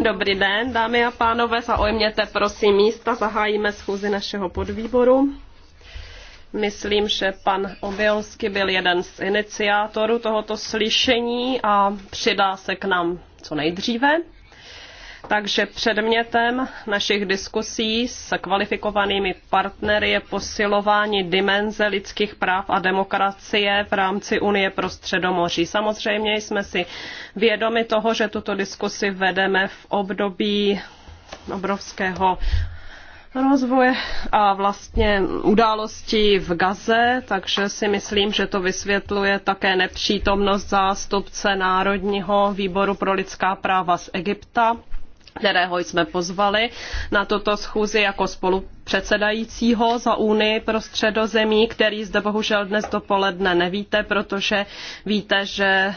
Dobrý den, dámy a pánové, zaujměte prosím místa, zahájíme schůzi našeho podvýboru. Myslím, že pan Obilsky byl jeden z iniciátorů tohoto slyšení a přidá se k nám co nejdříve. Takže předmětem našich diskusí s kvalifikovanými partnery je posilování dimenze lidských práv a demokracie v rámci Unie pro středomoří. Samozřejmě jsme si vědomi toho, že tuto diskusi vedeme v období obrovského rozvoje a vlastně událostí v Gaze, takže si myslím, že to vysvětluje také nepřítomnost zástupce Národního výboru pro lidská práva z Egypta kterého jsme pozvali na tuto schůzi jako spolupředsedajícího za Unii pro středozemí, který zde bohužel dnes dopoledne nevíte, protože víte, že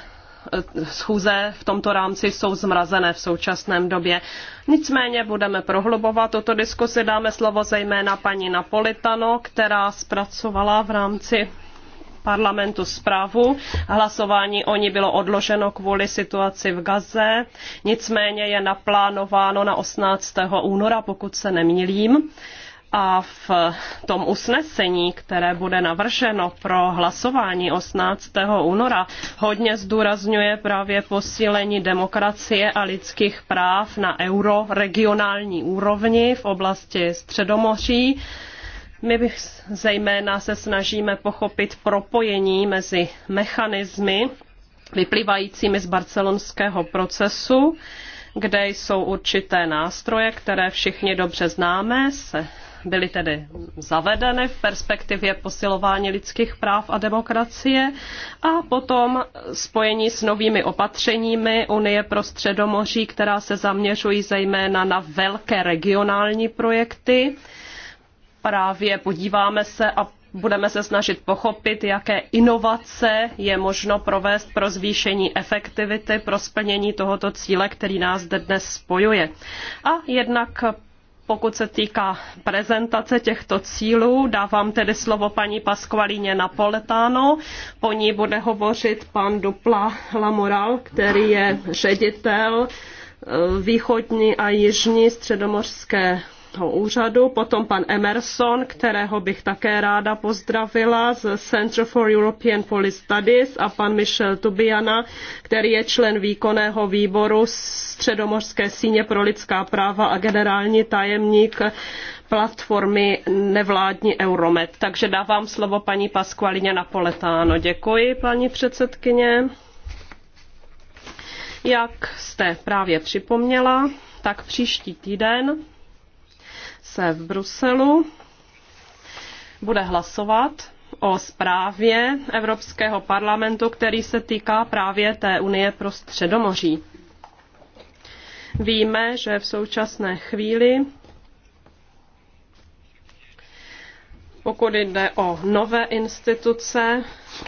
eh, schůze v tomto rámci jsou zmrazené v současném době. Nicméně budeme prohlubovat tuto diskusi, dáme slovo zejména paní Napolitano, která zpracovala v rámci parlamentu zprávu. Hlasování o ní bylo odloženo kvůli situaci v Gaze, nicméně je naplánováno na 18. února, pokud se nemýlím. A v tom usnesení, které bude navrženo pro hlasování 18. února, hodně zdůrazňuje právě posílení demokracie a lidských práv na euroregionální úrovni v oblasti Středomoří my bych zejména se snažíme pochopit propojení mezi mechanismy vyplývajícími z barcelonského procesu, kde jsou určité nástroje, které všichni dobře známe, se byly tedy zavedeny v perspektivě posilování lidských práv a demokracie a potom spojení s novými opatřeními Unie pro středomoří, která se zaměřují zejména na velké regionální projekty, právě podíváme se a budeme se snažit pochopit, jaké inovace je možno provést pro zvýšení efektivity, pro splnění tohoto cíle, který nás zde dnes spojuje. A jednak pokud se týká prezentace těchto cílů, dávám tedy slovo paní Paskvalíně Napoletáno. Po ní bude hovořit pan Dupla Lamoral, který je ředitel eh, východní a jižní středomořské úřadu, potom pan Emerson, kterého bych také ráda pozdravila z Center for European Police Studies a pan Michel Tubiana, který je člen výkonného výboru Středomořské síně pro lidská práva a generální tajemník platformy nevládní Euromed. Takže dávám slovo paní Pasqualině Napoletáno. Děkuji, paní předsedkyně. Jak jste právě připomněla, tak příští týden se v Bruselu bude hlasovat o zprávě Evropského parlamentu, který se týká právě té Unie pro Středomoří. Víme, že v současné chvíli Pokud jde o nové instituce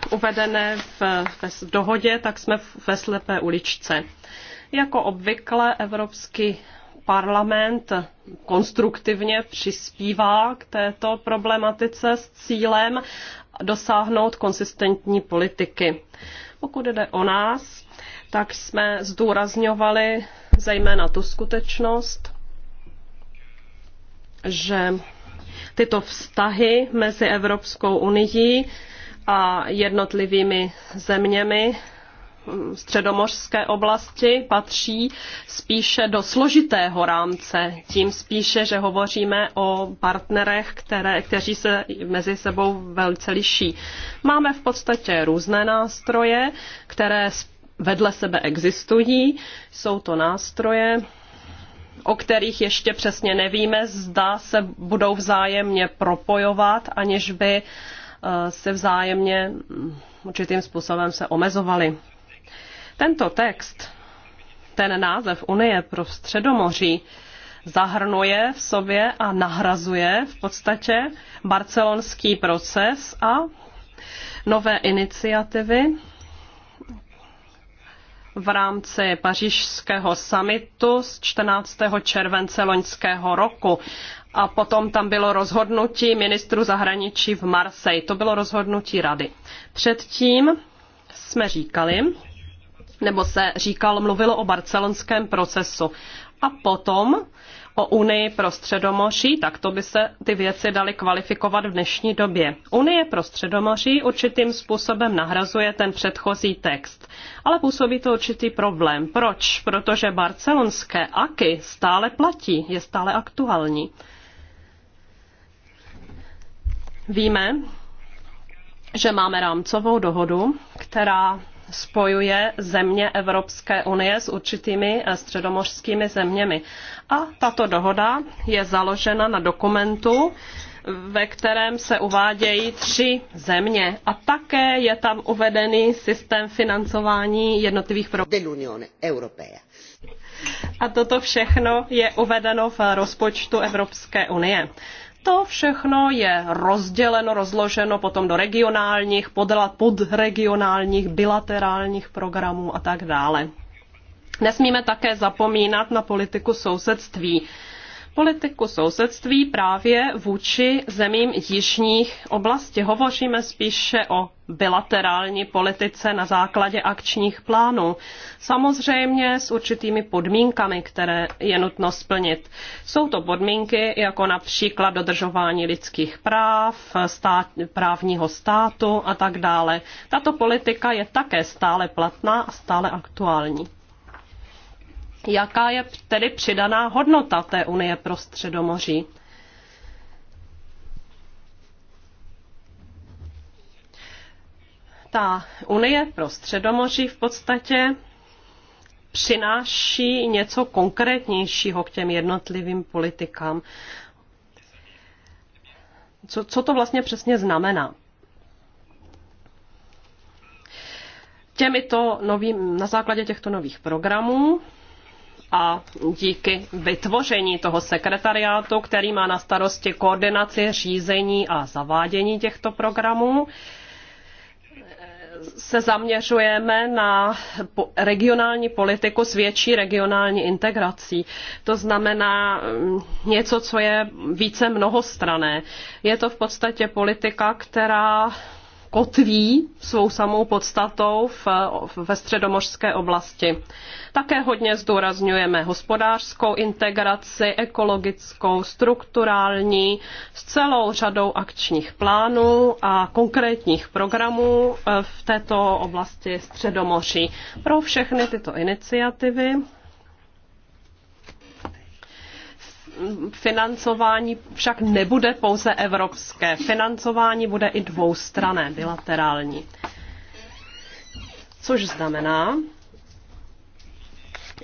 uvedené v, v dohodě, tak jsme ve slepé uličce. Jako obvykle Evropský parlament konstruktivně přispívá k této problematice s cílem dosáhnout konsistentní politiky. Pokud jde o nás, tak jsme zdůrazňovali zejména tu skutečnost, že tyto vztahy mezi Evropskou unii a jednotlivými zeměmi středomořské oblasti patří spíše do složitého rámce, tím spíše, že hovoříme o partnerech, které, kteří se mezi sebou velice liší. Máme v podstatě různé nástroje, které vedle sebe existují. Jsou to nástroje, o kterých ještě přesně nevíme, zda se budou vzájemně propojovat, aniž by eh, se vzájemně určitým způsobem se omezovali. Tento text, ten název Unie pro Středomoří, zahrnuje v sobě a nahrazuje v podstatě barcelonský proces a nové iniciativy v rámci pařížského samitu z 14. července loňského roku. A potom tam bylo rozhodnutí ministru zahraničí v Marseille. To bylo rozhodnutí rady. Předtím jsme říkali, nebo se říkal, mluvilo o barcelonském procesu. A potom o Unii pro středomoří, tak to by se ty věci daly kvalifikovat v dnešní době. Unie pro středomoří určitým způsobem nahrazuje ten předchozí text, ale působí to určitý problém. Proč? Protože barcelonské aky stále platí, je stále aktuální. Víme, že máme rámcovou dohodu, která spojuje země Evropské unie s určitými eh, středomořskými zeměmi. A tato dohoda je založena na dokumentu, ve kterém se uvádějí tři země a také je tam uvedený systém financování jednotlivých programů. A toto všechno je uvedeno v rozpočtu Evropské unie. To všechno je rozděleno, rozloženo potom do regionálních, podregionálních, bilaterálních programů a tak dále. Nesmíme také zapomínat na politiku sousedství politiku sousedství právě vůči zemím jižních oblasti. Hovoříme spíše o bilaterální politice na základě akčních plánů. Samozřejmě s určitými podmínkami, které je nutno splnit. Jsou to podmínky jako například dodržování lidských práv, stát, právního státu a tak dále. Tato politika je také stále platná a stále aktuální. Jaká je tedy přidaná hodnota té Unie pro Středomoří? Ta Unie pro Středomoří v podstatě přináší něco konkrétnějšího k těm jednotlivým politikám. Co, co to vlastně přesně znamená? Těmito novým, na základě těchto nových programů a díky vytvoření toho sekretariátu, který má na starosti koordinaci, řízení a zavádění těchto programů, se zaměřujeme na regionální politiku s větší regionální integrací. To znamená mm, něco, co je více mnohostrané. Je to v podstatě politika, která kotví svou samou podstatou v, ve středomořské oblasti. Také hodně zdůrazňujeme hospodářskou integraci, ekologickou, strukturální, s celou řadou akčních plánů a konkrétních programů eh, v této oblasti Středomoří. Pro všechny tyto iniciativy financování však nebude pouze evropské. Financování bude i dvoustrané, bilaterální. Což znamená,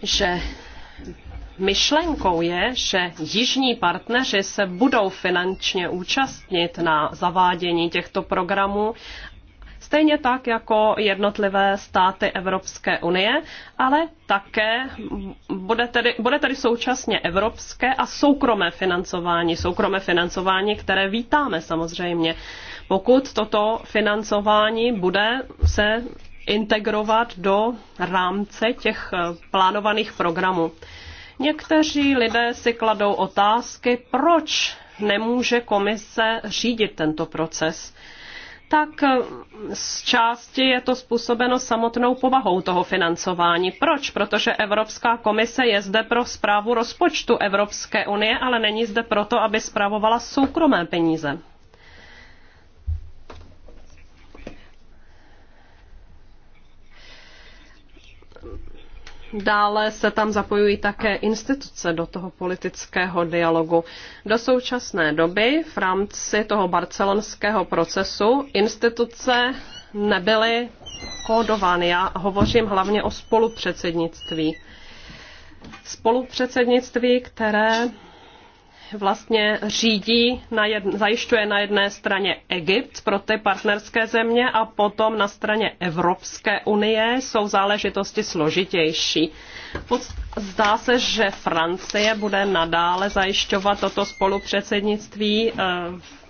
že myšlenkou je, že jižní partneři se budou finančně účastnit na zavádění těchto programů Stejně tak jako jednotlivé státy Evropské unie, ale také bude tedy, bude tedy současně evropské a soukromé financování, soukromé financování, které vítáme samozřejmě. Pokud toto financování bude se integrovat do rámce těch eh, plánovaných programů. Někteří lidé si kladou otázky, proč nemůže komise řídit tento proces tak eh, z části je to způsobeno samotnou povahou toho financování. Proč? Protože Evropská komise je zde pro zprávu rozpočtu Evropské unie, ale není zde proto, aby zpravovala soukromé peníze. Dále se tam zapojují také instituce do toho politického dialogu. Do současné doby v rámci toho barcelonského procesu instituce nebyly kódovány. Já hovořím hlavně o spolupředsednictví. Spolupředsednictví, které vlastně řídí, na jed, zajišťuje na jedné straně Egypt pro ty partnerské země a potom na straně Evropské unie jsou záležitosti složitější. Zdá se, že Francie bude nadále zajišťovat toto spolupředsednictví eh,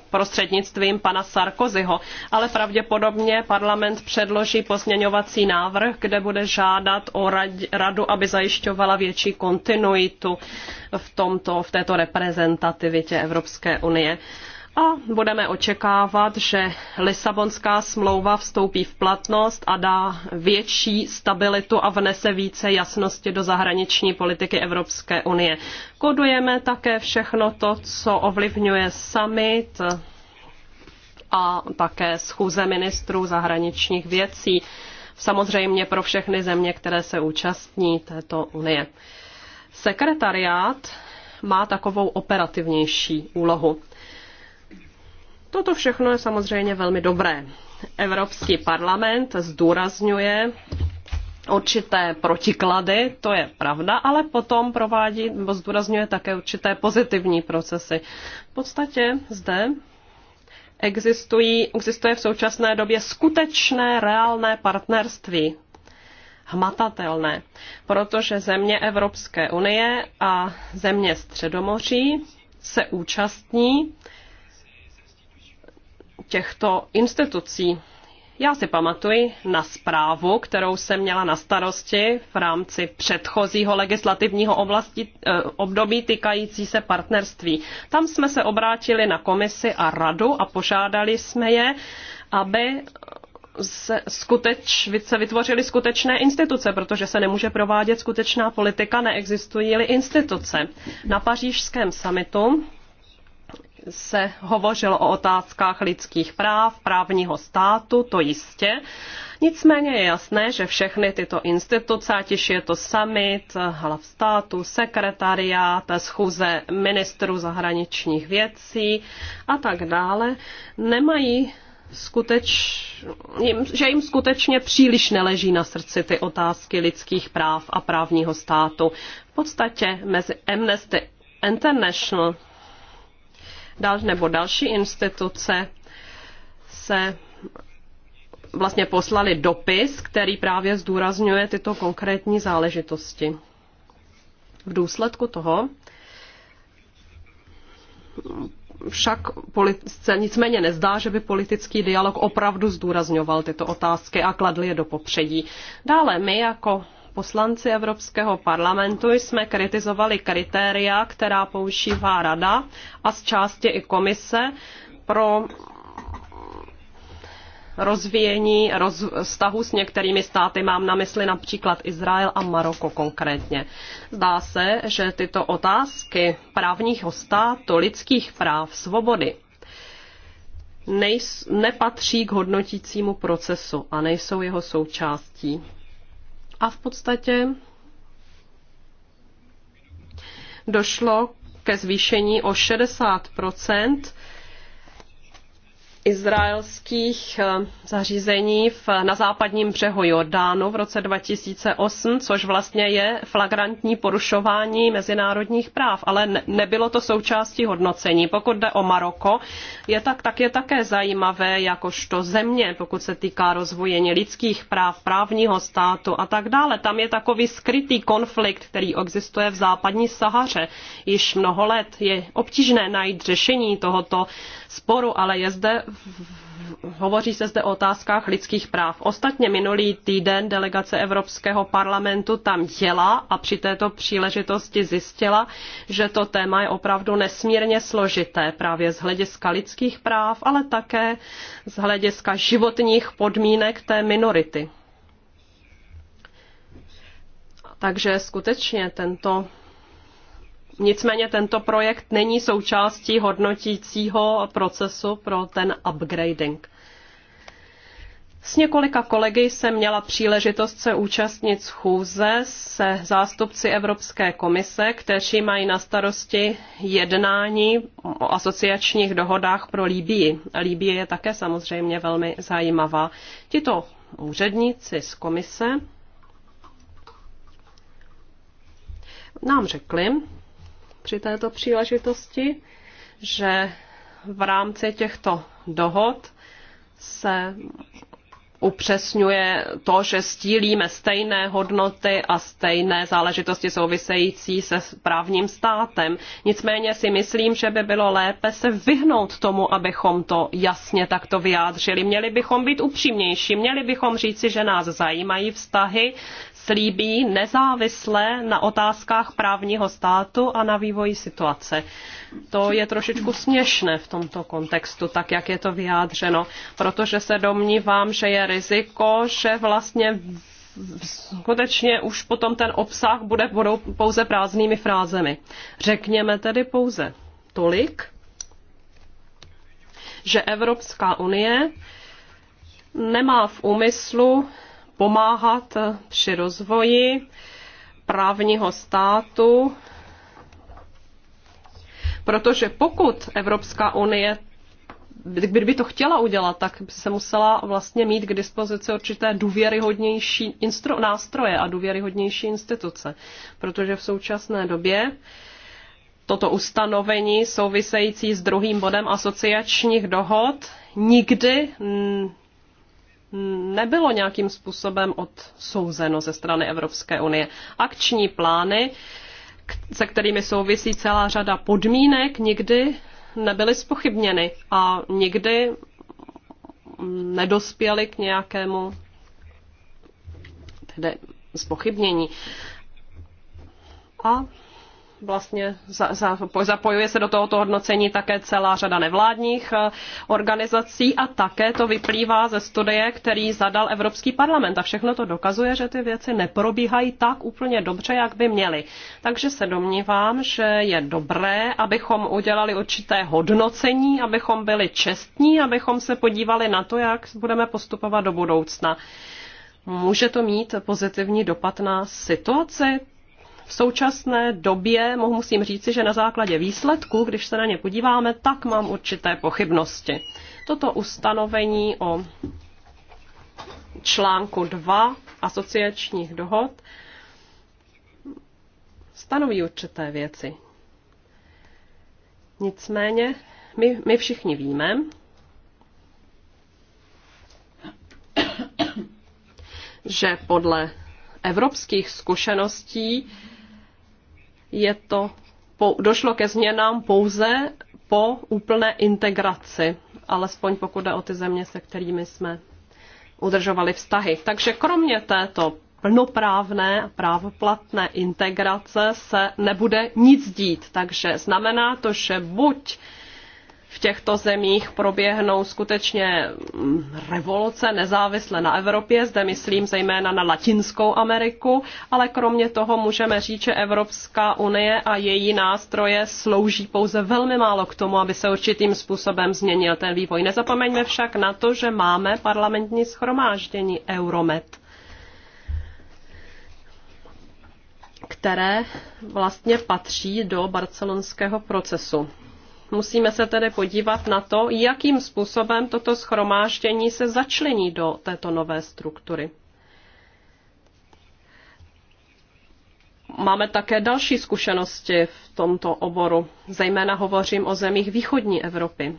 prostřednictvím pana Sarkozyho, ale pravděpodobně parlament předloží pozměňovací návrh, kde bude žádat o radu, aby zajišťovala větší kontinuitu v, tomto, v této reprezentativitě Evropské unie a budeme očekávat, že Lisabonská smlouva vstoupí v platnost a dá větší stabilitu a vnese více jasnosti do zahraniční politiky Evropské unie. Kodujeme také všechno to, co ovlivňuje summit a také schůze ministrů zahraničních věcí, samozřejmě pro všechny země, které se účastní této unie. Sekretariát má takovou operativnější úlohu. Toto všechno je samozřejmě velmi dobré. Evropský parlament zdůrazňuje určité protiklady, to je pravda, ale potom provádí nebo zdůrazňuje také určité pozitivní procesy. V podstatě zde existují, existuje v současné době skutečné, reálné partnerství hmatatelné, protože země Evropské unie a země Středomoří se účastní těchto institucí. Já si pamatuji na zprávu, kterou jsem měla na starosti v rámci předchozího legislativního oblasti, eh, období týkající se partnerství. Tam jsme se obrátili na komisi a radu a požádali jsme je, aby se, skuteč, se vytvořili skutečné instituce, protože se nemůže provádět skutečná politika, neexistují-li instituce. Na pařížském summitu se hovořilo o otázkách lidských práv, právního státu, to jistě. Nicméně je jasné, že všechny tyto instituce, ať již je to summit, hlav státu, sekretariát, schůze ministrů zahraničních věcí a tak dále, nemají skuteč, jim, že jim skutečně příliš neleží na srdci ty otázky lidských práv a právního státu. V podstatě mezi Amnesty International dal, nebo další instituce se vlastně poslali dopis, který právě zdůrazňuje tyto konkrétní záležitosti. V důsledku toho však se nicméně nezdá, že by politický dialog opravdu zdůrazňoval tyto otázky a kladl je do popředí. Dále my jako poslanci Evropského parlamentu jsme kritizovali kritéria, která používá Rada a z části i komise pro rozvíjení roz, vztahu s některými státy, mám na mysli například Izrael a Maroko konkrétně. Zdá se, že tyto otázky právního státu, lidských práv, svobody nejs, nepatří k hodnotícímu procesu a nejsou jeho součástí. A v podstatě došlo ke zvýšení o 60 izraelských eh, zařízení v, na západním břehu Jordánu v roce 2008, což vlastně je flagrantní porušování mezinárodních práv, ale ne, nebylo to součástí hodnocení. Pokud jde o Maroko, je tak, tak je také zajímavé, jakožto země, pokud se týká rozvojení lidských práv, právního státu a tak dále. Tam je takový skrytý konflikt, který existuje v západní Sahaře. Již mnoho let je obtížné najít řešení tohoto sporu, ale je zde hovoří se zde o otázkách lidských práv. Ostatně minulý týden delegace Evropského parlamentu tam jela a při této příležitosti zjistila, že to téma je opravdu nesmírně složité právě z hlediska lidských práv, ale také z hlediska životních podmínek té minority. Takže skutečně tento Nicméně tento projekt není součástí hodnotícího procesu pro ten upgrading. S několika kolegy jsem měla příležitost se účastnit schůze se zástupci Evropské komise, kteří mají na starosti jednání o asociačních dohodách pro Líbii. Líbie je také samozřejmě velmi zajímavá. Tito úředníci z komise nám řekli, při této příležitosti, že v rámci těchto dohod se upřesňuje to, že stílíme stejné hodnoty a stejné záležitosti související se právním státem. Nicméně si myslím, že by bylo lépe se vyhnout tomu, abychom to jasně takto vyjádřili. Měli bychom být upřímnější, měli bychom říci, že nás zajímají vztahy slíbí nezávisle na otázkách právního státu a na vývoji situace. To je trošičku směšné v tomto kontextu, tak jak je to vyjádřeno, protože se domnívám, že je riziko, že vlastně skutečně už potom ten obsah bude budou pouze prázdnými frázemi. Řekněme tedy pouze tolik, že Evropská unie nemá v úmyslu pomáhat při rozvoji právního státu, protože pokud Evropská unie kdyby to chtěla udělat, tak by se musela vlastně mít k dispozici určité důvěryhodnější instru- nástroje a důvěryhodnější instituce. Protože v současné době toto ustanovení související s druhým bodem asociačních dohod nikdy nebylo nějakým způsobem odsouzeno ze strany Evropské unie. Akční plány, se kterými souvisí celá řada podmínek, nikdy nebyly spochybněny a nikdy nedospěly k nějakému tedy spochybnění. A vlastně za, za, zapojuje se do tohoto hodnocení také celá řada nevládních eh, organizací a také to vyplývá ze studie, který zadal Evropský parlament. A všechno to dokazuje, že ty věci neprobíhají tak úplně dobře, jak by měly. Takže se domnívám, že je dobré, abychom udělali určité hodnocení, abychom byli čestní, abychom se podívali na to, jak budeme postupovat do budoucna. Může to mít pozitivní dopad na situaci? V současné době mohu musím říci, že na základě výsledků, když se na ně podíváme, tak mám určité pochybnosti. Toto ustanovení o článku 2 asociačních dohod stanoví určité věci. Nicméně my, my všichni víme, že podle evropských zkušeností je to, po, došlo ke změnám pouze po úplné integraci, alespoň pokud jde o ty země, se kterými jsme udržovali vztahy. Takže kromě této plnoprávné a právoplatné integrace se nebude nic dít. Takže znamená to, že buď v těchto zemích proběhnou skutečně mm, revoluce nezávisle na Evropě, zde myslím zejména na Latinskou Ameriku, ale kromě toho můžeme říct, že Evropská unie a její nástroje slouží pouze velmi málo k tomu, aby se určitým způsobem změnil ten vývoj. Nezapomeňme však na to, že máme parlamentní schromáždění Euromed. které vlastně patří do barcelonského procesu. Musíme se tedy podívat na to, jakým způsobem toto schromáždění se začlení do této nové struktury. Máme také další zkušenosti v tomto oboru, zejména hovořím o zemích východní Evropy.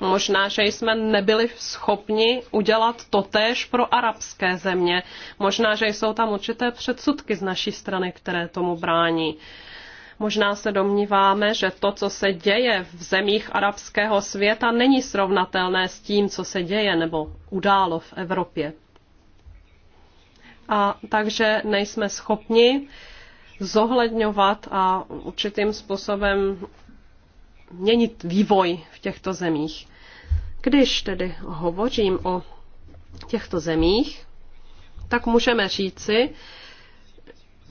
Možná, že jsme nebyli schopni udělat totéž pro arabské země. Možná, že jsou tam určité předsudky z naší strany, které tomu brání. Uh, Možná se domníváme, že to, co se děje v zemích arabského světa, není srovnatelné s tím, co se děje nebo událo v Evropě. A takže nejsme schopni zohledňovat a určitým způsobem měnit vývoj v těchto zemích. Když tedy hovořím o těchto zemích, tak můžeme říci,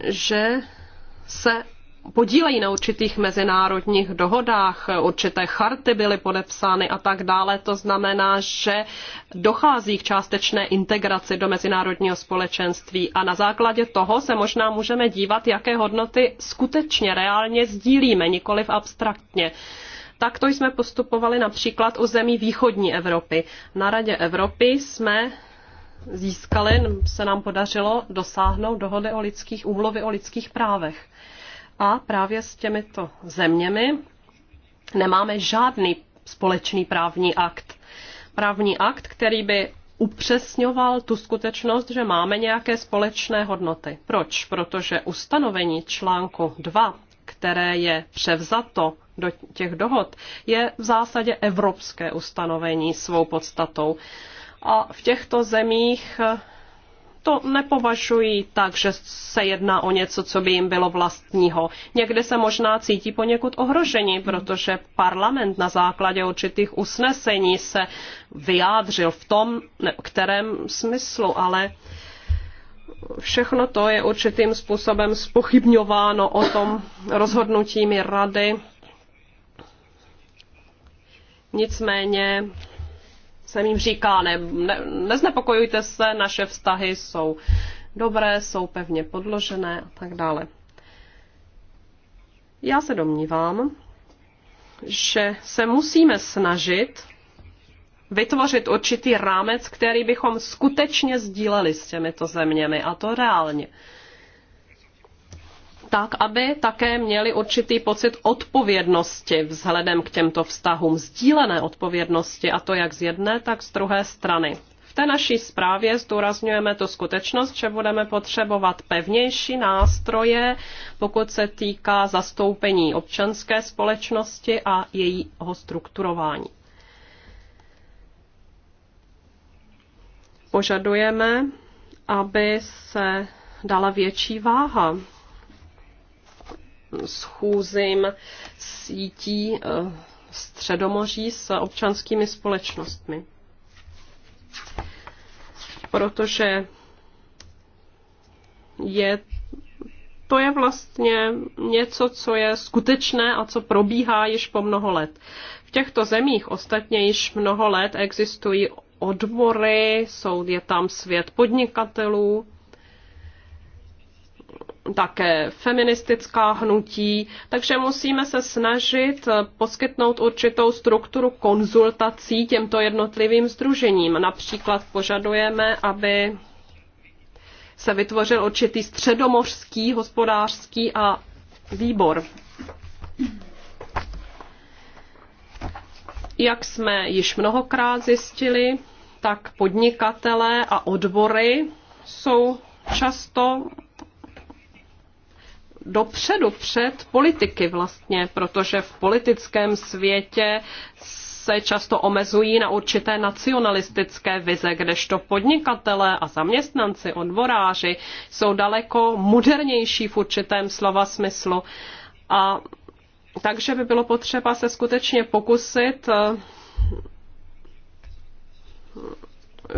že se podílejí na určitých mezinárodních dohodách, určité charty byly podepsány a tak dále. To znamená, že dochází k částečné integraci do mezinárodního společenství a na základě toho se možná můžeme dívat, jaké hodnoty skutečně reálně sdílíme, nikoliv abstraktně. Takto jsme postupovali například u zemí východní Evropy. Na Radě Evropy jsme získali, se nám podařilo dosáhnout dohody o lidských, úmluvy o lidských právech. A právě s těmito zeměmi nemáme žádný společný právní akt. Právní akt, který by upřesňoval tu skutečnost, že máme nějaké společné hodnoty. Proč? Protože ustanovení článku 2, které je převzato do těch dohod, je v zásadě evropské ustanovení svou podstatou. A v těchto zemích to nepovažují tak, že se jedná o něco, co by jim bylo vlastního. Někde se možná cítí poněkud ohrožení, protože parlament na základě určitých usnesení se vyjádřil v tom, kterém smyslu, ale všechno to je určitým způsobem spochybňováno o tom rozhodnutími rady. Nicméně jsem jim říká, ne, ne, neznepokojujte se, naše vztahy jsou dobré, jsou pevně podložené a tak dále. Já se domnívám, že se musíme snažit vytvořit určitý rámec, který bychom skutečně sdíleli s těmito zeměmi a to reálně. Uh, tak aby také měli určitý pocit odpovědnosti vzhledem k těmto vztahům, sdílené odpovědnosti, a to jak z jedné, tak z druhé strany. V té naší zprávě zdůrazňujeme tu skutečnost, že budeme potřebovat pevnější nástroje, pokud se týká zastoupení občanské společnosti a jejího strukturování. Požadujeme, aby se dala větší váha schůzím sítí eh, Středomoří s občanskými společnostmi. Protože je to je vlastně něco, co je skutečné a co probíhá již po mnoho let. V těchto zemích ostatně již mnoho let existují odbory, jsou, je tam svět podnikatelů, také feministická hnutí, takže musíme se snažit poskytnout určitou strukturu konzultací těmto jednotlivým združením. Například požadujeme, aby se vytvořil určitý středomořský hospodářský a výbor. Jak jsme již mnohokrát zjistili, tak podnikatelé a odbory jsou často dopředu před politiky vlastně, protože v politickém světě se často omezují na určité nacionalistické vize, kdežto podnikatelé a zaměstnanci, odboráři jsou daleko modernější v určitém slova smyslu. A takže by bylo potřeba se skutečně pokusit eh,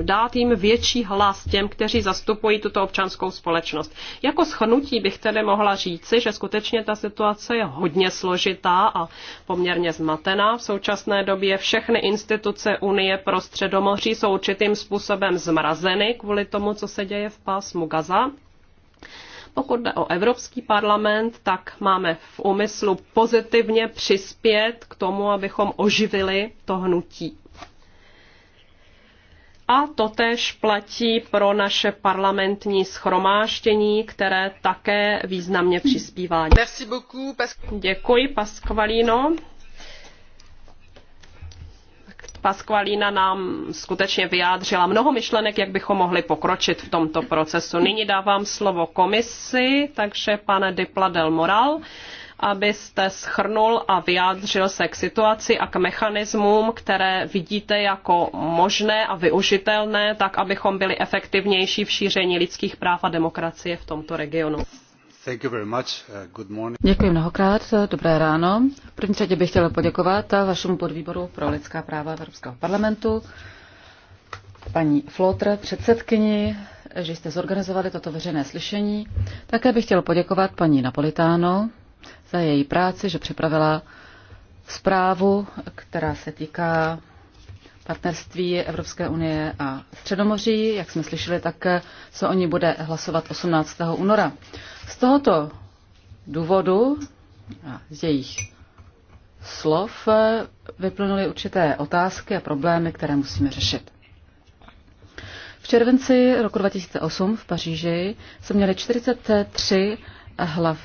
dát jim větší hlas těm, kteří zastupují tuto občanskou společnost. Jako schnutí bych tedy mohla říci, že skutečně ta situace je hodně složitá a poměrně zmatená. V současné době všechny instituce Unie pro středomoří jsou určitým způsobem zmrazeny kvůli tomu, co se děje v pásmu Gaza. Pokud jde o Evropský parlament, tak máme v úmyslu pozitivně přispět k tomu, abychom oživili to hnutí. A totéž platí pro naše parlamentní schromáštění, které také významně přispívá. Děkuji, Pasqualino. Pasqualina nám skutečně vyjádřila mnoho myšlenek, jak bychom mohli pokročit v tomto procesu. Nyní dávám slovo komisi, takže pane Dipla del Moral, abyste schrnul a vyjádřil se k situaci a k mechanismům, které vidíte jako možné a využitelné, tak abychom byli efektivnější v šíření lidských práv a demokracie v tomto regionu. Uh, Děkuji mnohokrát, dobré ráno. V první řadě bych chtěla poděkovat vašemu podvýboru pro lidská práva Evropského parlamentu, paní Flotr, předsedkyni, že jste zorganizovali toto veřejné slyšení. Také bych chtěl poděkovat paní Napolitáno za její práci, že připravila zprávu, která se týká partnerství Evropské unie a Středomoří. Jak jsme slyšeli, tak se o ní bude hlasovat 18. února. Z tohoto důvodu a z jejich slov vyplnuly určité otázky a problémy, které musíme řešit. V červenci roku 2008 v Paříži se měly 43 hlav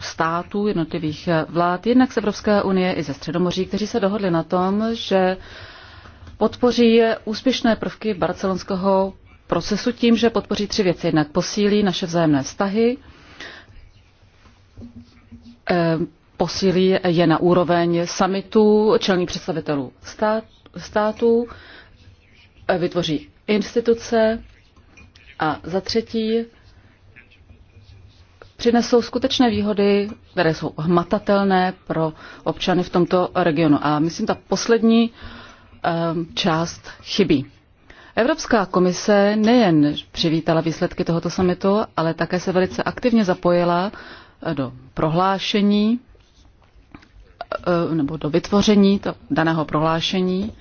států, jednotlivých vlád, jednak z Evropské unie i ze Středomoří, kteří se dohodli na tom, že podpoří úspěšné prvky barcelonského procesu tím, že podpoří tři věci. Jednak posílí naše vzájemné vztahy, eh, posílí je na úroveň summitu čelních představitelů států, eh, vytvoří instituce a za třetí přinesou skutečné výhody, které jsou hmatatelné pro občany v tomto regionu. A myslím, ta poslední ehm, část chybí. Evropská komise nejen přivítala výsledky tohoto summitu, ale také se velice aktivně zapojila eh, do prohlášení eh, nebo do vytvoření daného prohlášení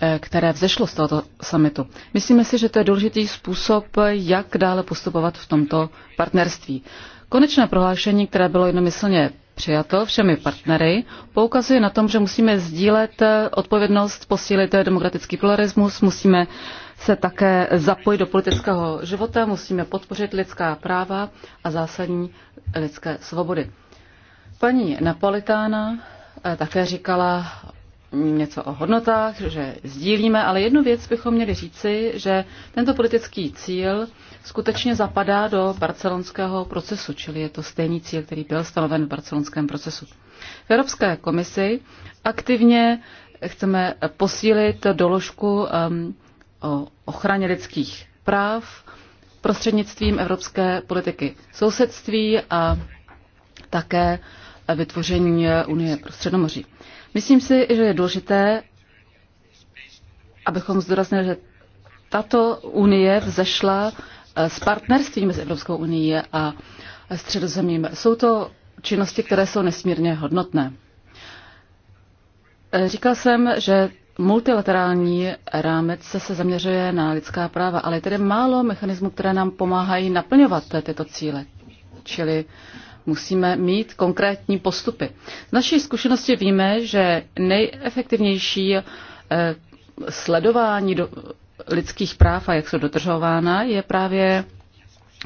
Eh, které vzešlo z tohoto summitu. Myslíme si, že to je důležitý způsob, jak dále postupovat v tomto partnerství. Konečné prohlášení, které bylo jednomyslně přijato všemi partnery, poukazuje na tom, že musíme sdílet eh, odpovědnost, posílit eh, demokratický pluralismus, musíme se také zapojit do politického života, musíme podpořit lidská práva a zásadní lidské svobody. Paní Napolitána také říkala něco o hodnotách, že sdílíme, ale jednu věc bychom měli říci, že tento politický cíl skutečně zapadá do barcelonského procesu, čili je to stejný cíl, který byl stanoven v barcelonském procesu. V Evropské komisi aktivně chceme posílit doložku um, o ochraně lidských práv prostřednictvím evropské politiky sousedství a také vytvoření Unie pro Středomoří. Myslím si, že je důležité, abychom zdůraznili, že tato unie vzešla eh, s partnerství mezi Evropskou unii a Středozemím. Jsou to činnosti, které jsou nesmírně hodnotné. Eh, říkal jsem, že multilaterální rámec se zaměřuje na lidská práva, ale je tedy málo mechanismů, které nám pomáhají naplňovat tyto cíle. Čili musíme mít konkrétní postupy. Z naší zkušenosti víme, že nejefektivnější eh, sledování do lidských práv a jak jsou dodržována je právě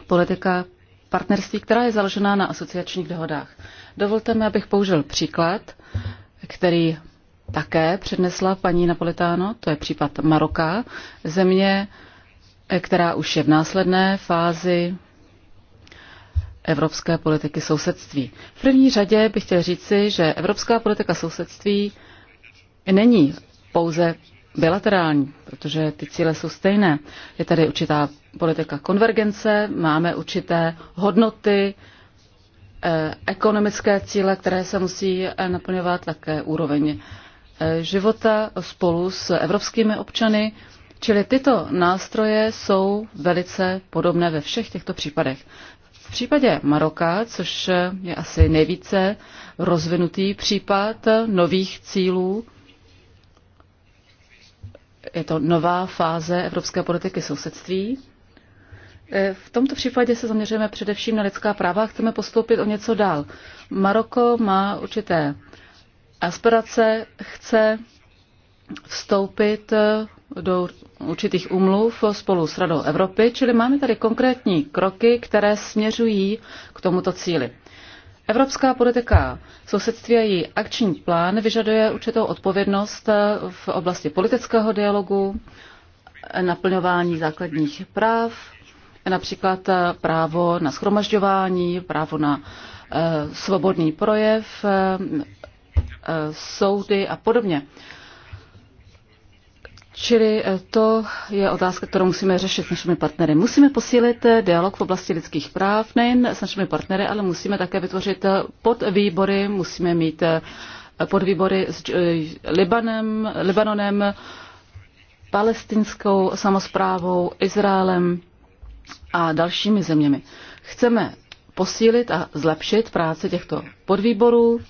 politika partnerství, která je založená na asociačních dohodách. Dovolte mi, abych použil příklad, který také přednesla paní Napolitáno, to je případ Maroka, země, eh, která už je v následné fázi evropské politiky sousedství. V první řadě bych chtěl říci, že evropská politika sousedství není pouze bilaterální, protože ty cíle jsou stejné. Je tady určitá politika konvergence, máme určité hodnoty, eh, ekonomické cíle, které se musí eh, naplňovat, také úroveň eh, života spolu s evropskými občany. Čili tyto nástroje jsou velice podobné ve všech těchto případech. V případě Maroka, což je asi nejvíce rozvinutý případ nových cílů, je to nová fáze evropské politiky sousedství. Eh, v tomto případě se zaměřujeme především na lidská práva a chceme postoupit o něco dál. Maroko má určité aspirace, chce vstoupit do určitých umluv spolu s Radou Evropy, čili máme tady konkrétní kroky, které směřují k tomuto cíli. Evropská politika sousedství a její akční plán vyžaduje určitou odpovědnost v oblasti politického dialogu, naplňování základních práv, například právo na schromažďování, právo na eh, svobodný projev, eh, soudy a podobně. Čili eh, to je otázka, kterou musíme řešit s našimi partnery. Musíme posílit eh, dialog v oblasti lidských práv nejen s našimi partnery, ale musíme také vytvořit eh, podvýbory, musíme mít podvýbory s Libanem, Libanonem, palestinskou samozprávou, Izraelem a dalšími zeměmi. Chceme posílit a zlepšit práci těchto podvýborů.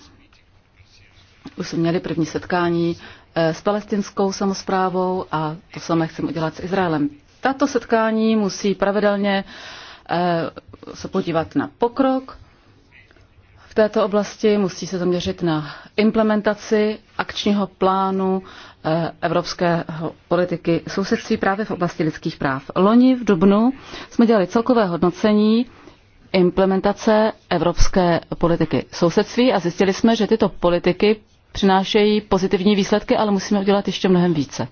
Už jsme měli první setkání Eh, s palestinskou samozprávou a to samé chceme udělat s Izraelem. Tato setkání musí pravidelně eh, se podívat na pokrok v této oblasti, musí se zaměřit na implementaci akčního plánu eh, evropské politiky sousedství právě v oblasti lidských práv. Loni v Dubnu jsme dělali celkové hodnocení implementace evropské politiky sousedství a zjistili jsme, že tyto politiky přinášejí pozitivní výsledky, ale musíme udělat ještě mnohem více.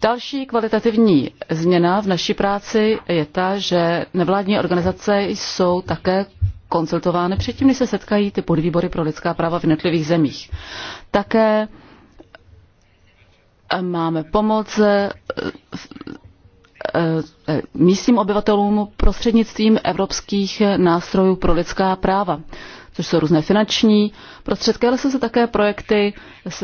Další kvalitativní změna v naší práci je ta, že nevládní organizace jsou také konzultovány předtím, než se setkají ty podvýbory pro lidská práva v jednotlivých zemích. Také eh, máme pomoc eh, eh, místním obyvatelům prostřednictvím evropských nástrojů pro lidská práva což jsou různé finanční prostředky, ale jsou se také projekty z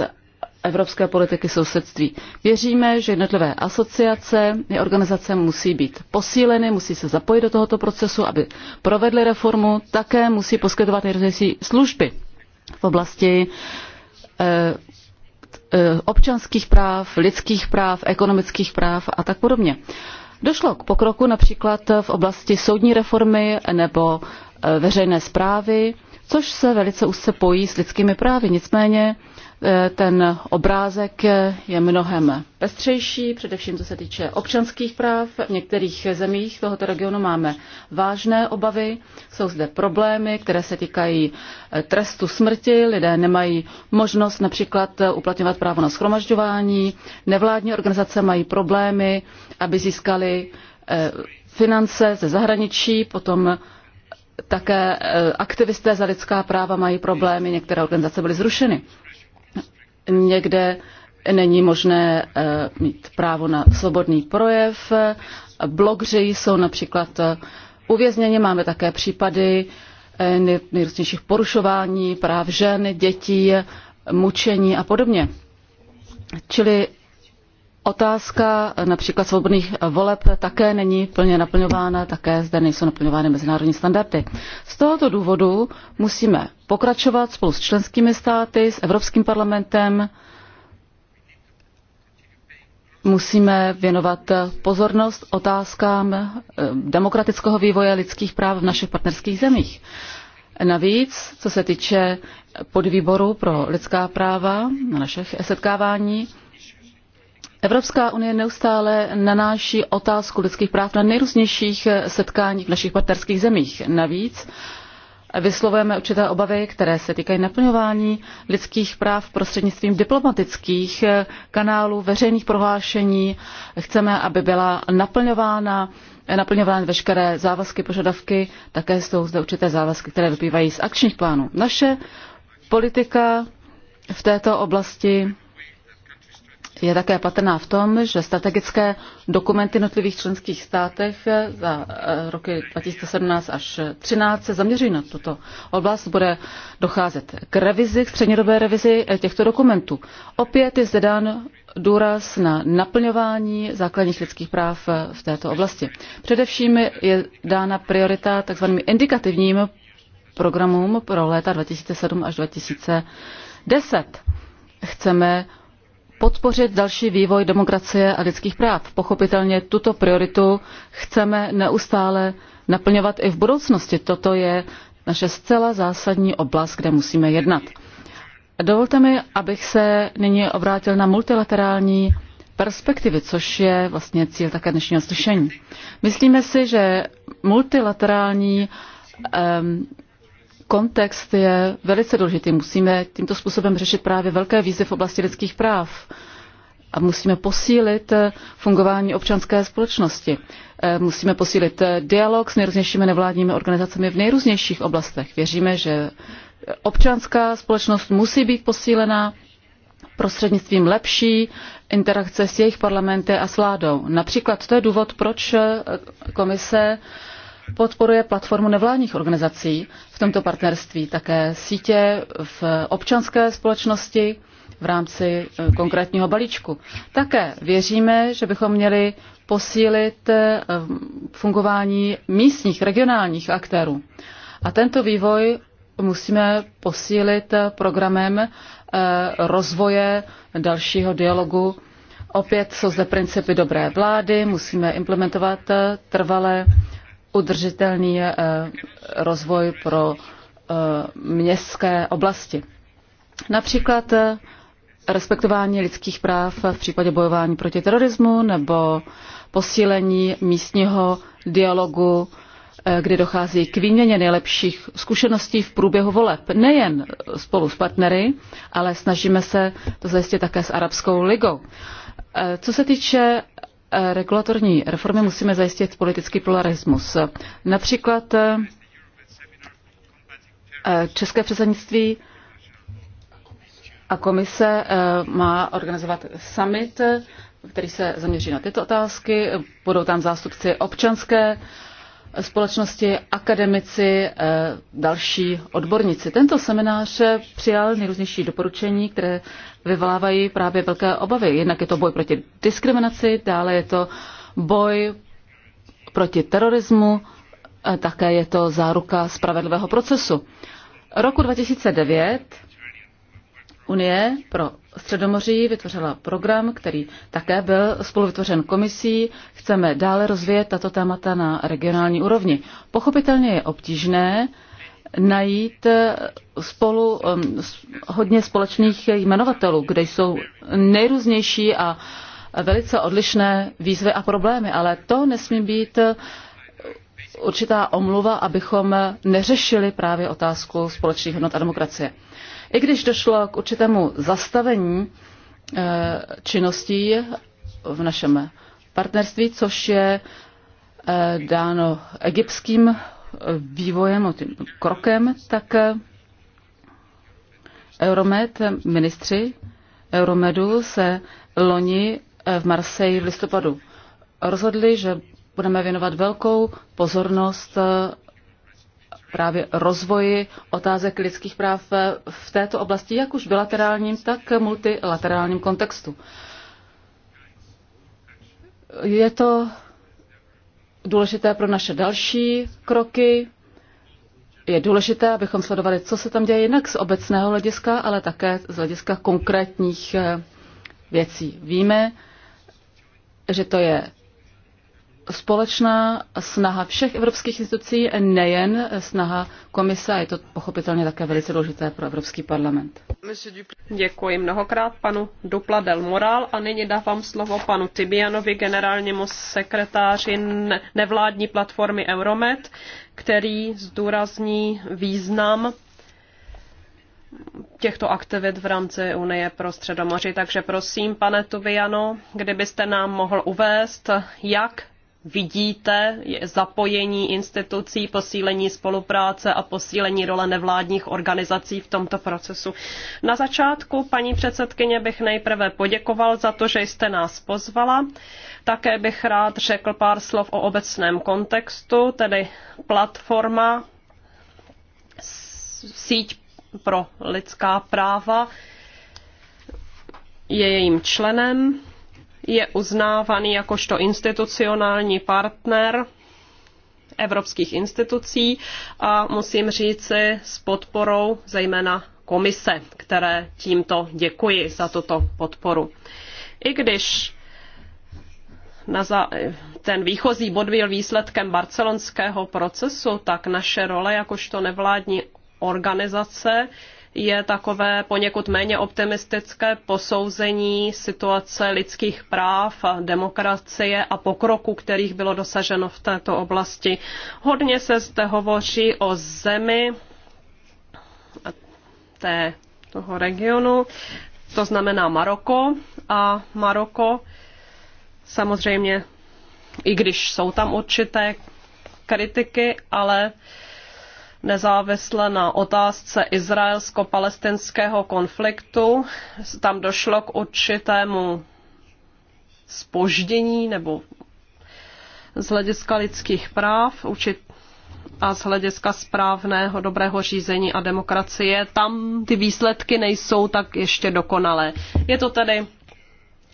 evropské politiky sousedství. Věříme, že jednotlivé asociace i organizace musí být posíleny, musí se zapojit do tohoto procesu, aby provedly reformu, také musí poskytovat nejrůznější služby v oblasti eh, eh, občanských práv, lidských práv, ekonomických práv a tak podobně. Došlo k pokroku například v oblasti soudní reformy nebo eh, veřejné zprávy což se velice úzce pojí s lidskými právy. Nicméně eh, ten obrázek je mnohem pestřejší, především co se týče občanských práv. V některých zemích tohoto regionu máme vážné obavy, jsou zde problémy, které se týkají eh, trestu smrti, lidé nemají možnost například eh, uplatňovat právo na schromažďování, nevládní organizace mají problémy, aby získali finance ze zahraničí, potom také e, aktivisté za lidská práva mají problémy, některé organizace byly zrušeny. Někde není možné e, mít právo na svobodný projev, blogři jsou například e, uvězněni, máme také případy nejrůznějších porušování práv žen, dětí, mučení a podobně. Čili Otázka například svobodných voleb také není plně naplňována, také zde nejsou naplňovány mezinárodní standardy. Z tohoto důvodu musíme pokračovat spolu s členskými státy, s Evropským parlamentem, musíme věnovat pozornost otázkám eh, demokratického vývoje lidských práv v našich partnerských zemích. Navíc, co se týče podvýboru pro lidská práva na našich setkáváních, Evropská unie neustále nanáší otázku lidských práv na nejrůznějších setkáních v našich partnerských zemích. Navíc vyslovujeme určité obavy, které se týkají naplňování lidských práv prostřednictvím diplomatických kanálů, veřejných prohlášení. Chceme, aby byla naplňována naplňovány veškeré závazky, požadavky, také jsou zde určité závazky, které vyplývají z akčních plánů. Naše politika v této oblasti je také patrná v tom, že strategické dokumenty notlivých členských státech za eh, roky 2017 až 2013 se zaměřují na tuto oblast. Bude docházet k revizi, k střednědobé revizi eh, těchto dokumentů. Opět je zde dán důraz na naplňování základních lidských práv eh, v této oblasti. Především je dána priorita tzv. indikativním programům pro léta 2007 až 2010. Chceme podpořit další vývoj demokracie a lidských práv. Pochopitelně tuto prioritu chceme neustále naplňovat i v budoucnosti. Toto je naše zcela zásadní oblast, kde musíme jednat. Dovolte mi, abych se nyní obrátil na multilaterální perspektivy, což je vlastně cíl také dnešního slyšení. Myslíme si, že multilaterální um, kontext je velice důležitý. Musíme tímto způsobem řešit právě velké výzvy v oblasti lidských práv a musíme posílit eh, fungování občanské společnosti. Eh, musíme posílit eh, dialog s nejrůznějšími nevládními organizacemi v nejrůznějších oblastech. Věříme, že občanská společnost musí být posílena prostřednictvím lepší interakce s jejich parlamenty a s vládou. Například to je důvod, proč komise podporuje platformu nevládních organizací v tomto partnerství, také sítě v občanské společnosti v rámci eh, konkrétního balíčku. Také věříme, že bychom měli posílit eh, fungování místních, regionálních aktérů. A tento vývoj musíme posílit eh, programem rozvoje dalšího dialogu. Opět jsou zde principy dobré vlády, musíme implementovat trvalé udržitelný eh, rozvoj pro eh, městské oblasti. Například eh, respektování lidských práv v případě bojování proti terorismu nebo posílení místního dialogu, kdy dochází k výměně nejlepších zkušeností v průběhu voleb. Nejen spolu s partnery, ale snažíme se to zajistit také s Arabskou ligou. Co se týče Eh, regulatorní reformy musíme zajistit politický pluralismus. Například eh, české předsednictví a komise eh, má organizovat summit, který se zaměří na tyto otázky. Budou tam zástupci občanské společnosti, akademici, eh, další odborníci. Tento seminář přijal nejrůznější doporučení, které vyvolávají právě velké obavy. Jednak je to boj proti diskriminaci, dále je to boj proti terorismu, také je to záruka spravedlivého procesu. Roku 2009 Unie pro Středomoří vytvořila program, který také byl spoluvytvořen komisí. Chceme dále rozvíjet tato témata na regionální úrovni. Pochopitelně je obtížné najít eh, spolu hodně společných jmenovatelů, kde jsou nejrůznější a velice odlišné výzvy a problémy, ale to nesmí být určitá omluva, abychom neřešili právě otázku společných hodnot a demokracie. I když došlo k určitému zastavení eh, činností v našem partnerství, což je eh, dáno egyptským eh, vývojem, tím krokem, tak Euromed, ministři Euromedu se loni v Marseji v listopadu rozhodli, že budeme věnovat velkou pozornost eh, právě rozvoji otázek lidských práv eh, v této oblasti, jak už bilaterálním, tak multilaterálním kontextu. Je to důležité pro naše další kroky. Je důležité, abychom sledovali, co se tam děje jinak z obecného hlediska, ale také z hlediska konkrétních eh, věcí. Víme, že to je společná snaha všech evropských institucí, nejen snaha komise, je to pochopitelně také velice důležité pro Evropský parlament. Děkuji mnohokrát panu Dupla del Moral a nyní dávám slovo panu Tibianovi, generálnímu sekretáři nevládní platformy Euromed, který zdůrazní význam těchto aktivit v rámci Unie pro Středomoří. Takže prosím, pane Tuviano, kdybyste nám mohl uvést, jak vidíte zapojení institucí, posílení spolupráce a posílení role nevládních organizací v tomto procesu. Na začátku, paní předsedkyně, bych nejprve poděkoval za to, že jste nás pozvala. Také bych rád řekl pár slov o obecném kontextu, tedy platforma, síť pro lidská práva, je jejím členem je uznávaný jakožto institucionální partner evropských institucí a musím říci s podporou zejména komise, které tímto děkuji za tuto podporu. I když ten výchozí bod byl výsledkem barcelonského procesu, tak naše role jakožto nevládní organizace je takové poněkud méně optimistické posouzení situace lidských práv a demokracie a pokroku, kterých bylo dosaženo v této oblasti. Hodně se zde hovoří o zemi té, toho regionu, to znamená Maroko a Maroko samozřejmě, i když jsou tam určité kritiky, ale uh, nezávisle na otázce izraelsko-palestinského konfliktu. Tam došlo k určitému spoždění nebo z hlediska lidských práv, určit, a z hlediska správného, dobrého řízení a demokracie, tam ty výsledky nejsou tak ještě dokonalé. Je to tedy,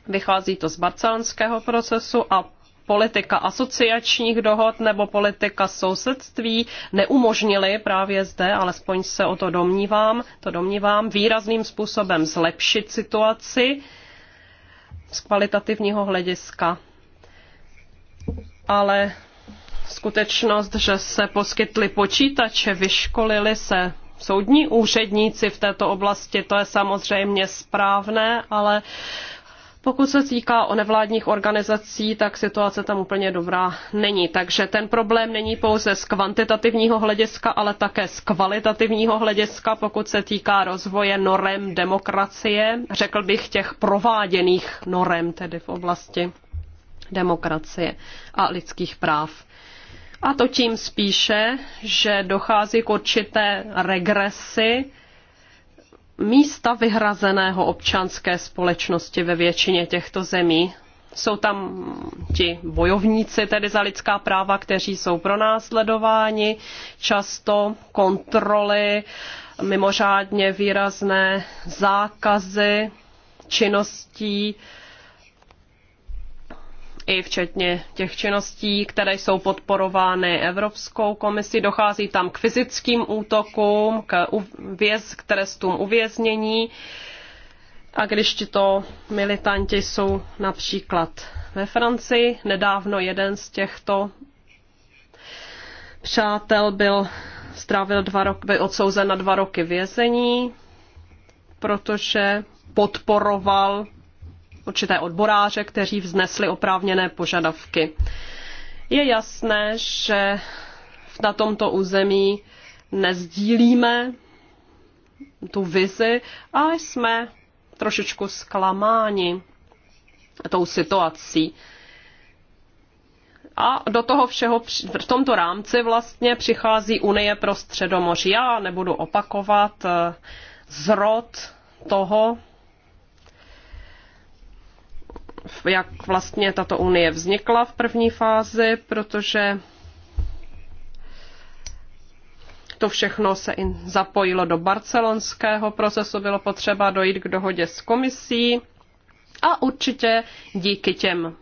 vychází to z barcelonského procesu a politika asociačních dohod nebo politika sousedství neumožnily právě zde, alespoň se o to domnívám, to domnívám, výrazným způsobem zlepšit situaci z kvalitativního hlediska. Ale skutečnost, že se poskytly počítače, vyškolili se soudní úředníci v této oblasti, to je samozřejmě správné, ale pokud se týká o nevládních organizací, tak situace tam úplně dobrá není. Takže ten problém není pouze z kvantitativního hlediska, ale také z kvalitativního hlediska, pokud se týká rozvoje norem demokracie, řekl bych těch prováděných norem tedy v oblasti demokracie a lidských práv. A to tím spíše, že dochází k určité regresi místa vyhrazeného občanské společnosti ve většině těchto zemí. Jsou tam ti bojovníci tedy za lidská práva, kteří jsou pronásledováni, často kontroly, mimořádně výrazné zákazy činností, i včetně těch činností, které jsou podporovány Evropskou komisí. Dochází tam k fyzickým útokům, k, uvěz, k trestům uvěznění. A když tito militanti jsou například ve Francii, nedávno jeden z těchto přátel byl strávil dva roky, byl odsouzen na dva roky vězení, protože podporoval určité odboráře, kteří vznesli oprávněné požadavky. Je jasné, že na tomto území nezdílíme tu vizi a jsme trošičku zklamáni tou situací. A do toho všeho v tomto rámci vlastně přichází Unie pro středomoří. Já nebudu opakovat eh, zrod toho, jak vlastně tato unie vznikla v první fázi, protože to všechno se in zapojilo do barcelonského procesu, bylo potřeba dojít k dohodě s komisí a určitě díky těm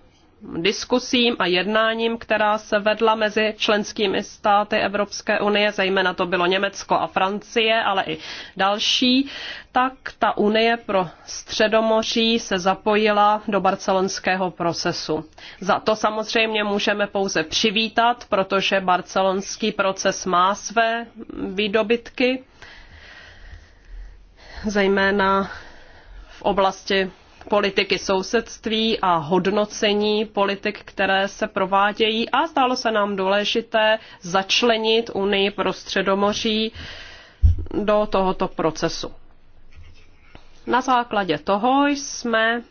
diskusím a jednáním, která se vedla mezi členskými státy Evropské unie, zejména to bylo Německo a Francie, ale i další, tak ta Unie pro Středomoří se zapojila do barcelonského procesu. Za to samozřejmě můžeme pouze přivítat, protože barcelonský proces má své výdobytky, zejména v oblasti politiky sousedství a hodnocení politik, které se provádějí a stálo se nám důležité začlenit Unii pro středomoří do tohoto procesu. Na základě toho jsme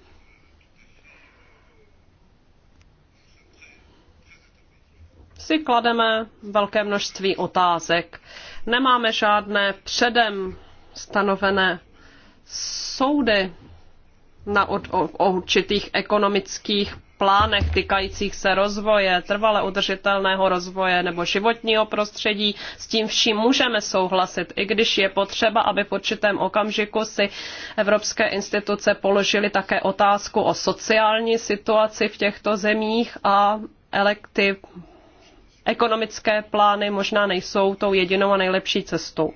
si klademe velké množství otázek. Nemáme žádné předem stanovené soudy na, o, o určitých ekonomických plánech týkajících se rozvoje, trvale udržitelného rozvoje nebo životního prostředí. S tím vším můžeme souhlasit, i když je potřeba, aby v určitém okamžiku si evropské instituce položily také otázku o sociální situaci v těchto zemích a elektiv ekonomické plány možná nejsou tou jedinou a nejlepší cestou.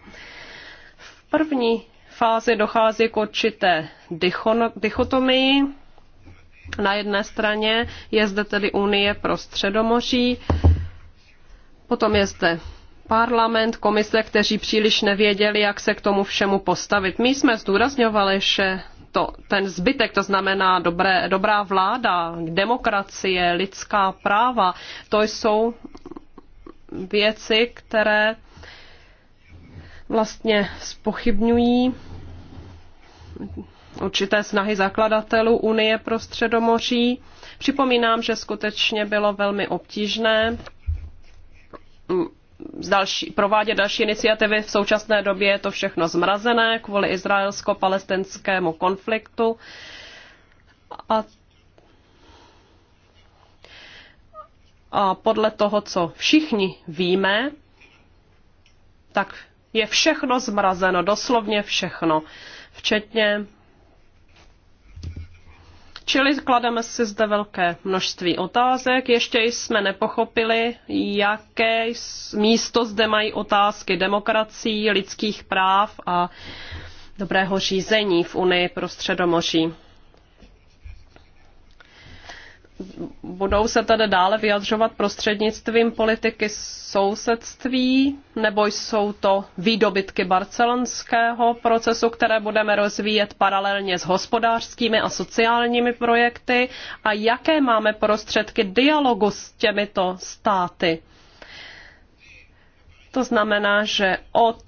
V první fázi dochází k určité dichotomii. Na jedné straně je zde tedy Unie pro středomoří, potom je zde parlament, komise, kteří příliš nevěděli, jak se k tomu všemu postavit. My jsme zdůrazňovali, že to, ten zbytek, to znamená dobré, dobrá vláda, demokracie, lidská práva, to jsou věci, které vlastně spochybňují určité snahy zakladatelů Unie pro Středomoří. Připomínám, že skutečně bylo velmi obtížné mm, další, provádět další iniciativy. V současné době je to všechno zmrazené kvůli izraelsko-palestinskému konfliktu. A, a podle toho, co všichni víme, tak je všechno zmrazeno, doslovně všechno, včetně. Čili klademe si zde velké množství otázek. Ještě jsme nepochopili, jaké místo zde mají otázky demokracií, lidských práv a dobrého řízení v Unii pro středomoří budou se tedy dále vyjadřovat prostřednictvím politiky sousedství, nebo jsou to výdobytky barcelonského procesu, které budeme rozvíjet paralelně s hospodářskými a sociálními projekty a jaké máme prostředky dialogu s těmito státy? To znamená, že od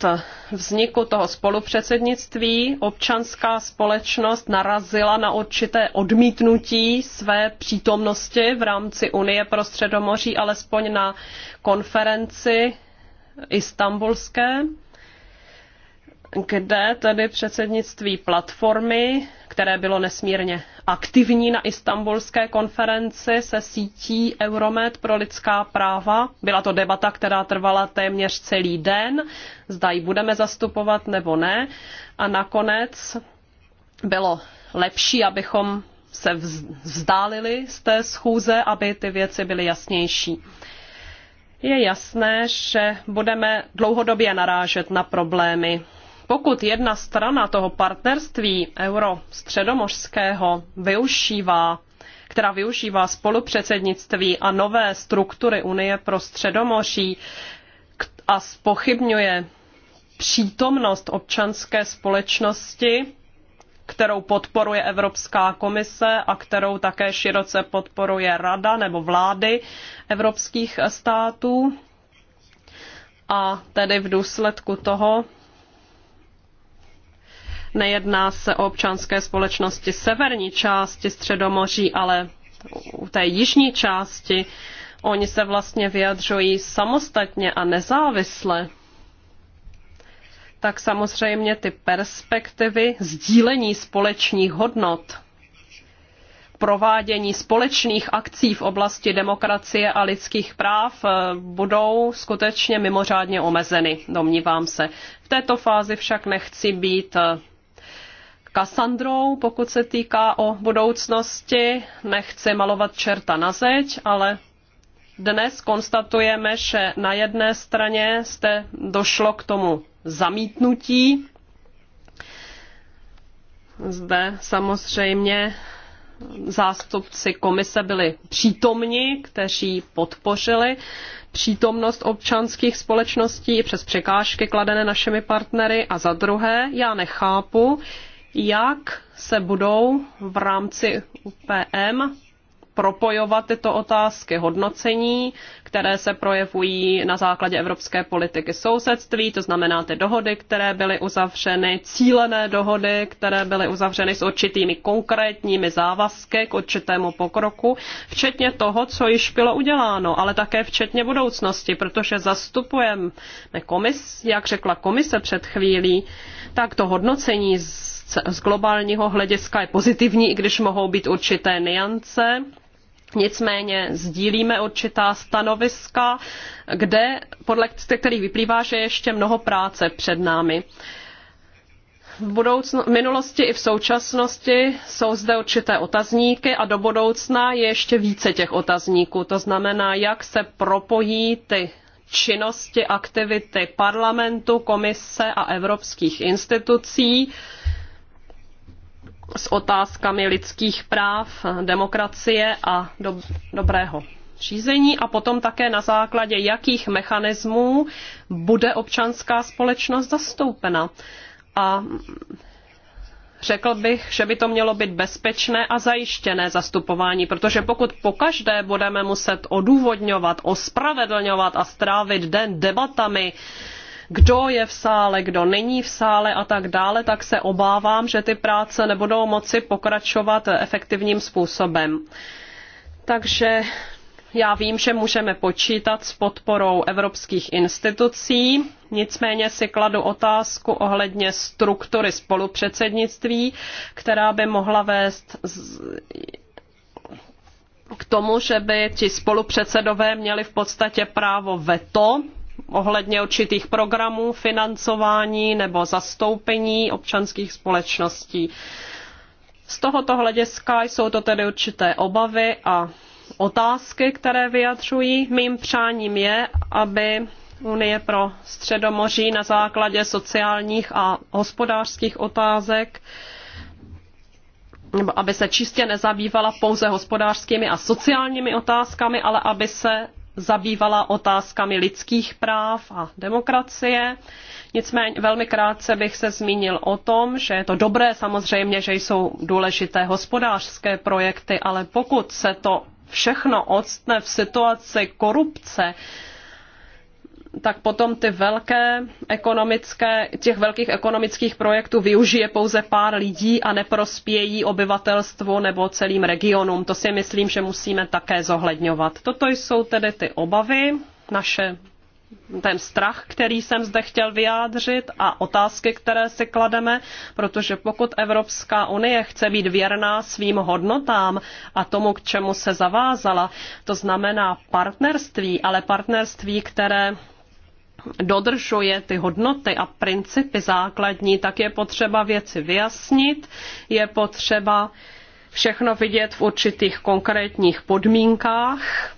vzniku toho spolupředsednictví občanská společnost narazila na určité odmítnutí své přítomnosti v rámci Unie pro Středomoří, alespoň na konferenci istambulské kde tedy předsednictví platformy, které bylo nesmírně aktivní na istambulské konferenci se sítí Euromed pro lidská práva. Byla to debata, která trvala téměř celý den, zda ji budeme zastupovat nebo ne. A nakonec bylo lepší, abychom se vzdálili z té schůze, aby ty věci byly jasnější. Je jasné, že budeme dlouhodobě narážet na problémy pokud jedna strana toho partnerství euro-středomořského využívá, která využívá spolupředsednictví a nové struktury Unie pro středomoří a spochybňuje přítomnost občanské společnosti, kterou podporuje Evropská komise a kterou také široce podporuje Rada nebo vlády evropských států. A tedy v důsledku toho Nejedná se o občanské společnosti severní části Středomoří, ale u té jižní části oni se vlastně vyjadřují samostatně a nezávisle tak samozřejmě ty perspektivy sdílení společných hodnot, provádění společných akcí v oblasti demokracie a lidských práv eh, budou skutečně mimořádně omezeny, domnívám se. V této fázi však nechci být eh, Kassandrou, pokud se týká o budoucnosti. Nechci malovat čerta na zeď, ale dnes konstatujeme, že na jedné straně jste došlo k tomu zamítnutí. Zde samozřejmě zástupci komise byli přítomni, kteří podpořili přítomnost občanských společností přes překážky kladené našimi partnery. A za druhé, já nechápu, jak se budou v rámci UPM propojovat tyto otázky hodnocení, které se projevují na základě evropské politiky sousedství, to znamená ty dohody, které byly uzavřeny, cílené dohody, které byly uzavřeny s určitými konkrétními závazky k určitému pokroku, včetně toho, co již bylo uděláno, ale také včetně budoucnosti, protože zastupujeme komis, jak řekla komise před chvílí, tak to hodnocení z z globálního hlediska je pozitivní, i když mohou být určité niance. Nicméně sdílíme určitá stanoviska, kde, podle kterých vyplývá, že je ještě mnoho práce před námi v budoucno, minulosti i v současnosti jsou zde určité otazníky a do budoucna je ještě více těch otazníků. To znamená, jak se propojí ty činnosti, aktivity parlamentu, komise a evropských institucí s otázkami lidských práv, demokracie a do, dobrého řízení a potom také na základě jakých mechanismů bude občanská společnost zastoupena. A řekl bych, že by to mělo být bezpečné a zajištěné zastupování, protože pokud po každé budeme muset odůvodňovat, ospravedlňovat a strávit den debatami, kdo je v sále, kdo není v sále a tak dále, tak se obávám, že ty práce nebudou moci pokračovat efektivním způsobem. Takže já vím, že můžeme počítat s podporou evropských institucí, nicméně si kladu otázku ohledně struktury spolupředsednictví, která by mohla vést z k tomu, že by ti spolupředsedové měli v podstatě právo veto ohledně určitých programů financování nebo zastoupení občanských společností. Z tohoto hlediska jsou to tedy určité obavy a otázky, které vyjadřují. Mým přáním je, aby Unie pro středomoří na základě sociálních a hospodářských otázek nebo aby se čistě nezabývala pouze hospodářskými a sociálními otázkami, ale aby se zabývala otázkami lidských práv a demokracie. Nicméně velmi krátce bych se zmínil o tom, že je to dobré samozřejmě, že jsou důležité hospodářské projekty, ale pokud se to všechno odstne v situaci korupce, tak potom ty velké ekonomické, těch velkých ekonomických projektů využije pouze pár lidí a neprospějí obyvatelstvu nebo celým regionům. To si myslím, že musíme také zohledňovat. Toto jsou tedy ty obavy, naše ten strach, který jsem zde chtěl vyjádřit a otázky, které si klademe, protože pokud Evropská unie chce být věrná svým hodnotám a tomu, k čemu se zavázala, to znamená partnerství, ale partnerství, které dodržuje ty hodnoty a principy základní, tak je potřeba věci vyjasnit, je potřeba všechno vidět v určitých konkrétních podmínkách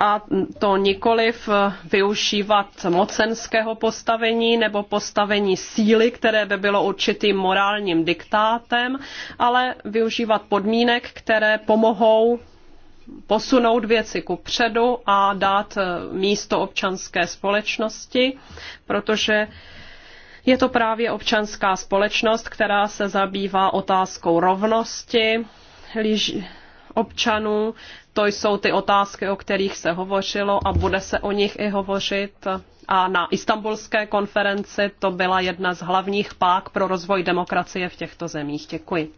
a to nikoliv využívat mocenského postavení nebo postavení síly, které by bylo určitým morálním diktátem, ale využívat podmínek, které pomohou posunout věci ku předu a dát eh, místo občanské společnosti, protože je to právě občanská společnost, která se zabývá otázkou rovnosti občanů. To jsou ty otázky, o kterých se hovořilo a bude se o nich i hovořit. A na istambulské konferenci to byla jedna z hlavních pák pro rozvoj demokracie v těchto zemích. Děkuji.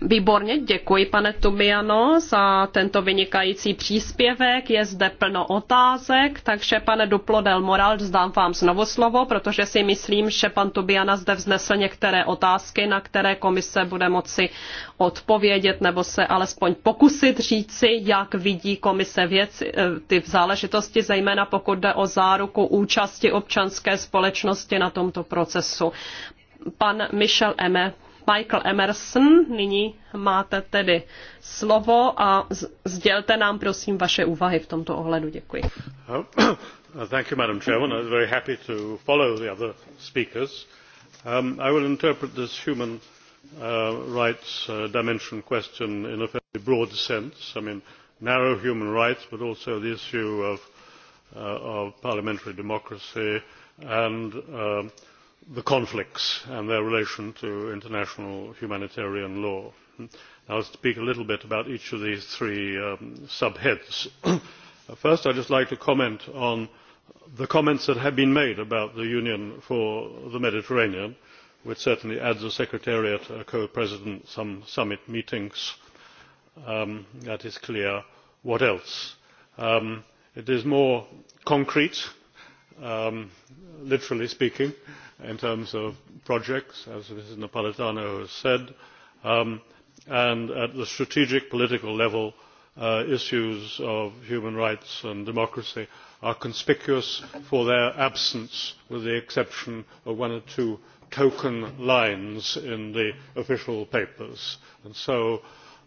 Výborně, děkuji pane Tumiano za tento vynikající příspěvek. Je zde plno otázek, takže pane Duplo del Moral, zdám vám znovu slovo, protože si myslím, že pan Tubiana zde vznesl některé otázky, na které komise bude moci odpovědět nebo se alespoň pokusit říci, jak vidí komise věci, eh, ty záležitosti, zejména pokud jde o záruku účasti občanské společnosti na tomto procesu. Pan Michel Eme, Michael Emerson, nyní máte tedy slovo a sdělte nám prosím vaše úvahy v tomto ohledu. Děkuji. Thank you, Madam Chairman. I'm very happy to follow the other speakers. Um, I will interpret this human uh, rights uh, dimension question in a fairly broad sense. I mean, narrow human rights, but also the issue of, uh, of parliamentary democracy and uh, the conflicts and their relation to international humanitarian law. i will speak a little bit about each of these three um, subheads. first i would just like to comment on the comments that have been made about the union for the mediterranean which certainly adds a secretariat a co president some summit meetings um, that is clear. what else? Um, it is more concrete literally speaking in terms of projects as mrs napoletano has said um, and at the strategic political level uh, issues of human rights and democracy are conspicuous for their absence with the exception of one or two token lines in the official papers so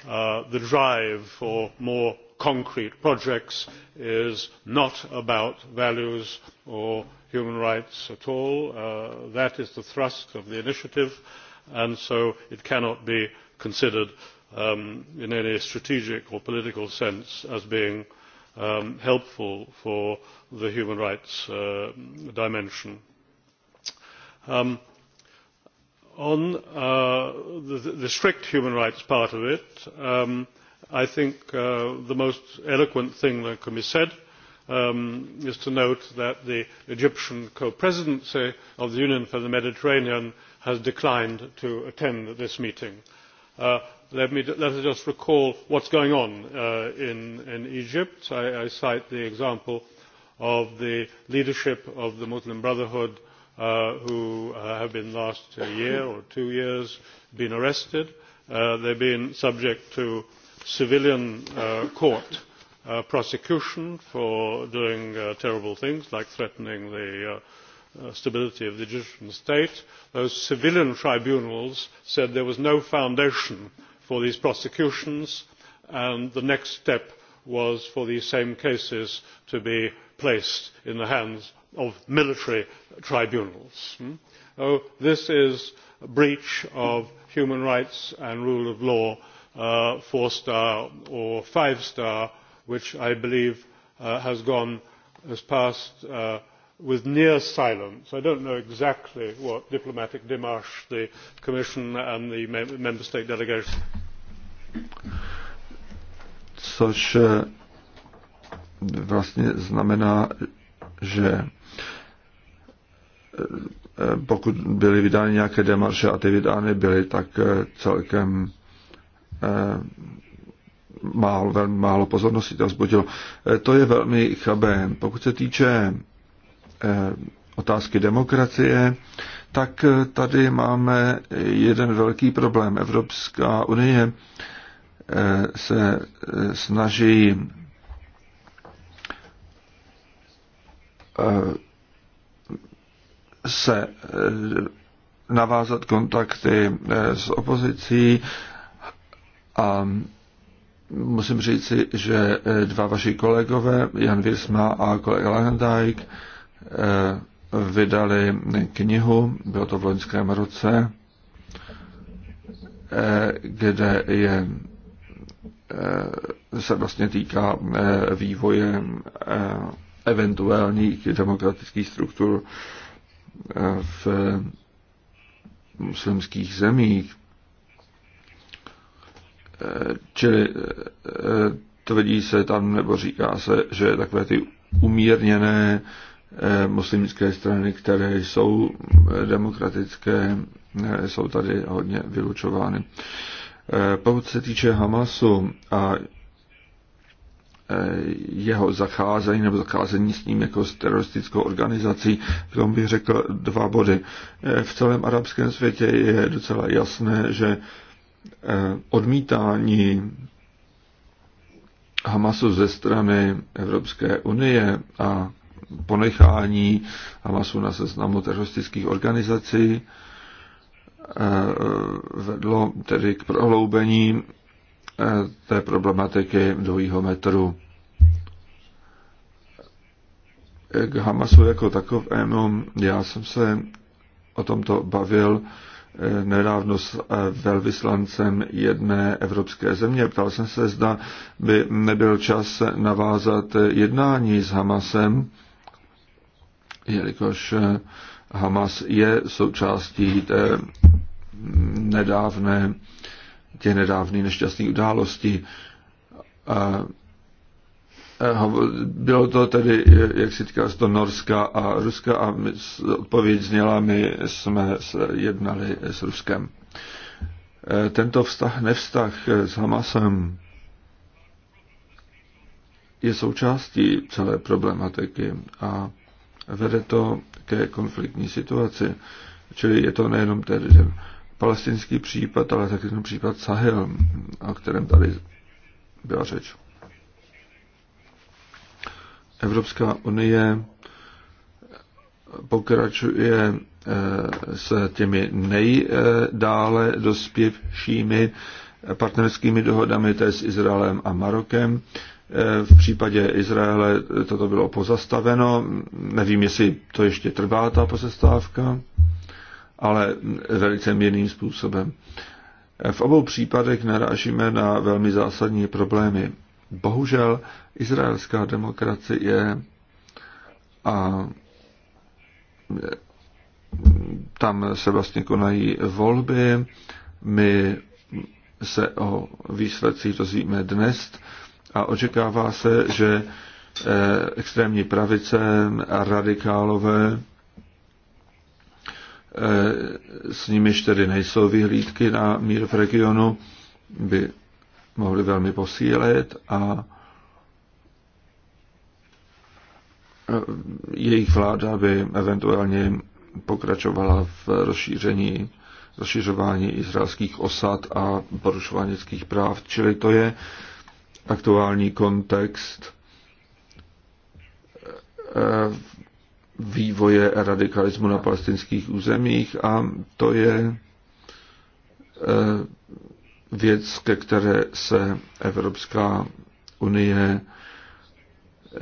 uh, the drive for more concrete projects is not about values or human rights at all. Uh, that is the thrust of the initiative and so it cannot be considered um, in any strategic or political sense as being um, helpful for the human rights uh, dimension. Um, on uh, the strict human rights part of it i think uh, the most eloquent thing that can be said um, is to note that the Egyptian co-presidency of the Union for the Mediterranean has declined to attend this meeting. Uh, let, me, us just recall what's going on uh, in, Egypt. I, cite the example of the leadership of the Muslim Brotherhood who have have been last year or two years been arrested. they they've been subject to civilian uh, court uh, prosecution for doing uh, terrible things like threatening the uh, uh, stability of the egyptian state those civilian tribunals said there was no foundation for these prosecutions and the next step was for these same cases to be placed in the hands of military tribunals. Hmm? Oh, this is a breach of human rights and rule of law uh, four star or five star which i believe uh, has gone has passed uh, with near silence. i do not know exactly what diplomatic dmarche the commission and the mem member state delegations což uh, vlastně znamená, že uh, uh, pokud byly vydány nějaké demarše a ty vydány byly, tak celkem Eh, málo, velmi málo pozornosti to vzbudilo. Eh, to je velmi chabé. Pokud se týče eh, otázky demokracie, tak tady máme jeden velký problém. Evropská unie se snaží se navázat kontakty s opozicí, a musím říci, že eh, dva vaši kolegové, Jan Visma a kolega Langendijk, eh, vydali knihu, bylo to v loňském roce, eh, kde je, se vlastně týká vývoje eventuálních demokratických struktur v muslimských zemích. Čili eh, tvrdí se tam, nebo říká se, že takové ty umírněné eh, muslimské strany, které jsou eh, demokratické, jsou tady hodně vylučovány. Pokud se týče Hamasu a jeho zacházení nebo zacházení s ním jako s teroristickou organizací, k tomu bych řekl dva body. V celém arabském světě je docela jasné, že Eh, odmítání Hamasu ze strany Evropské unie a ponechání Hamasu na seznamu teroristických organizací eh, vedlo tedy k prohloubení eh, té problematiky dvojího metru. K Hamasu jako takovému já jsem se o tomto bavil nedávno s velvyslancem jedné evropské země. Ptal jsem se, zda by nebyl čas navázat jednání s Hamasem, jelikož Hamas je součástí té nedávné, těch nedávných nešťastných událostí. Eh, bylo to tedy, eh, jak si říkáš to Norska a Ruska a my, odpověď zněla, my jsme jednali s Ruskem. Eh, tento vztah, nevztah s Hamasem je součástí celé problematiky a vede to ke konfliktní situaci. Čili je to nejenom tedy ten palestinský případ, ale také ten případ Sahel, o kterém tady byla řeč. Evropská unie pokračuje eh, s těmi nejdále dospěvšími partnerskými dohodami, to je s Izraelem a Marokem. Eh, v případě Izraele toto bylo pozastaveno. Nevím, jestli to ještě trvá ta pozastávka, ale velice mírným způsobem. V obou případech narážíme na velmi zásadní problémy. Bohužel izraelská demokracie je a tam se vlastně konají volby. My se o výsledcích dozvíme dnes a očekává se, že eh, extrémní pravice a radikálové eh, s nimiž tedy nejsou vyhlídky na mír v regionu, by mohli velmi posílit a e, jejich vláda by eventuálně pokračovala v rozšíření, rozšířování izraelských osad a porušování lidských práv. Čili to je aktuální kontext e, vývoje radikalismu na palestinských územích a to je e, věc, ke které se Evropská unie eh,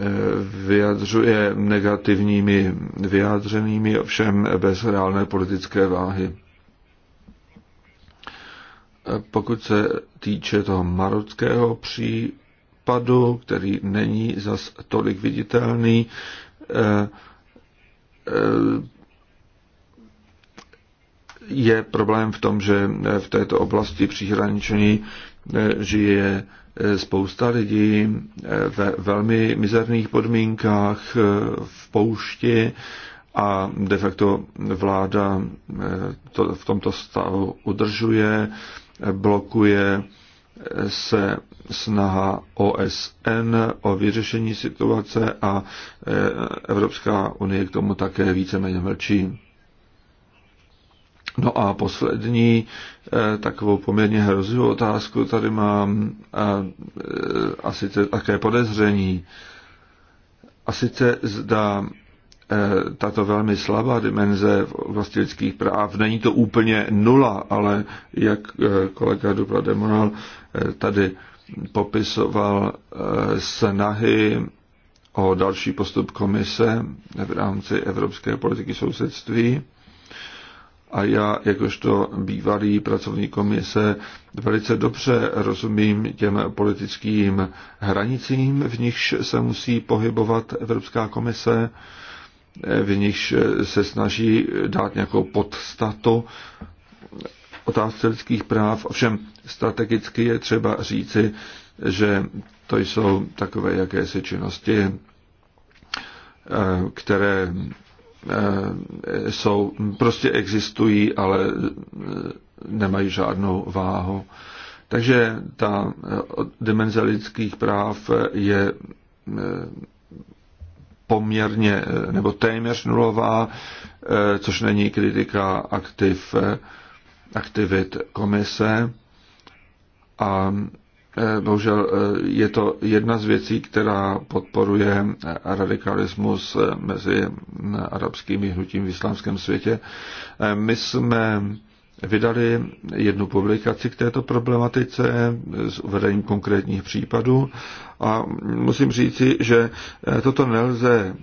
vyjadřuje negativními vyjádřenými, ovšem bez reálné politické váhy. Eh, pokud se týče toho marockého případu, který není zas tolik viditelný, eh, je problém v tom, že eh, v této oblasti příhraniční eh, žije eh, spousta lidí ve velmi mizerných podmínkách v poušti a de facto vláda to v tomto stavu udržuje, blokuje se snaha OSN o vyřešení situace a Evropská unie k tomu také víceméně mlčí. No a poslední eh, takovou poměrně hrozivou otázku tady mám a, eh, a sice také podezření. A sice zda eh, tato velmi slabá dimenze v oblasti lidských práv. Není to úplně nula, ale jak kolega Dubra Demoral tady popisoval snahy o další postup komise v rámci evropské politiky sousedství, a já, jakožto bývalý pracovní komise, velice dobře rozumím těm politickým hranicím, v nichž se musí pohybovat Evropská komise, v nichž se snaží dát nějakou podstatu otázce lidských práv. Ovšem strategicky je třeba říci, že to jsou takové jakési činnosti, eh, které Eh, jsou, prostě existují, ale eh, nemají žádnou váhu. Takže ta eh, dimenze lidských práv je poměrně nebo téměř nulová, což není kritika aktiv, aktivit komise. A Eh, bohužel eh, je to jedna z věcí, která podporuje radikalismus eh, mezi mm, arabskými hnutím v islámském světě. My jsme vydali jednu publikaci k této problematice s uvedením konkrétních případů a musím říci, že toto nelze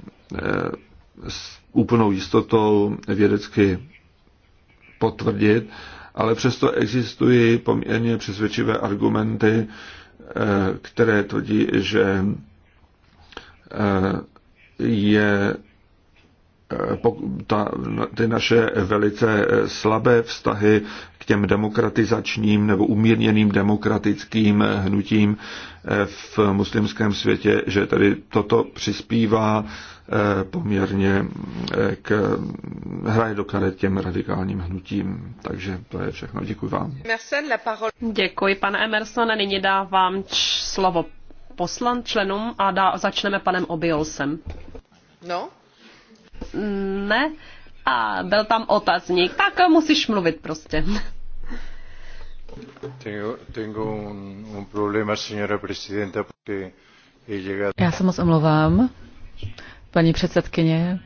s úplnou jistotou vědecky potvrdit, ale přesto existují poměrně přesvědčivé argumenty, eh, které tvrdí, že eh, je Eh, ta, ty naše velice eh, slabé vztahy k těm demokratizačním nebo umírněným demokratickým eh, hnutím v muslimském světě, že tady toto přispívá poměrně k hraje do karet těm radikálním hnutím. Takže to je všechno. Děkuji vám. Děkuji, pane Emerson. A nyní dávám slovo poslan členům a dá, začneme panem Obiolsem. No? Ne. A byl tam otazník. Tak musíš mluvit prostě. Já se moc omlouvám, paní předsedkyně.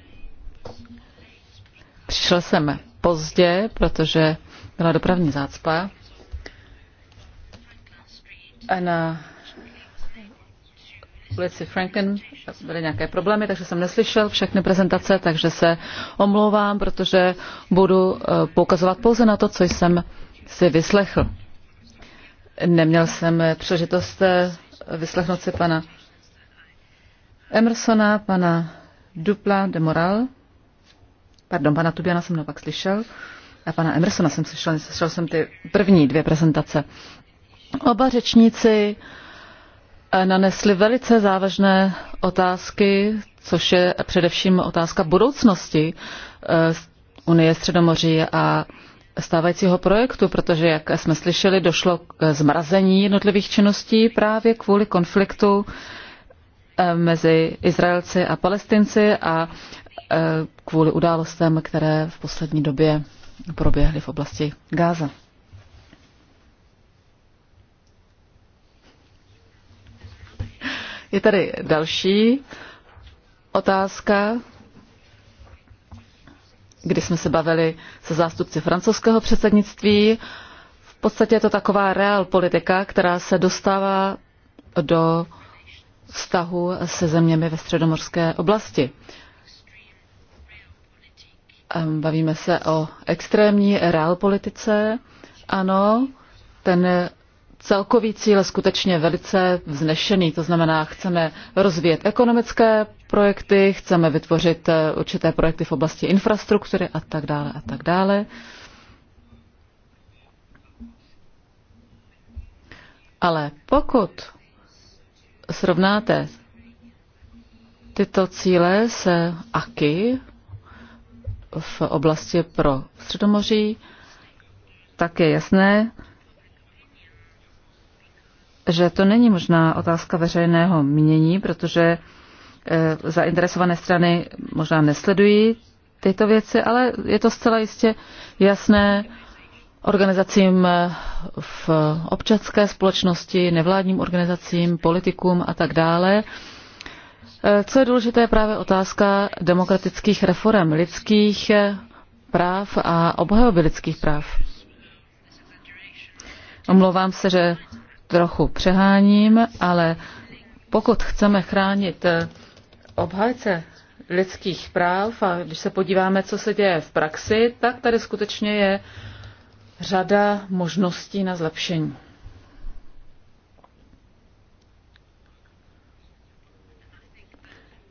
Přišel jsem pozdě, protože byla dopravní zácpa. A na ulici Franken byly nějaké problémy, takže jsem neslyšel všechny prezentace, takže se omlouvám, protože budu eh, poukazovat pouze na to, co jsem si vyslechl. Neměl jsem příležitost eh, vyslechnout si pana Emersona, pana Dupla de Moral, pardon, pana Tubiana jsem naopak slyšel, a pana Emersona jsem slyšel, slyšel jsem ty první dvě prezentace. Oba řečníci uh, nanesli velice závažné otázky, což je především otázka budoucnosti eh, Unie Středomoří a stávajícího projektu, protože, jak jsme slyšeli, došlo k zmrazení jednotlivých činností právě kvůli konfliktu eh, mezi Izraelci a Palestinci a eh, kvůli událostem, které v poslední době proběhly v oblasti Gáza. Je tady další otázka, kdy jsme se bavili se zástupci francouzského předsednictví. V podstatě je to taková real politika, která se dostává do vztahu se zeměmi ve středomorské oblasti. Bavíme se o extrémní realpolitice. Ano, ten celkový cíl je skutečně velice vznešený. To znamená, chceme rozvíjet ekonomické projekty, chceme vytvořit eh, určité projekty v oblasti infrastruktury a tak dále a tak dále. Ale pokud srovnáte tyto cíle se AKY v oblasti pro Středomoří, tak je jasné, že to není možná otázka veřejného mínění, protože eh, zainteresované strany možná nesledují tyto věci, ale je to zcela jistě jasné organizacím eh, v občanské společnosti, nevládním organizacím, politikům a tak dále. Eh, co je důležité, je právě otázka demokratických reform, lidských práv a obhajoby lidských práv. Omlouvám se, že trochu přeháním, ale pokud chceme chránit eh, obhajce lidských práv a když se podíváme, co se děje v praxi, tak tady skutečně je řada možností na zlepšení.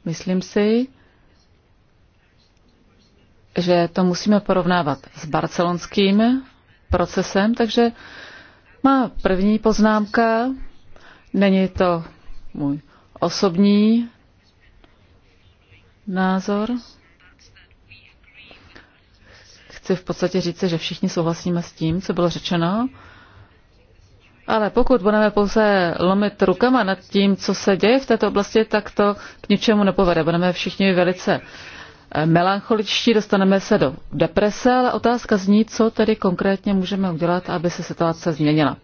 Myslím si, že to musíme porovnávat s barcelonským procesem, takže má první poznámka, není to můj osobní názor. Chci v podstatě říct, že všichni souhlasíme s tím, co bylo řečeno. Ale pokud budeme pouze lomit rukama nad tím, co se děje v této oblasti, tak to k ničemu nepovede. Budeme všichni velice uh, melancholičtí, dostaneme se do deprese, ale otázka zní, co tedy konkrétně můžeme udělat, aby se situace změnila.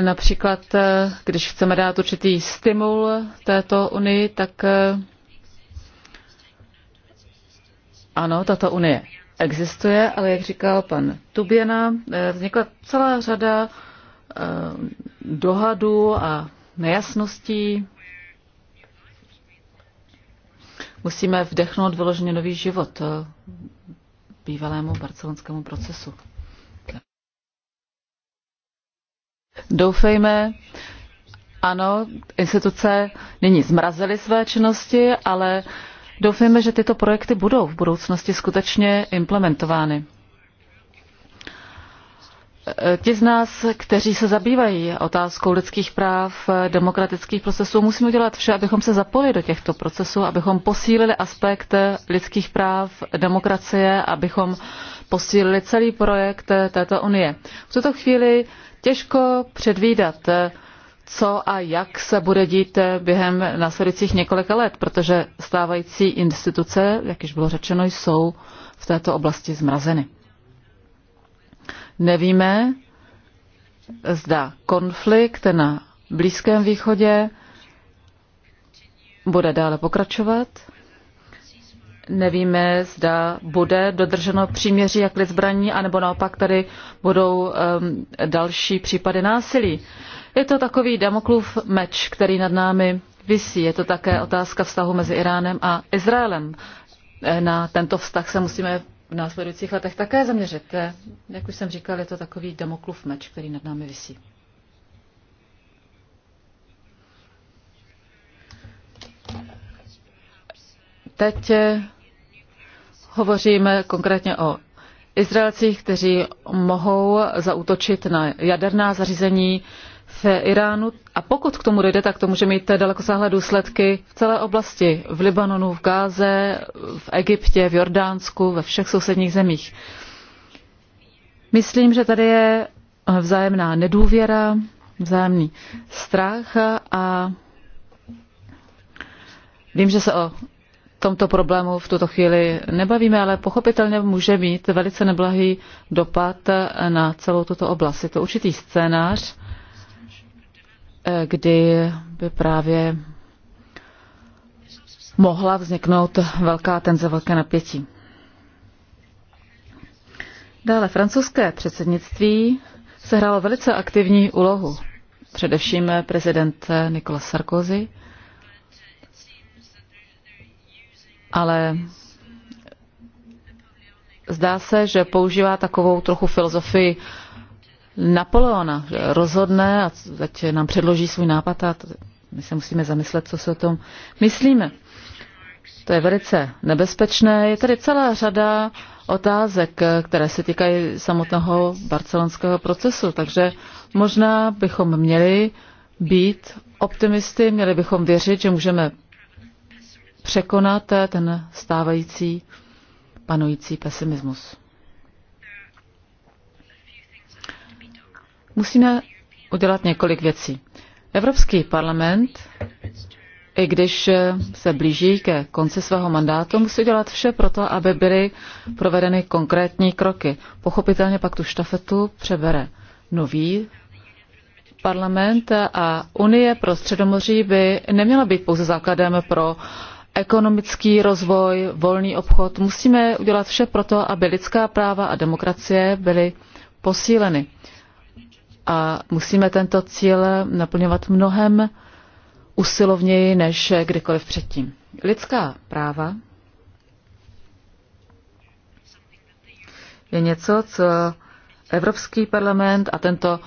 Například, eh, když chceme dát určitý stimul této unii, tak eh, ano, tato unie existuje, ale jak říkal pan Tuběna, eh, vznikla celá řada dohadů a nejasností Musíme vdechnout vyloženě nový život eh, bývalému barcelonskému procesu. Doufejme, ano, instituce nyní zmrazily své činnosti, ale doufejme, že tyto projekty budou v budoucnosti skutečně implementovány. Ti z nás, kteří se zabývají otázkou lidských práv, demokratických procesů, musíme udělat vše, abychom se zapojili do těchto procesů, abychom posílili aspekt lidských práv, demokracie, abychom posílili celý projekt této unie. V tuto chvíli těžko předvídat, co a jak se bude dít během následujících několika let, protože stávající instituce, jak již bylo řečeno, jsou v této oblasti zmrazeny. Nevíme, zda konflikt na Blízkém východě bude dále pokračovat. Nevíme, zda bude dodrženo příměří jak lid zbraní, anebo naopak tady budou um, další případy násilí. Je to takový damoklův meč, který nad námi visí. Je to také otázka vztahu mezi Iránem a Izraelem. E, na tento vztah se musíme v následujících letech také zaměřit. Jak už jsem říkal, je to takový demokluv meč, který nad námi visí. Teď hovoříme konkrétně o Izraelcích, kteří mohou zautočit na jaderná zařízení v Iránu a pokud k tomu dojde, tak to může mít dalekosáhlé důsledky v celé oblasti, v Libanonu, v Gáze, v Egyptě, v Jordánsku, ve všech sousedních zemích. Myslím, že tady je vzájemná nedůvěra, vzájemný strach a vím, že se o tomto problému v tuto chvíli nebavíme, ale pochopitelně může mít velice neblahý dopad na celou tuto oblast. Je to určitý scénář, Eh, kdy by právě mohla vzniknout velká tenze, velké napětí. Dále francouzské předsednictví sehrálo velice aktivní úlohu. Především prezident Nicolas Sarkozy, ale zdá se, že používá takovou trochu filozofii Napoleona rozhodne a teď nám předloží svůj nápad a my se musíme zamyslet, co se o tom myslíme. To je velice nebezpečné. Je tady celá řada otázek, které se týkají samotného barcelonského procesu, takže možná bychom měli být optimisty, měli bychom věřit, že můžeme překonat ten stávající panující pesimismus. Musíme udělat několik věcí. Evropský parlament, i když se blíží ke konci svého mandátu, musí dělat vše pro to, aby byly provedeny konkrétní kroky. Pochopitelně pak tu štafetu přebere nový parlament a Unie pro Středomoří by neměla být pouze základem pro ekonomický rozvoj, volný obchod. Musíme udělat vše pro to, aby lidská práva a demokracie byly posíleny a musíme tento cíl naplňovat mnohem usilovněji než kdykoliv předtím. Lidská práva je něco, co Evropský parlament a tento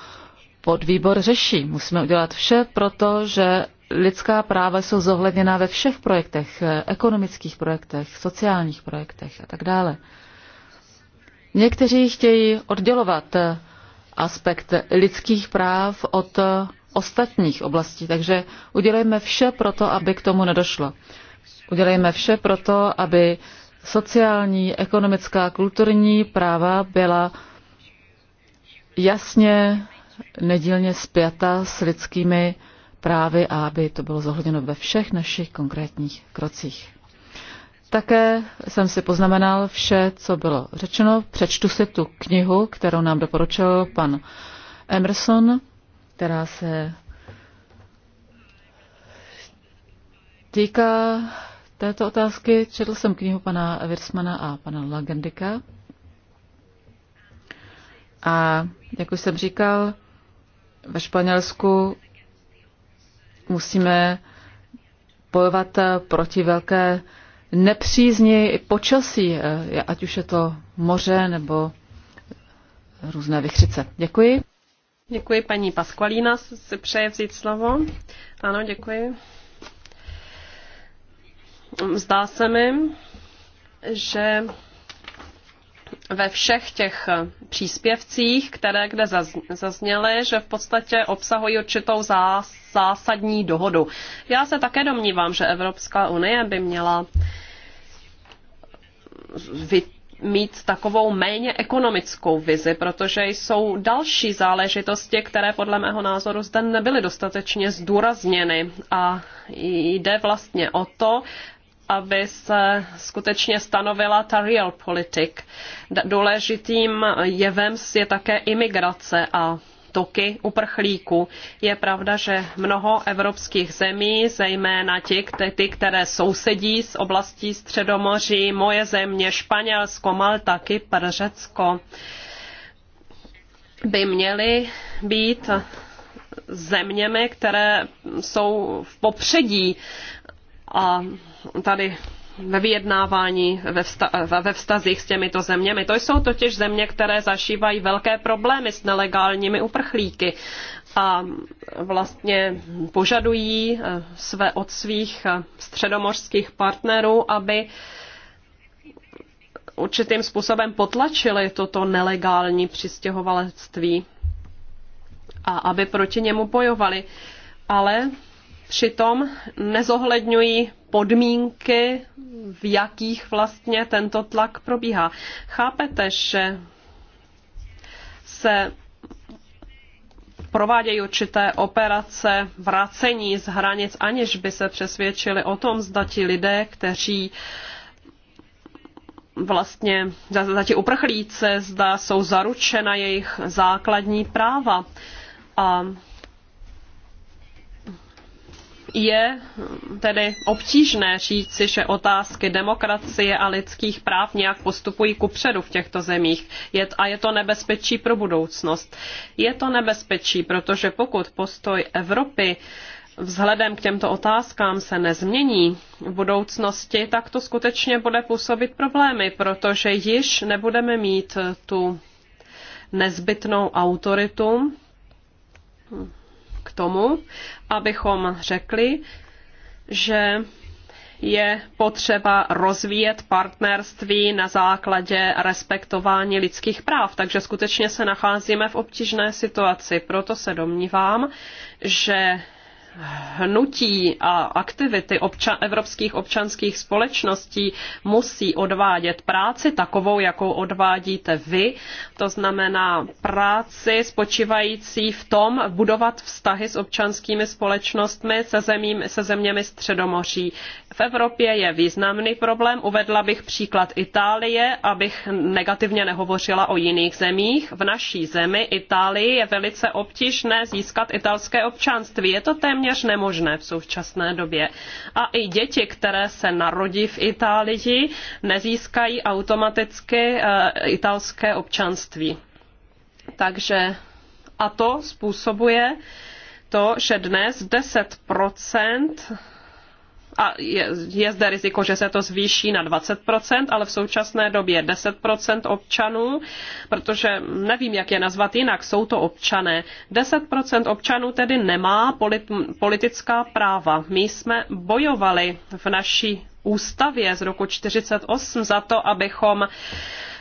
podvýbor řeší. Musíme udělat vše proto, že lidská práva jsou zohledněna ve všech projektech, ekonomických projektech, sociálních projektech a tak dále. Někteří chtějí oddělovat aspekt lidských práv od ostatních oblastí. Takže udělejme vše pro to, aby k tomu nedošlo. Udělejme vše pro to, aby sociální, ekonomická, kulturní práva byla jasně nedílně spjata s lidskými právy a aby to bylo zohledněno ve všech našich konkrétních krocích. Také jsem si poznamenal vše, co bylo řečeno. Přečtu si tu knihu, kterou nám doporučil pan Emerson, která se týká této otázky. Četl jsem knihu pana Wirsmana a pana Lagendika. A jak už jsem říkal, ve Španělsku musíme bojovat proti velké nepřízní počasí, eh, ať už je to moře nebo různé vychřice. Děkuji. Děkuji paní Paskvalína, si přeje vzít slovo. Ano, děkuji. Zdá se mi, že ve všech těch eh, příspěvcích, které kde zazněly, že v podstatě obsahují určitou zásadní dohodu. Já se také domnívám, že Evropská unie by měla mít takovou méně ekonomickou vizi, protože jsou další záležitosti, které podle mého názoru zde nebyly dostatečně zdůrazněny. A jde vlastně o to, aby se skutečně stanovila ta real politik. Důležitým jevem je také imigrace a toky uprchlíků. Je pravda, že mnoho evropských zemí, zejména ty, ty, které sousedí s oblastí Středomoří, moje země, Španělsko, Malta, Kypr, Řecko, by měly být zeměmi, které jsou v popředí a tady ve vyjednávání ve, ve vztazích s těmito zeměmi. To jsou totiž země, které zažívají velké problémy s nelegálními uprchlíky a vlastně požadují eh, své od svých eh, středomořských partnerů, aby určitým způsobem potlačili toto nelegální přistěhovalectví a aby proti němu bojovali. Ale přitom nezohledňují podmínky, v jakých vlastně tento tlak probíhá. Chápete, že se provádějí určité operace vracení z hranic, aniž by se přesvědčili o tom, zda ti lidé, kteří vlastně, zda, ti uprchlíci, zda jsou zaručena jejich základní práva. A je tedy obtížné říci, že otázky demokracie a lidských práv nějak postupují kupředu v těchto zemích je, a je to nebezpečí pro budoucnost. Je to nebezpečí, protože pokud postoj Evropy vzhledem k těmto otázkám se nezmění v budoucnosti, tak to skutečně bude působit problémy, protože již nebudeme mít tu nezbytnou autoritu tomu, abychom řekli, že je potřeba rozvíjet partnerství na základě respektování lidských práv. Takže skutečně se nacházíme v obtížné situaci. Proto se domnívám, že hnutí a aktivity obča- evropských občanských společností musí odvádět práci takovou, jakou odvádíte vy. To znamená práci spočívající v tom budovat vztahy s občanskými společnostmi se, zemím, se zeměmi Středomoří v Evropě je významný problém. Uvedla bych příklad Itálie, abych negativně nehovořila o jiných zemích. V naší zemi Itálii je velice obtížné získat italské občanství. Je to téměř nemožné v současné době. A i děti, které se narodí v Itálii, nezískají automaticky eh, italské občanství. Takže a to způsobuje to, že dnes 10 a je, je zde riziko, že se to zvýší na 20%, ale v současné době 10% občanů, protože nevím, jak je nazvat jinak, jsou to občané. 10% občanů tedy nemá polit, politická práva. My jsme bojovali v naší ústavě z roku 48 za to, abychom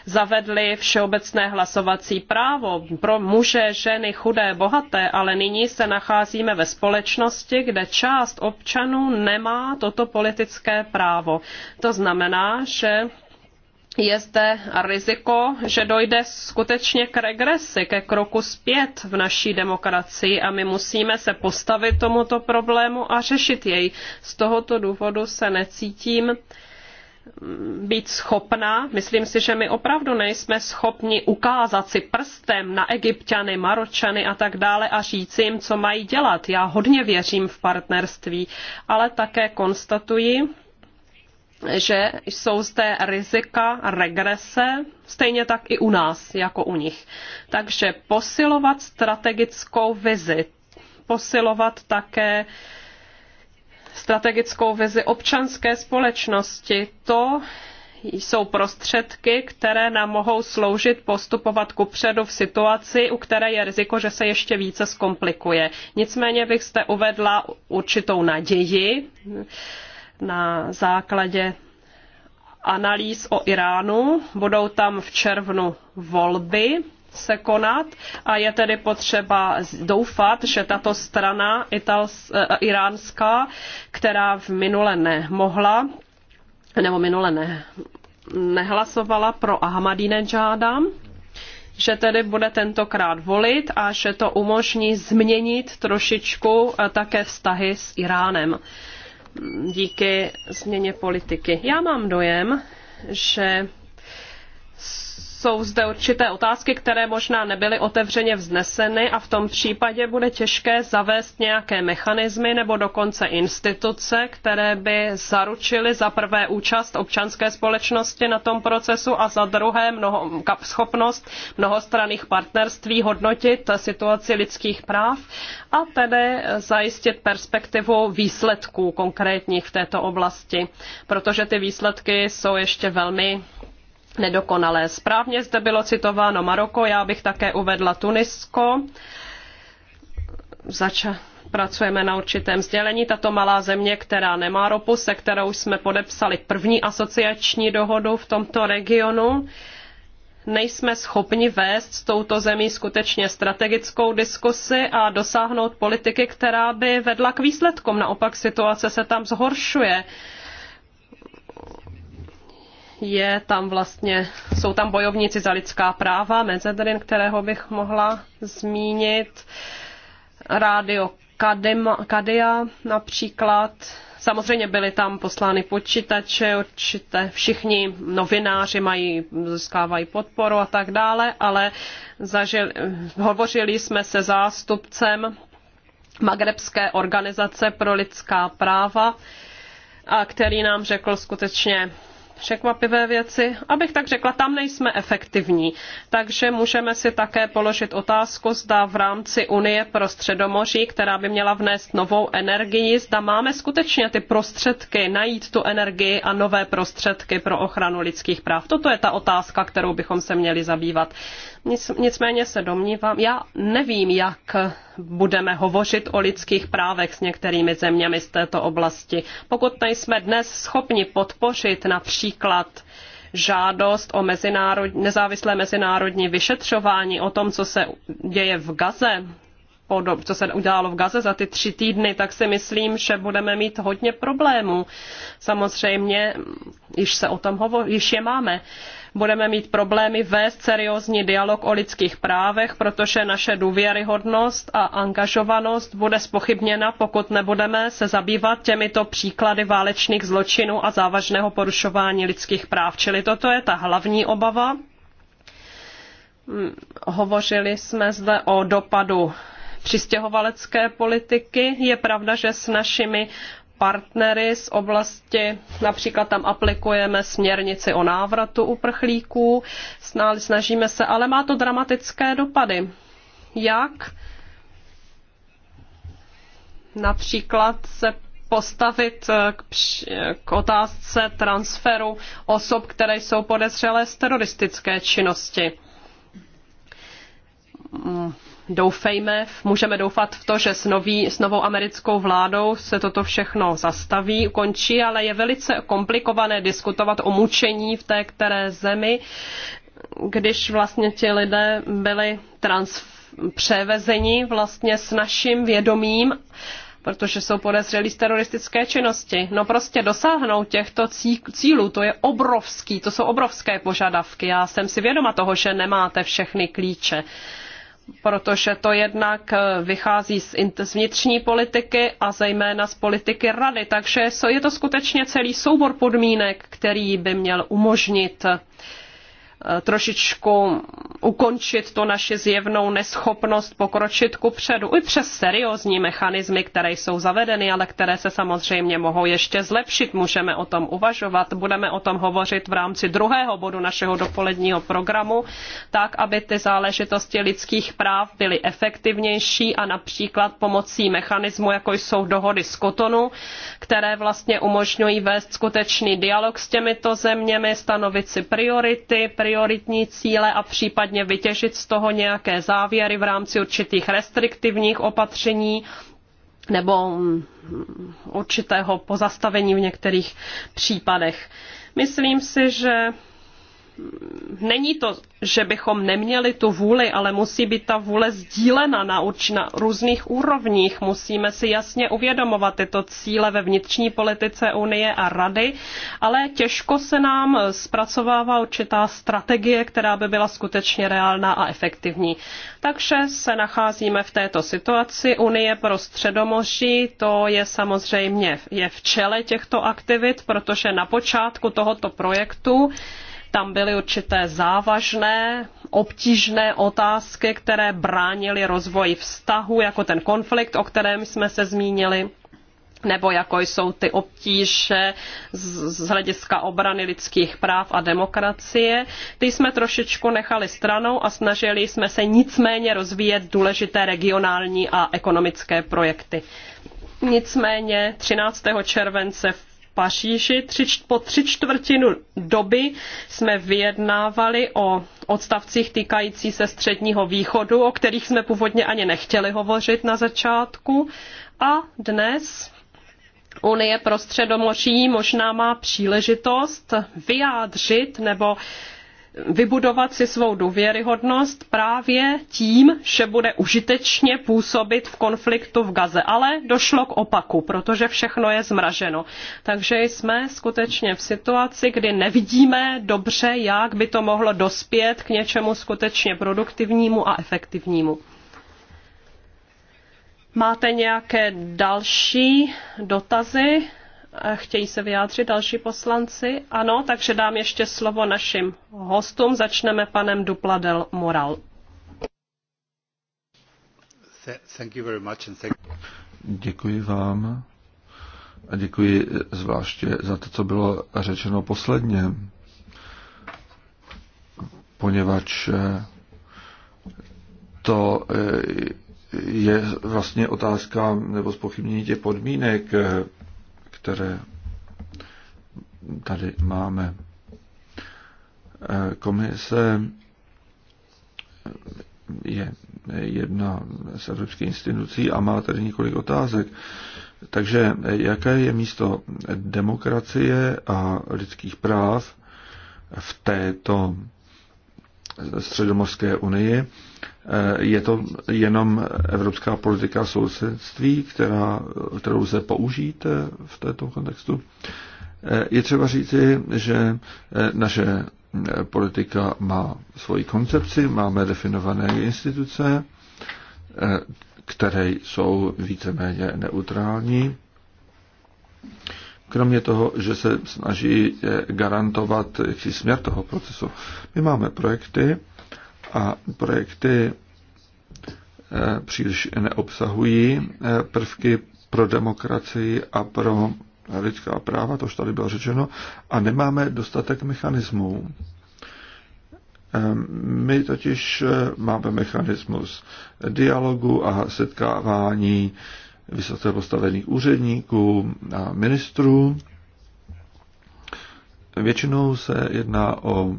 zavedli všeobecné hlasovací právo pro muže, ženy, chudé, bohaté, ale nyní se nacházíme ve společnosti, kde část občanů nemá toto politické právo. To znamená, že je zde riziko, že dojde skutečně k regresi, ke kroku zpět v naší demokracii a my musíme se postavit tomuto problému a řešit jej. Z tohoto důvodu se necítím mm, být schopná, myslím si, že my opravdu nejsme schopni ukázat si prstem na egyptiany, maročany a tak dále a říci jim, co mají dělat. Já hodně věřím v partnerství, ale také konstatuji, že jsou zde rizika regrese, stejně tak i u nás, jako u nich. Takže posilovat strategickou vizi, posilovat také strategickou vizi občanské společnosti, to jsou prostředky, které nám mohou sloužit postupovat předu v situaci, u které je riziko, že se ještě více zkomplikuje. Nicméně bych zde uvedla určitou naději, na základě analýz o Iránu. Budou tam v červnu volby se konat a je tedy potřeba doufat, že tato strana itals, e, e, iránská, která v minule nemohla, nebo minule ne, nehlasovala pro Ahmadinejada, že tedy bude tentokrát volit a že to umožní změnit trošičku e, také vztahy s Iránem díky změně politiky. Já mám dojem, že jsou zde určité otázky, které možná nebyly otevřeně vzneseny a v tom případě bude těžké zavést nějaké mechanismy nebo dokonce instituce, které by zaručily za prvé účast občanské společnosti na tom procesu a za druhé mnoho, schopnost mnohostranných partnerství hodnotit situaci lidských práv a tedy zajistit perspektivu výsledků konkrétních v této oblasti, protože ty výsledky jsou ještě velmi nedokonalé. Správně zde bylo citováno Maroko, já bych také uvedla Tunisko. Zača, pracujeme na určitém sdělení. Tato malá země, která nemá ropu, se kterou jsme podepsali první asociační dohodu v tomto regionu, nejsme schopni vést s touto zemí skutečně strategickou diskusi a dosáhnout politiky, která by vedla k výsledkům. Naopak situace se tam zhoršuje je tam vlastně, jsou tam bojovníci za lidská práva, Mezedrin, kterého bych mohla zmínit, rádio Kadima, Kadia například, Samozřejmě byly tam poslány počítače, určitě všichni novináři mají, získávají podporu a tak dále, ale zažili, hovořili jsme se zástupcem Magrebské organizace pro lidská práva, a který nám řekl skutečně překvapivé věci. Abych tak řekla, tam nejsme efektivní. Takže můžeme si také položit otázku, zda v rámci Unie pro středomoří, která by měla vnést novou energii, zda máme skutečně ty prostředky najít tu energii a nové prostředky pro ochranu lidských práv. Toto je ta otázka, kterou bychom se měli zabývat. Nicméně se domnívám, já nevím, jak budeme hovořit o lidských právech s některými zeměmi z této oblasti. Pokud nejsme dnes schopni podpořit například žádost o mezinárod, nezávislé mezinárodní vyšetřování o tom, co se děje v Gaze, co se udělalo v Gaze za ty tři týdny, tak si myslím, že budeme mít hodně problémů. Samozřejmě, již se o tom hovoří, již je máme budeme mít problémy vést seriózní dialog o lidských právech, protože naše důvěryhodnost a angažovanost bude spochybněna, pokud nebudeme se zabývat těmito příklady válečných zločinů a závažného porušování lidských práv. Čili toto je ta hlavní obava. Hmm, hovořili jsme zde o dopadu přistěhovalecké politiky. Je pravda, že s našimi partnery z oblasti, například tam aplikujeme směrnici o návratu uprchlíků, snažíme se, ale má to dramatické dopady. Jak například se postavit eh, k, k otázce transferu osob, které jsou podezřelé z teroristické činnosti doufejme, můžeme doufat v to, že s, nový, s novou americkou vládou se toto všechno zastaví, ukončí, ale je velice komplikované diskutovat o mučení v té které zemi, když vlastně ti lidé byli trans, převezeni vlastně s naším vědomím protože jsou podezřelí z teroristické činnosti. No prostě dosáhnout těchto cílů, to je obrovský, to jsou obrovské požadavky. Já jsem si vědoma toho, že nemáte všechny klíče protože to jednak eh, vychází z, vnitřní politiky a zejména z politiky rady. Takže je to skutečně celý soubor podmínek, který by měl umožnit Eh, trošičku ukončit tu naši zjevnou neschopnost pokročit ku předu. I přes seriózní mechanismy, které jsou zavedeny, ale které se samozřejmě mohou ještě zlepšit, můžeme o tom uvažovat. Budeme o tom hovořit v rámci druhého bodu našeho dopoledního programu, tak, aby ty záležitosti lidských práv byly efektivnější a například pomocí mechanismu, jako jsou dohody z Kotonu, které vlastně umožňují vést skutečný dialog s těmito zeměmi, stanovit si priority, priority prioritní cíle a případně vytěžit z toho nějaké závěry v rámci určitých restriktivních opatření nebo mm, určitého pozastavení v některých případech. Myslím si, že není to, že bychom neměli tu vůli, ale musí být ta vůle sdílena na, na různých úrovních. Musíme si jasně uvědomovat tyto cíle ve vnitřní politice Unie a Rady, ale těžko se nám zpracovává určitá strategie, která by byla skutečně reálná a efektivní. Takže se nacházíme v této situaci. Unie pro středomoří, to je samozřejmě je v čele těchto aktivit, protože na počátku tohoto projektu tam byly určité závažné, obtížné otázky, které bránily rozvoji vztahu, jako ten konflikt, o kterém jsme se zmínili nebo jako jsou ty obtíže z hlediska obrany lidských práv a demokracie. Ty jsme trošičku nechali stranou a snažili jsme se nicméně rozvíjet důležité regionální a ekonomické projekty. Nicméně 13. července v Paříži tři, po tři čtvrtinu doby jsme vyjednávali o odstavcích týkající se středního východu, o kterých jsme původně ani nechtěli hovořit na začátku. A dnes Unie pro středomoří možná má příležitost vyjádřit nebo vybudovat si svou důvěryhodnost právě tím, že bude užitečně působit v konfliktu v Gaze. Ale došlo k opaku, protože všechno je zmraženo. Takže jsme skutečně v situaci, kdy nevidíme dobře, jak by to mohlo dospět k něčemu skutečně produktivnímu a efektivnímu. Máte nějaké další dotazy? Chtějí se vyjádřit další poslanci? Ano, takže dám ještě slovo našim hostům. Začneme panem Dupladel Moral. Děkuji vám a děkuji zvláště za to, co bylo řečeno posledně, poněvadž eh, to eh, je vlastně otázka nebo zpochybnění těch podmínek, eh, které tady máme. Eh, komise je jedna z evropských institucí a má tady několik otázek. Takže jaké je místo demokracie a lidských práv v této středomorské unii Eh, je to jenom evropská politika sousedství, která, kterou se použít eh, v této kontextu. Eh, je třeba říci, že naše politika má svoji koncepci, máme definované instituce, které jsou víceméně neutrální. Kromě toho, že se snaží garantovat směr toho procesu. My máme projekty, a projekty eh, příliš neobsahují eh, prvky pro demokracii a pro lidská práva, to už tady bylo řečeno, a nemáme dostatek mechanismů. Eh, my totiž máme mechanismus dialogu a setkávání vysoce postavených úředníků a ministrů. Většinou se jedná o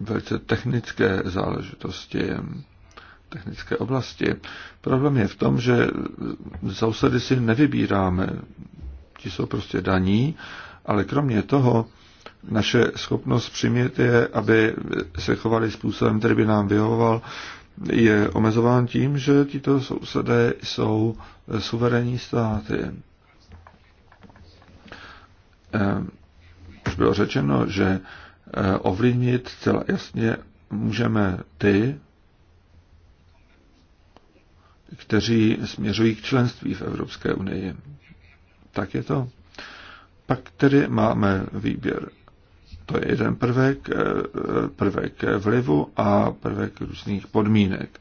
velice technické záležitosti, technické oblasti. Problém je v tom, že sousedy si nevybíráme. Ti jsou prostě daní, ale kromě toho naše schopnost přimět je, aby se chovali způsobem, který by nám vyhovoval, je omezován tím, že tito sousedé jsou suverénní státy. Ehm, už bylo řečeno, že Eh, ovlivnit celá jasně můžeme ty, kteří směřují k členství v Evropské unii. Tak je to. Pak tedy máme výběr. To je jeden prvek, eh, prvek vlivu a prvek různých podmínek,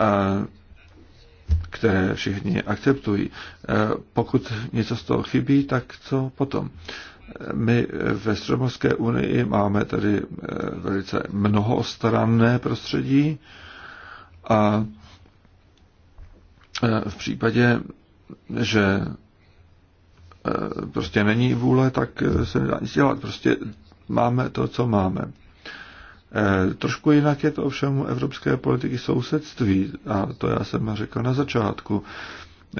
eh, které všichni akceptují. Pokud něco z toho chybí, tak co potom? My ve Středomorské unii máme tedy eh, velice mnohostranné prostředí a eh, v případě, že eh, prostě není vůle, tak se nedá nic dělat. Prostě máme to, co máme. Trošku jinak je to ovšem evropské politiky sousedství a to já jsem řekl na začátku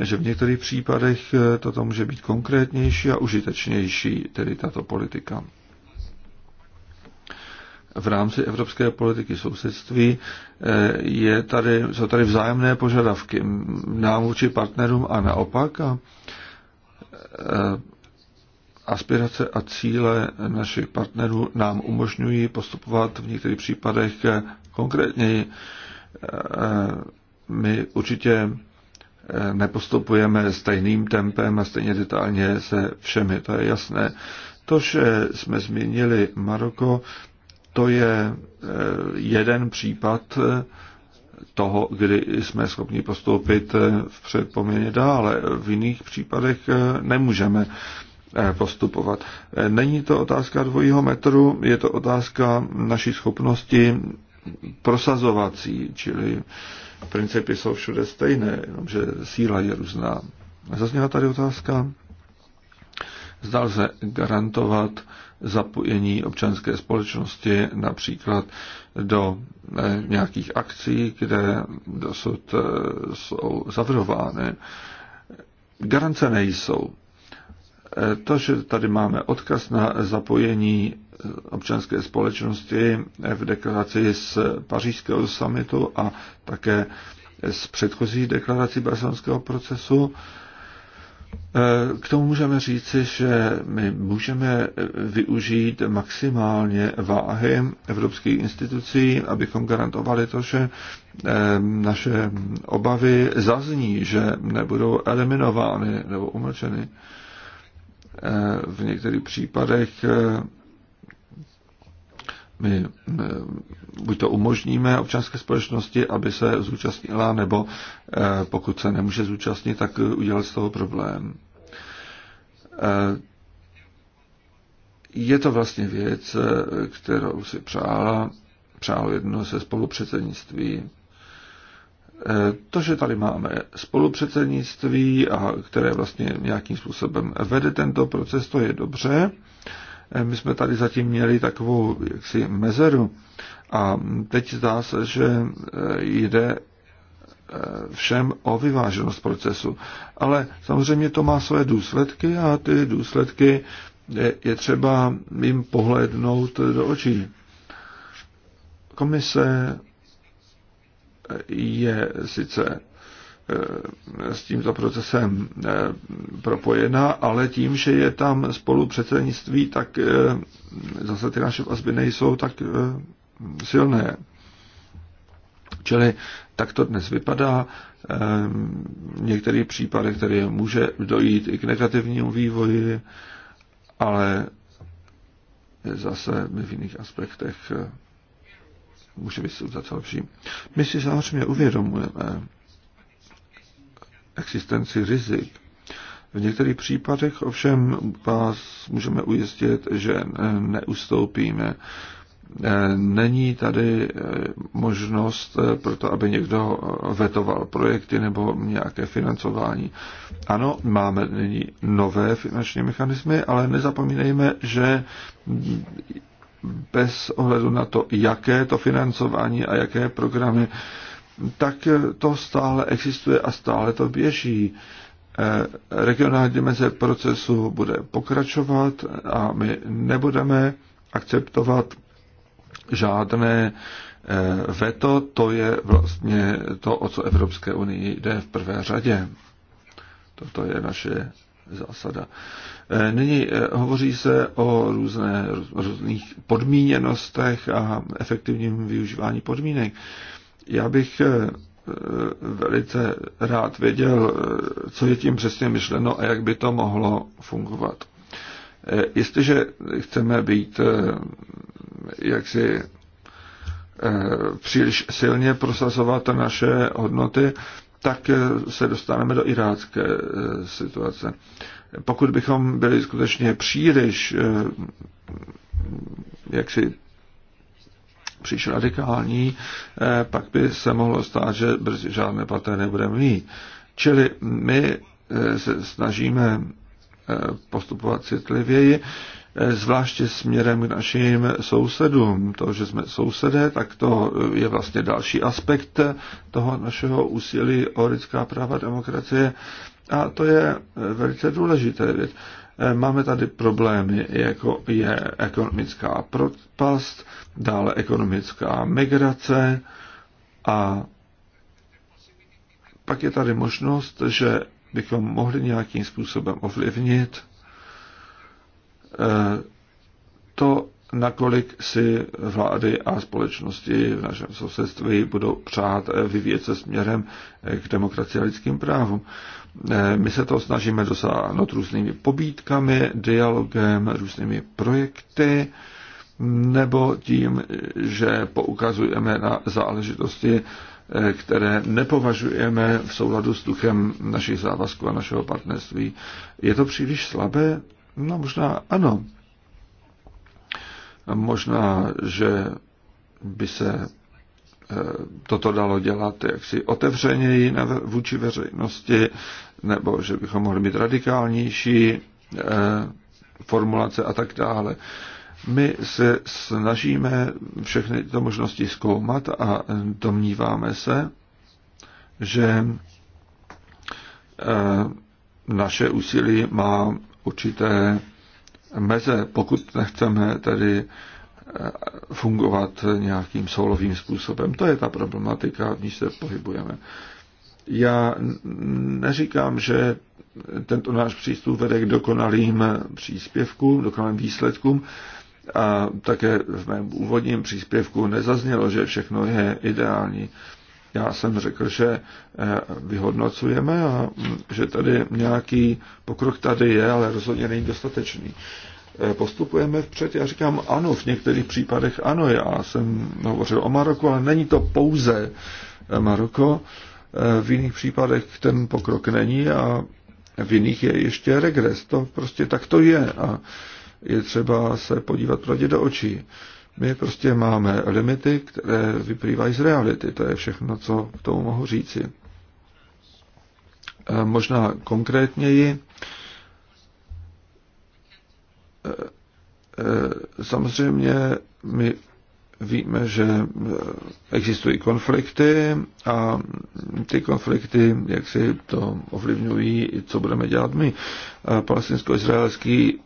že v některých případech eh, toto může být konkrétnější a užitečnější, tedy tato politika. V rámci evropské politiky sousedství eh, je tady, jsou tady vzájemné požadavky nám vůči partnerům a naopak. A eh, aspirace a cíle našich partnerů nám umožňují postupovat v některých případech konkrétněji. My určitě nepostupujeme stejným tempem a stejně detailně se všemi, to je jasné. To, že jsme zmínili Maroko, to je eh, jeden případ eh, toho, kdy jsme schopni postoupit eh, v předpoměně dále. V jiných případech nemůžeme postupovat. Není to otázka dvojího metru, je to otázka naší schopnosti prosazovací, čili eh, principy jsou všude stejné, jenomže síla je různá. Zazněla tady otázka, zda lze garantovat zapojení občanské společnosti například do eh, nějakých akcí, kde dosud eh, jsou zavrhovány. Garance nejsou. Eh, to, že tady máme odkaz na zapojení občanské společnosti v deklaraci z pařížského samitu a také z předchozích deklarací barcelonského procesu. K tomu můžeme říci, že my můžeme využít maximálně váhy evropských institucí, abychom garantovali to, že eh, naše obavy zazní, že nebudou eliminovány nebo umlčeny. Eh, v některých případech eh, my eh, buď to umožníme občanské společnosti, aby se zúčastnila, nebo eh, pokud se nemůže zúčastnit, tak eh, udělat z toho problém. Je to vlastně věc, kterou si přála, přálo jedno se spolupředsednictví. To, že tady máme spolupředsednictví, a které vlastně nějakým způsobem vede tento proces, to je dobře Eh, my jsme tady zatím měli takovou jaksi mezeru a teď zdá se, že eh, jde eh, všem o vyváženost procesu. Ale samozřejmě to má své důsledky a ty důsledky je, je třeba jim pohlednout do očí. Komise je sice Eh, s tímto procesem eh, propojena, ale tím, že je tam spolu předsednictví, tak eh, zase ty naše vazby nejsou tak silné. Čili tak to dnes vypadá. V některých případech tedy může dojít i k negativnímu vývoji, ale zase v jiných aspektech může být za lepší. My si samozřejmě uvědomujeme, existenci rizik. V některých případech ovšem vás můžeme ujistit, že neustoupíme. Není tady eh, možnost eh, pro to, aby někdo eh, vetoval projekty nebo nějaké financování. Ano, máme nyní nové finanční mechanismy, ale nezapomínejme, že bez ohledu na to, jaké to financování a jaké programy tak to stále existuje a stále to běží. Eh, regionální dimenze procesu bude pokračovat a my nebudeme akceptovat žádné eh, veto, to je vlastně to, o co Evropské unii jde v prvé řadě. Toto je naše zásada. Eh, nyní hovoří se o různé, různých podmíněnostech a efektivním využívání podmínek. Já bych eh, velice rád věděl, eh, co je tím přesně myšleno a jak by to mohlo fungovat. Eh, jestliže chceme být jaksi příliš silně prosazovat naše hodnoty, tak se dostaneme do irácké situace. Pokud bychom byli skutečně příliš jaksi příliš radikální, eh, pak by se mohlo stát, že brzy žádné paté nebudeme mít. Čili my eh, se snažíme eh, postupovat citlivěji, zvláště směrem k našim sousedům. To, že jsme sousedé, tak to je vlastně další aspekt toho našeho úsilí o lidská práva demokracie. A to je velice důležité věc. Máme tady problémy, jako je ekonomická propast, dále ekonomická migrace a pak je tady možnost, že bychom mohli nějakým způsobem ovlivnit eh, to, nakolik si vlády a společnosti v našem sousedství budou přát eh, vyvíjet se směrem eh, k demokracii a lidským právům. My se to snažíme dosáhnout různými pobídkami, dialogem, různými projekty nebo tím, že poukazujeme na záležitosti, eh, které nepovažujeme v souladu s duchem našich závazků a našeho partnerství. Je to příliš slabé? No možná ano. Možná, že by se Eh, toto dalo dělat jaksi otevřeněji vůči veřejnosti, nebo že bychom mohli mít radikálnější eh, formulace a tak dále. My se snažíme všechny tyto možnosti zkoumat a domníváme se, že eh, naše úsilí má určité meze, pokud nechceme tedy fungovat nějakým soulovým způsobem. To je ta problematika, v níž se pohybujeme. Já neříkám, že tento náš přístup vede k dokonalým příspěvkům, dokonalým výsledkům. A také v mém úvodním příspěvku nezaznělo, že všechno je ideální. Já jsem řekl, že eh, vyhodnocujeme a mm, že tady nějaký pokrok tady je, ale rozhodně není dostatečný. Eh, postupujeme vpřed. Já říkám ano, v některých případech ano, já jsem hovořil o Maroku, ale není to pouze eh, Maroko. Eh, v jiných případech ten pokrok není a v jiných je ještě regres. To prostě tak to je a je třeba se podívat pravdě do očí. My prostě máme limity, které vyplývají z reality. To je všechno, co k tomu mohu říci. Možná konkrétněji Eh, eh, samozřejmě my víme, že eh, existují konflikty a ty konflikty, jak si to ovlivňují, co budeme dělat my. Palestinsko-izraelský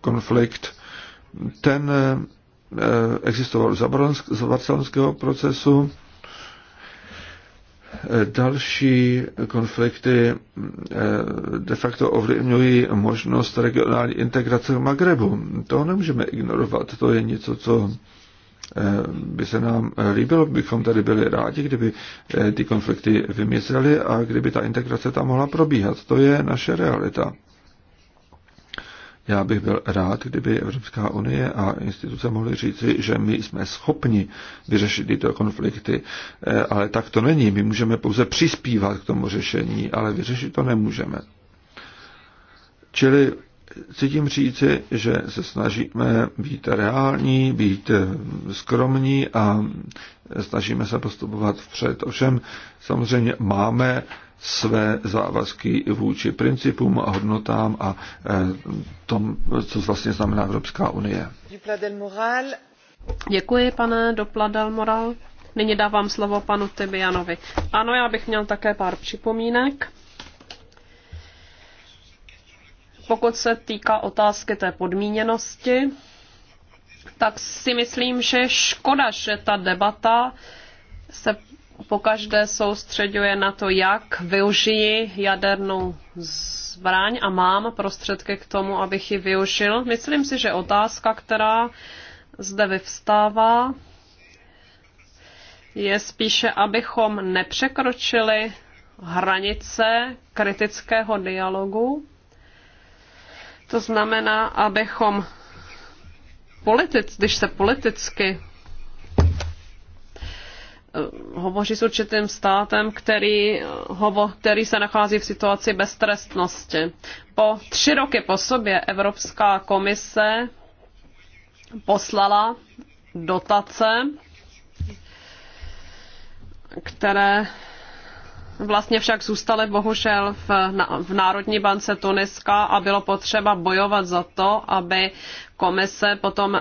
konflikt, ten existoval za barcelonského procesu Další konflikty eh, de facto ovlivňují možnost regionální integrace v Magrebu. To nemůžeme ignorovat, to je něco, co eh, by se nám líbilo, bychom tady byli rádi, kdyby eh, ty konflikty vymizely a kdyby ta integrace tam mohla probíhat. To je naše realita. Já bych byl rád, kdyby Evropská unie a instituce mohly říci, že my jsme schopni vyřešit tyto konflikty, eh, ale tak to není. My můžeme pouze přispívat k tomu řešení, ale vyřešit to nemůžeme. Čili cítím říci, že se snažíme být reální, být eh, skromní a snažíme se postupovat vpřed. Ovšem samozřejmě máme své závazky vůči principům a hodnotám a eh, tom, co vlastně znamená Evropská unie. Děkuji, pane Dopla del Moral. Nyní dávám slovo panu Tybianovi. Ano, já bych měl také pár připomínek. Pokud se týká otázky té podmíněnosti, tak si myslím, že škoda, že ta debata se pokaždé soustředuje na to, jak využiji jadernou zbraň a mám prostředky k tomu, abych ji využil. Myslím si, že otázka, která zde vyvstává, je spíše, abychom nepřekročili hranice kritického dialogu. To znamená, abychom politic, když se politicky Eh, hovoří s určitým státem, který, eh, hovo, který se nachází v situaci beztrestnosti. Po tři roky po sobě Evropská komise poslala dotace, které Vlastně však zůstaly bohužel v, v Národní bance Tuniska a bylo potřeba bojovat za to, aby komise potom eh,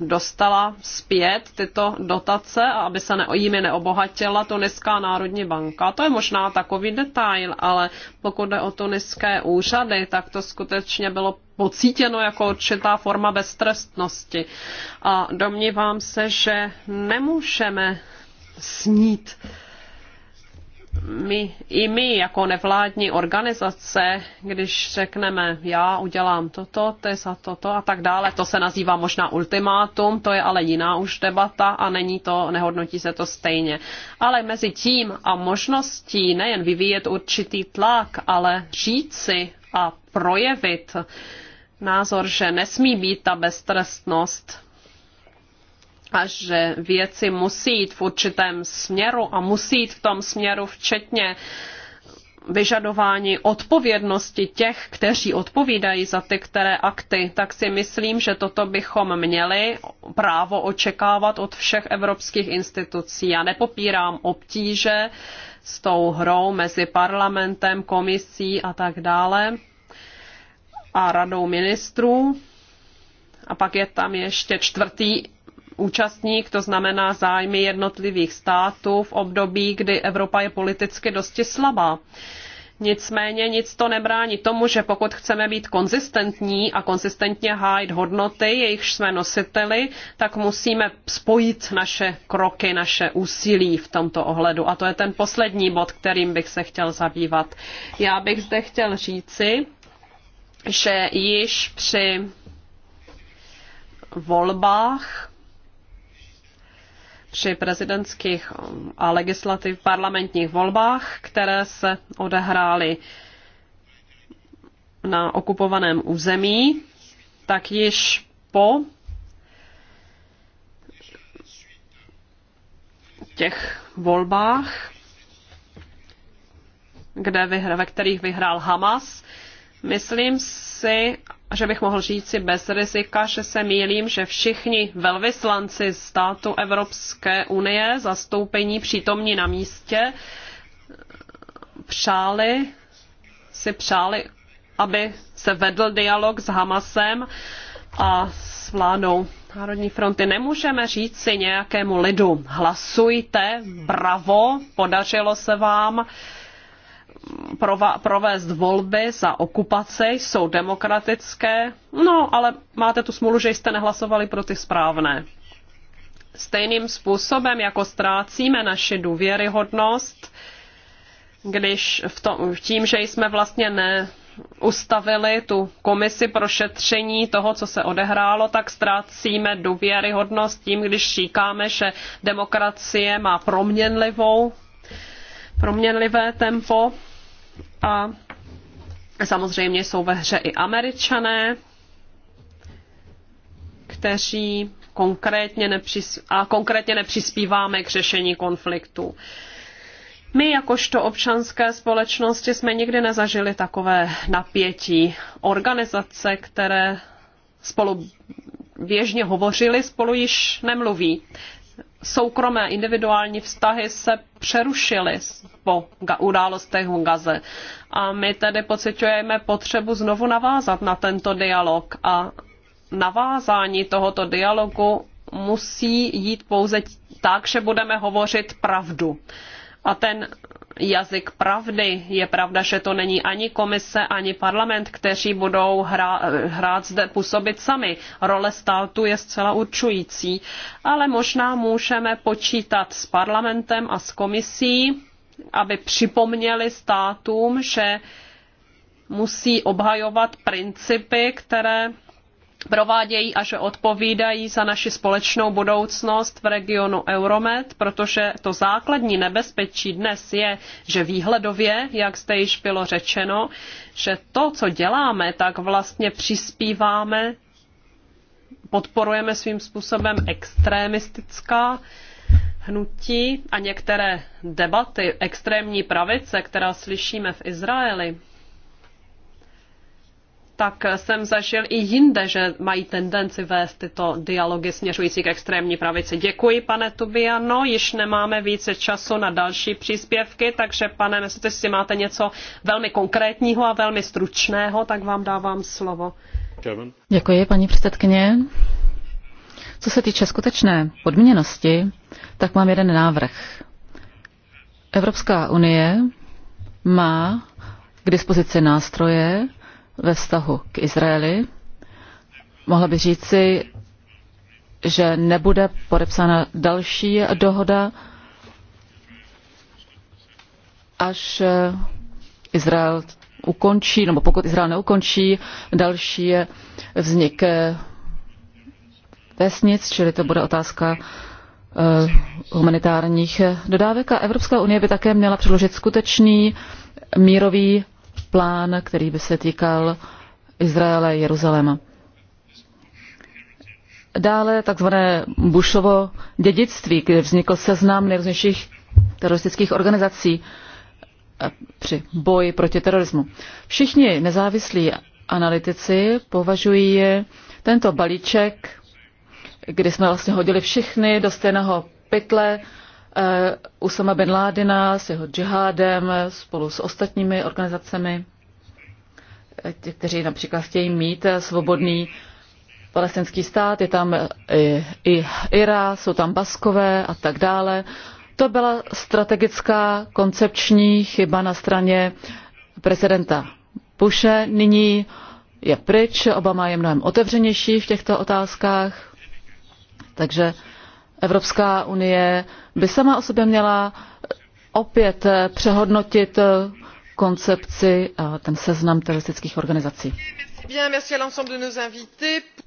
dostala zpět tyto dotace a aby se ne, jimi neobohatila Tuniská národní banka. To je možná takový detail, ale pokud jde o tuniské úřady, tak to skutečně bylo pocítěno jako určitá forma beztrestnosti. A domnívám se, že nemůžeme snít my, i my jako nevládní organizace, když řekneme, já udělám toto, to za toto a tak dále, to se nazývá možná ultimátum, to je ale jiná už debata a není to, nehodnotí se to stejně. Ale mezi tím a možností nejen vyvíjet určitý tlak, ale říci a projevit názor, že nesmí být ta beztrestnost a že věci musí jít v určitém směru a musí jít v tom směru včetně vyžadování odpovědnosti těch, kteří odpovídají za ty které akty, tak si myslím, že toto bychom měli právo očekávat od všech evropských institucí. Já nepopírám obtíže s tou hrou mezi parlamentem, komisí a tak dále a radou ministrů. A pak je tam ještě čtvrtý účastník, to znamená zájmy jednotlivých států v období, kdy Evropa je politicky dosti slabá. Nicméně nic to nebrání tomu, že pokud chceme být konzistentní a konzistentně hájit hodnoty, jejichž jsme nositeli, tak musíme spojit naše kroky, naše úsilí v tomto ohledu. A to je ten poslední bod, kterým bych se chtěl zabývat. Já bych zde chtěl říci, že již při volbách při prezidentských um, a legislativ parlamentních volbách, které se odehrály na okupovaném území, tak již po těch volbách, kde vyhr, ve kterých vyhrál Hamas, Myslím si, že bych mohl říci bez rizika, že se mýlím, že všichni velvyslanci státu Evropské unie, zastoupení přítomní na místě, přáli, si přáli, aby se vedl dialog s Hamasem a s vládou Národní fronty. Nemůžeme říct si nějakému lidu, hlasujte, bravo, podařilo se vám, provést volby za okupace, jsou demokratické, no ale máte tu smůlu, že jste nehlasovali pro ty správné. Stejným způsobem, jako ztrácíme naši důvěryhodnost, když v tom, tím, že jsme vlastně ne, ustavili tu komisi pro šetření toho, co se odehrálo, tak ztrácíme důvěryhodnost tím, když říkáme, že demokracie má proměnlivou, proměnlivé tempo a samozřejmě jsou ve hře i američané, kteří konkrétně nepřispí, a konkrétně nepřispíváme k řešení konfliktu. My jakožto občanské společnosti jsme nikdy nezažili takové napětí. Organizace, které spolu běžně hovořili, spolu již nemluví soukromé individuální vztahy se přerušily po událostech v Gaze. A my tedy pociťujeme potřebu znovu navázat na tento dialog a navázání tohoto dialogu musí jít pouze tak, že budeme hovořit pravdu. A ten jazyk pravdy. Je pravda, že to není ani komise, ani parlament, kteří budou hrát, hrát zde působit sami. Role státu je zcela určující, ale možná můžeme počítat s parlamentem a s komisí, aby připomněli státům, že musí obhajovat principy, které provádějí a že odpovídají za naši společnou budoucnost v regionu Euromed, protože to základní nebezpečí dnes je, že výhledově, jak zde již bylo řečeno, že to, co děláme, tak vlastně přispíváme, podporujeme svým způsobem extremistická hnutí a některé debaty extrémní pravice, která slyšíme v Izraeli, tak jsem zažil i jinde, že mají tendenci vést tyto dialogy směřující k extrémní pravici. Děkuji, pane Tubiano, již nemáme více času na další příspěvky, takže pane Mesut, jestli máte něco velmi konkrétního a velmi stručného, tak vám dávám slovo. Děkuji, paní předsedkyně. Co se týče skutečné podmíněnosti, tak mám jeden návrh. Evropská unie má k dispozici nástroje, ve vztahu k Izraeli. Mohla bych říci, že nebude podepsána další dohoda, až eh, Izrael ukončí, nebo pokud Izrael neukončí další eh, vznik eh, vesnic, čili to bude otázka humanitárních dodávek. A Evropská unie by také měla předložit skutečný mírový plán, který by se týkal Izraele a Jeruzaléma. Dále takzvané Bushovo dědictví, kde vznikl seznam nejrůznějších teroristických organizací při boji proti terorismu. Všichni nezávislí analytici považují tento balíček, kdy jsme vlastně hodili všechny do stejného pytle, Eh, Usama bin Ládina s jeho džihádem spolu s ostatními organizacemi, eh, tě, kteří například chtějí mít eh, svobodný palestinský stát, je tam i, i Ira, jsou tam Baskové a tak dále. To byla strategická koncepční chyba na straně prezidenta Bushe. Nyní je pryč, Obama je mnohem otevřenější v těchto otázkách, takže Evropská unie by sama o sobě měla opět přehodnotit koncepci a ten seznam teroristických organizací.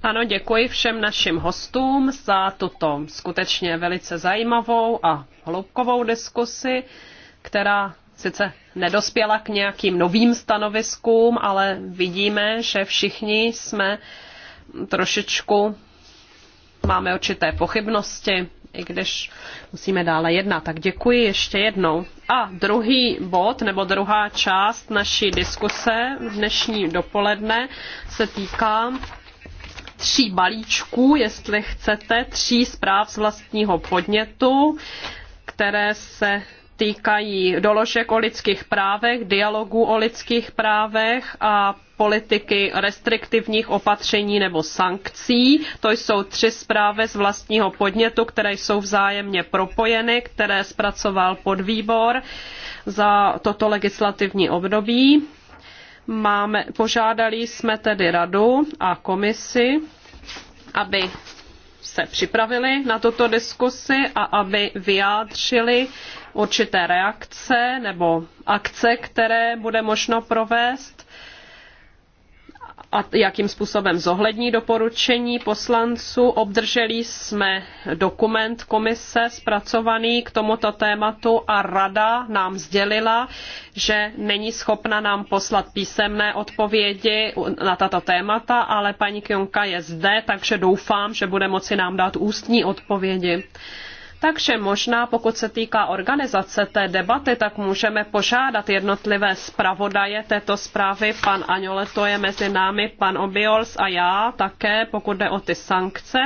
Ano, děkuji všem našim hostům za tuto skutečně velice zajímavou a hloubkovou diskusi, která sice nedospěla k nějakým novým stanoviskům, ale vidíme, že všichni jsme trošičku máme určité pochybnosti, i když musíme dále jednat. Tak děkuji ještě jednou. A druhý bod, nebo druhá část naší diskuse dnešní dopoledne se týká tří balíčků, jestli chcete, tří zpráv z vlastního podnětu, které se týkají doložek o lidských právech, dialogů o lidských právech a politiky restriktivních opatření nebo sankcí. To jsou tři zprávy z vlastního podnětu, které jsou vzájemně propojeny, které zpracoval podvýbor za toto legislativní období. Máme, požádali jsme tedy radu a komisi, aby se připravili na tuto diskusi a aby vyjádřili určité reakce nebo akce, které bude možno provést a jakým způsobem zohlední doporučení poslanců. Obdrželi jsme dokument komise zpracovaný k tomuto tématu a rada nám sdělila, že není schopna nám poslat písemné odpovědi na tato témata, ale paní Kionka je zde, takže doufám, že bude moci nám dát ústní odpovědi. Takže možná pokud se týká organizace té debaty, tak můžeme požádat jednotlivé zpravodaje této zprávy. Pan Aňole, to je mezi námi, pan Obiols a já také, pokud jde o ty sankce,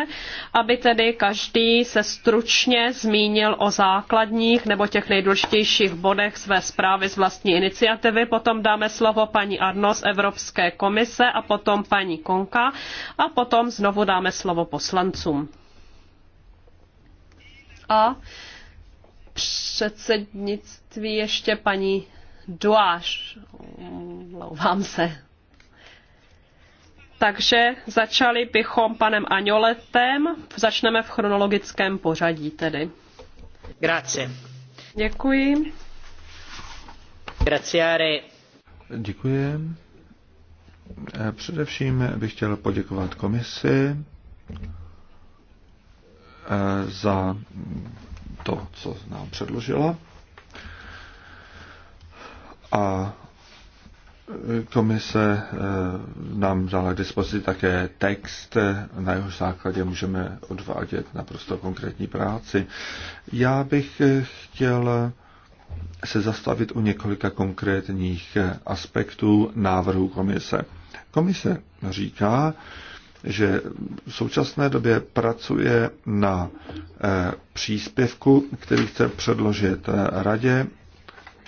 aby tedy každý se stručně zmínil o základních nebo těch nejdůležitějších bodech své zprávy z vlastní iniciativy. Potom dáme slovo paní Arno z Evropské komise a potom paní Konka a potom znovu dáme slovo poslancům a předsednictví ještě paní Duáš. Louvám se. Takže začali bychom panem Aňoletem. Začneme v chronologickém pořadí tedy. Grazie. Děkuji. Graciare. Děkuji. Především bych chtěl poděkovat komisi Eh, za to, co nám předložila. A eh, komise eh, nám dala k dispozici také text, na jeho základě můžeme odvádět naprosto konkrétní práci. Já bych chtěl se zastavit u několika konkrétních aspektů návrhu komise. Komise říká, že v současné době pracuje na eh, příspěvku, který chce předložit eh, radě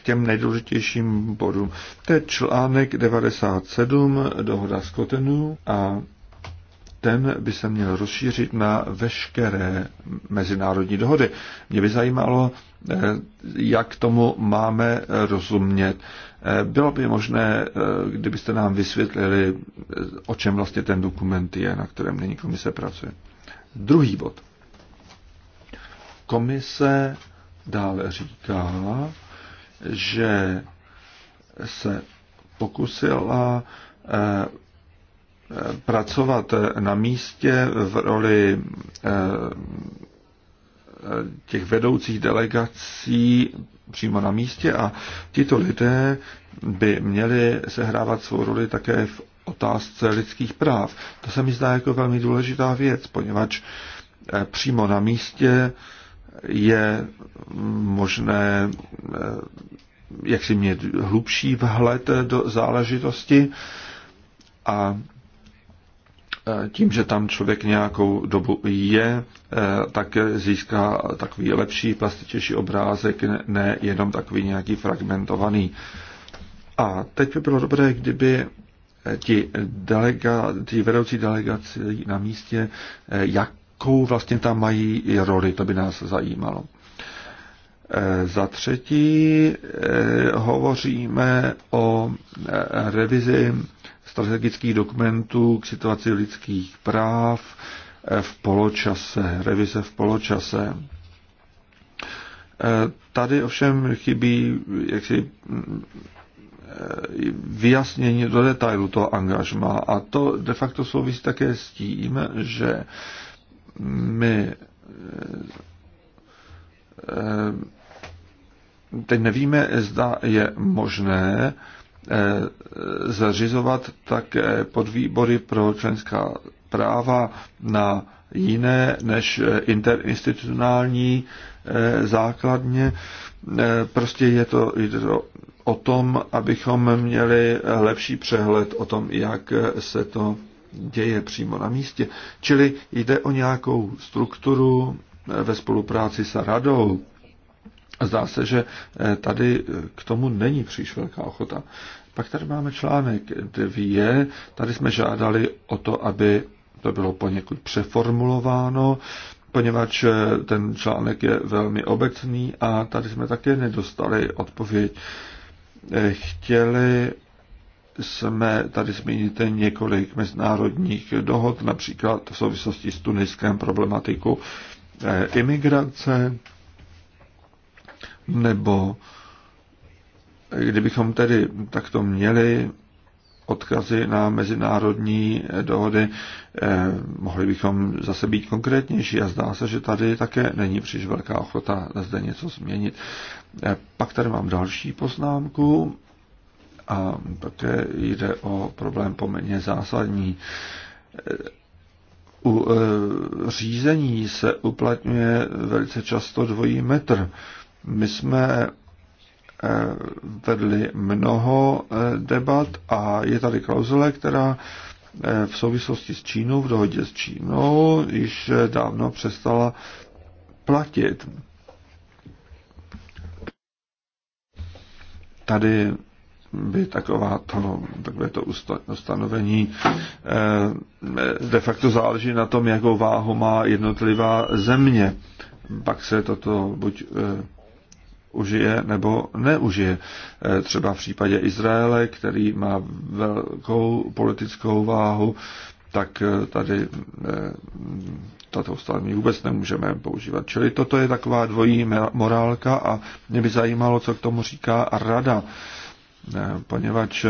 těm nejdůležitějším bodům. To je článek 97 dohoda z Kotenu a ten by se měl rozšířit na veškeré mezinárodní dohody. Mě by zajímalo, eh, jak tomu máme rozumět. Eh, bylo by možné, eh, kdybyste nám vysvětlili, o čem vlastně ten dokument je, na kterém nyní komise pracuje. Druhý bod. Komise dále říká, že se pokusila pracovat na místě v roli eh, těch vedoucích delegací přímo na místě a tito lidé by měli sehrávat svou roli také v otázce lidských práv. To se mi zdá jako velmi důležitá věc, poněvadž eh, přímo na místě je možné eh, jak si mít hlubší vhled do záležitosti a Eh, tím, že tam člověk nějakou dobu je, eh, tak získá takový lepší, plastičnější obrázek, ne jenom takový nějaký fragmentovaný. A teď by bylo dobré, kdyby eh, ti, delega, ti vedoucí delegaci na místě, jakou vlastně tam mají roli, to by nás zajímalo. Za třetí hovoříme o revizi strategických dokumentů k situaci lidských práv eh, v poločase, revize v poločase. Eh, tady ovšem chybí jaksi mm, eh, vyjasnění do detailu toho angažma a to de facto souvisí také s tím, že my teď nevíme, zda je možné Eh, zařizovat také podvýbory pro členská práva na jiné než interinstitucionální eh, základně. Eh, prostě je to, je to o tom, abychom měli lepší přehled o tom, jak se to děje přímo na místě. Čili jde o nějakou strukturu ve spolupráci s radou. Zdá se, že tady k tomu není příliš velká ochota. Pak tady máme článek 2. Tady jsme žádali o to, aby to bylo poněkud přeformulováno, poněvadž eh, ten článek je velmi obecný a tady jsme také nedostali odpověď. Eh, chtěli jsme tady zmínit několik mezinárodních dohod, například v souvislosti s tuniskem problematiku eh, imigrace nebo Kdybychom tedy takto měli odkazy na mezinárodní dohody, eh, mohli bychom zase být konkrétnější a zdá se, že tady také není příliš velká ochota zde něco změnit. Eh, pak tady mám další poznámku a také jde o problém poměrně zásadní. Eh, u řízení se uplatňuje velice často dvojí metr. My jsme Eh, vedli mnoho eh, debat a je tady klauzule, která eh, v souvislosti s Čínou, v dohodě s Čínou, již dávno přestala platit. Tady by taková to, takové to ustanovení de facto záleží na tom, jakou váhu má jednotlivá země. Pak se toto buď užije nebo neužije. E, třeba v případě Izraele, který má velkou politickou váhu, tak e, tady e, tato ustanovení vůbec nemůžeme používat. Čili toto je taková dvojí morálka a mě by zajímalo, co k tomu říká rada, poněvadž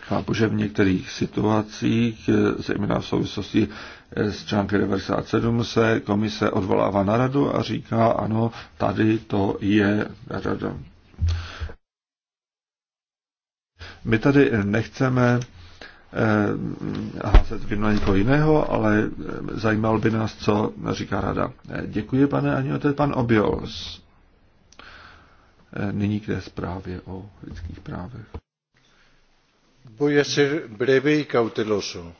chápu, že v některých situacích, zejména v souvislosti z články 97 se komise odvolává na radu a říká, ano, tady to je rada. My tady nechceme eh, házet vinu na někoho jiného, ale eh, zajímal by nás, co říká rada. Eh, děkuji, pane Ani, to je pan Obiols. Nyní k té zprávě o lidských právech. Voy a ser breve y cauteloso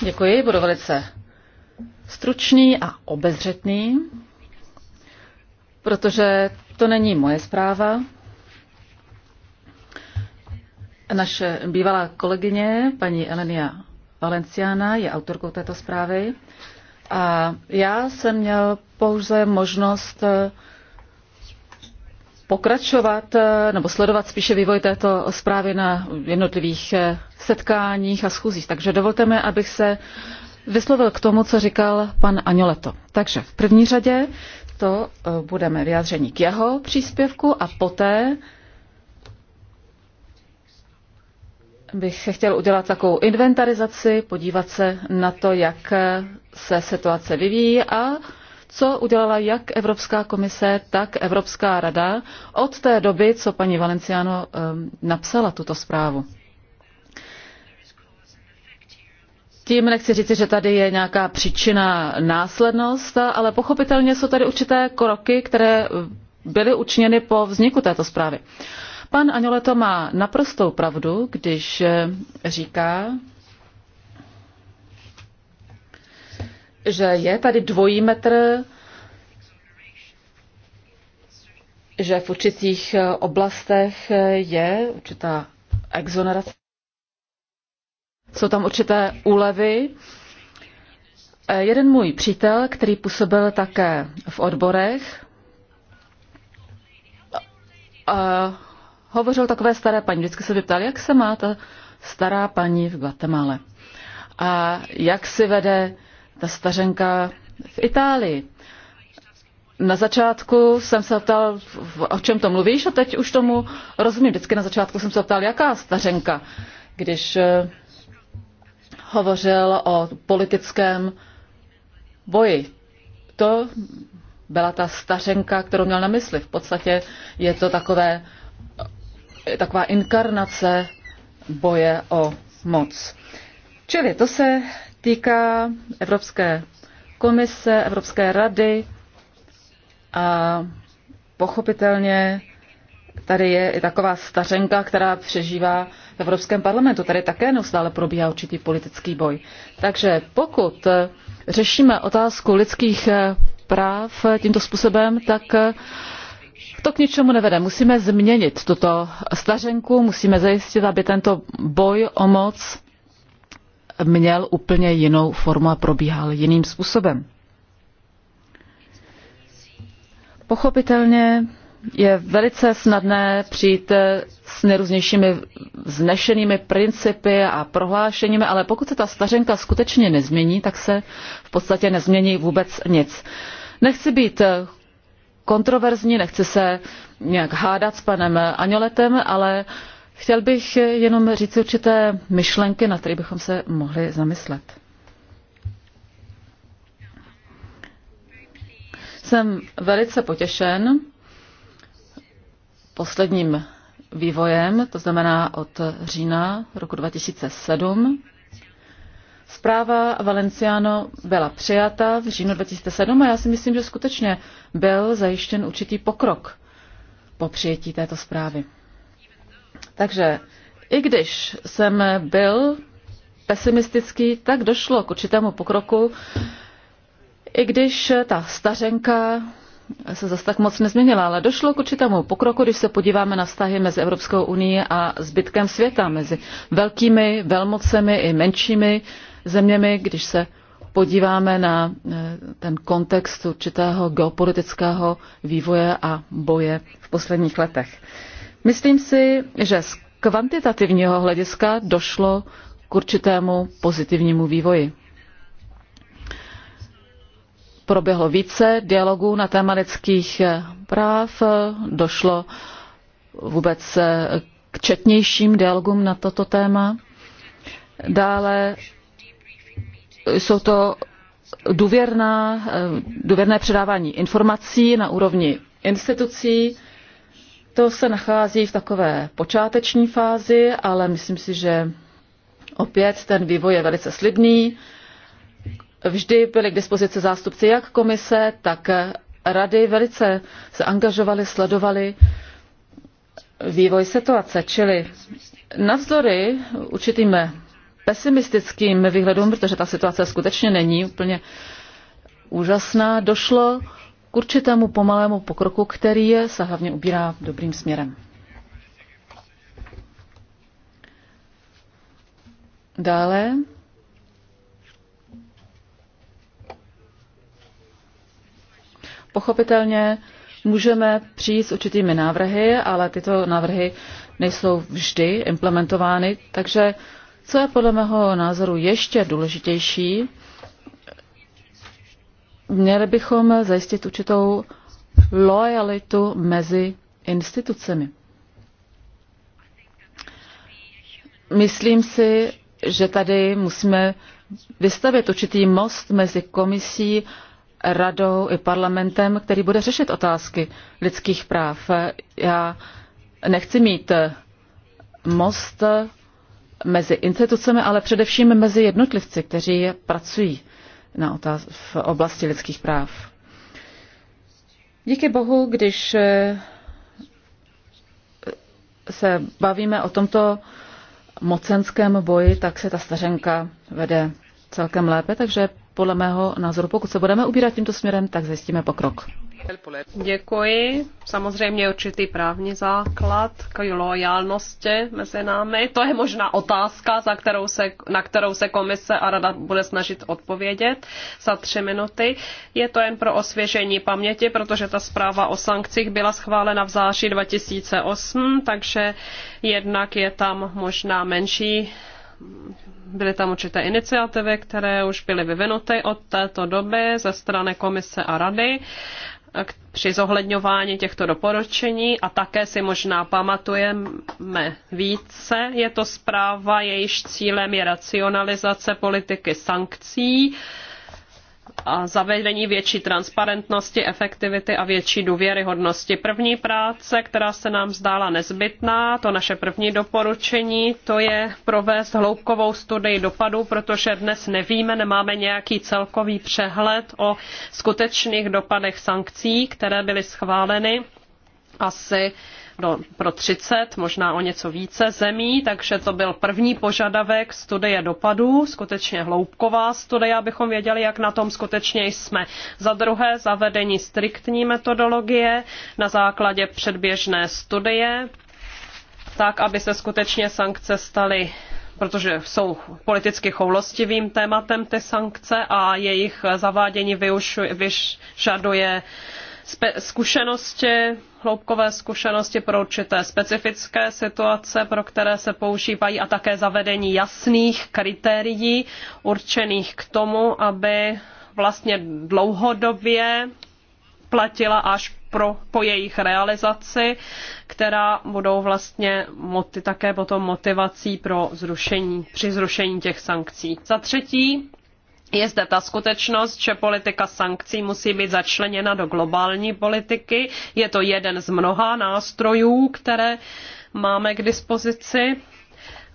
Děkuji, budu velice stručný a obezřetný, protože to není moje zpráva. Naše bývalá kolegyně, paní Elenia Valenciana, je autorkou této zprávy a já jsem měl pouze možnost pokračovat eh, nebo sledovat spíše vývoj této zprávy na jednotlivých eh, setkáních a schůzích. Takže dovolte mi, abych se vyslovil k tomu, co říkal pan Anjoleto. Takže v první řadě to eh, budeme vyjádření k jeho příspěvku a poté bych chtěl udělat takovou inventarizaci, podívat se na to, jak se situace vyvíjí a co udělala jak Evropská komise, tak Evropská rada od té doby, co paní Valenciano ehm, napsala tuto zprávu. Tím nechci říci, že tady je nějaká příčina následnost, ale pochopitelně jsou tady určité kroky, které ehm, byly učiněny po vzniku této zprávy. Pan Agnoleto má naprostou pravdu, když ehm, říká, že je tady dvojí metr, že v určitých oblastech je určitá exonerace. Jsou tam určité úlevy. Jeden můj přítel, který působil také v odborech, a hovořil takové staré paní. Vždycky se vyptal, jak se má ta stará paní v Guatemala a jak si vede ta stařenka v Itálii. Na začátku jsem se ptal, o čem to mluvíš, a teď už tomu rozumím. Vždycky na začátku jsem se ptal, jaká stařenka, když eh, hovořil o politickém boji. To byla ta stařenka, kterou měl na mysli. V podstatě je to takové, eh, taková inkarnace boje o moc. Čili to se týká Evropské komise, Evropské rady a pochopitelně tady je i taková stařenka, která přežívá v Evropském parlamentu. Tady také neustále probíhá určitý politický boj. Takže pokud řešíme otázku lidských práv tímto způsobem, tak to k ničemu nevede. Musíme změnit tuto stařenku, musíme zajistit, aby tento boj o moc měl úplně jinou formu a probíhal jiným způsobem. Pochopitelně je velice snadné přijít s nejrůznějšími vznešenými principy a prohlášeními, ale pokud se ta stařenka skutečně nezmění, tak se v podstatě nezmění vůbec nic. Nechci být kontroverzní, nechci se nějak hádat s panem Aňoletem, ale uh, Chtěl bych jenom říct určité myšlenky, na které bychom se mohli zamyslet. Jsem velice potěšen posledním vývojem, to znamená od října roku 2007. Zpráva Valenciano byla přijata v říjnu 2007 a já si myslím, že skutečně byl zajištěn určitý pokrok po přijetí této zprávy. Takže i když jsem byl pesimistický, tak došlo k určitému pokroku, i když ta stařenka se zase tak moc nezměnila, ale došlo k určitému pokroku, když se podíváme na vztahy mezi Evropskou unii a zbytkem světa, mezi velkými velmocemi i menšími zeměmi, když se podíváme na eh, ten kontext určitého geopolitického vývoje a boje v posledních letech. Myslím si, že z kvantitativního hlediska došlo k určitému pozitivnímu vývoji. Proběhlo více dialogů na téma lidských práv, došlo vůbec k četnějším dialogům na toto téma. Dále jsou to důvěrná, důvěrné předávání informací na úrovni institucí, to se nachází v takové počáteční fázi, ale myslím si, že opět ten vývoj je velice slibný. Vždy byli k dispozici zástupci jak komise, tak rady velice se angažovali, sledovali vývoj situace, čili navzdory určitým pesimistickým výhledům, protože ta situace skutečně není úplně úžasná, došlo k určitému pomalému pokroku, který je se hlavně ubírá dobrým směrem. Dále pochopitelně můžeme přijít s určitými návrhy, ale tyto návrhy nejsou vždy implementovány, takže co je podle mého názoru ještě důležitější, Měli bychom zajistit určitou lojalitu mezi institucemi. Myslím si, že tady musíme vystavit určitý most mezi komisí, radou i parlamentem, který bude řešit otázky lidských práv. Já nechci mít most mezi institucemi, ale především mezi jednotlivci, kteří pracují na otáz- v oblasti lidských práv. Díky bohu, když eh, se bavíme o tomto mocenském boji, tak se ta stařenka vede celkem lépe, takže podle mého názoru, pokud se budeme ubírat tímto směrem, tak zjistíme pokrok. Děkuji. Samozřejmě určitý právní základ k lojálnosti mezi námi. To je možná otázka, za kterou se, na kterou se komise a rada bude snažit odpovědět za tři minuty. Je to jen pro osvěžení paměti, protože ta zpráva o sankcích byla schválena v září 2008, takže jednak je tam možná menší byly tam určité iniciativy, které už byly vyvinuty od této doby ze strany komise a rady při zohledňování těchto doporučení a také si možná pamatujeme více. Je to zpráva, jejíž cílem je racionalizace politiky sankcí a zavedení větší transparentnosti, efektivity a větší důvěryhodnosti. První práce, která se nám zdála nezbytná, to naše první doporučení, to je provést hloubkovou studii dopadů, protože dnes nevíme, nemáme nějaký celkový přehled o skutečných dopadech sankcí, které byly schváleny asi pro, pro 30, možná o něco více zemí, takže to byl první požadavek studie dopadů, skutečně hloubková studie, abychom věděli, jak na tom skutečně jsme. Za druhé zavedení striktní metodologie na základě předběžné studie, tak, aby se skutečně sankce staly protože jsou politicky choulostivým tématem ty sankce a jejich zavádění vyš, zkušenosti, hloubkové zkušenosti pro určité specifické situace, pro které se používají a také zavedení jasných kritérií určených k tomu, aby vlastně dlouhodobě platila až pro, po jejich realizaci, která budou vlastně moty, také potom motivací pro zrušení, při zrušení těch sankcí. Za třetí, je zde ta skutečnost, že politika sankcí musí být začleněna do globální politiky. Je to jeden z mnoha nástrojů, které máme k dispozici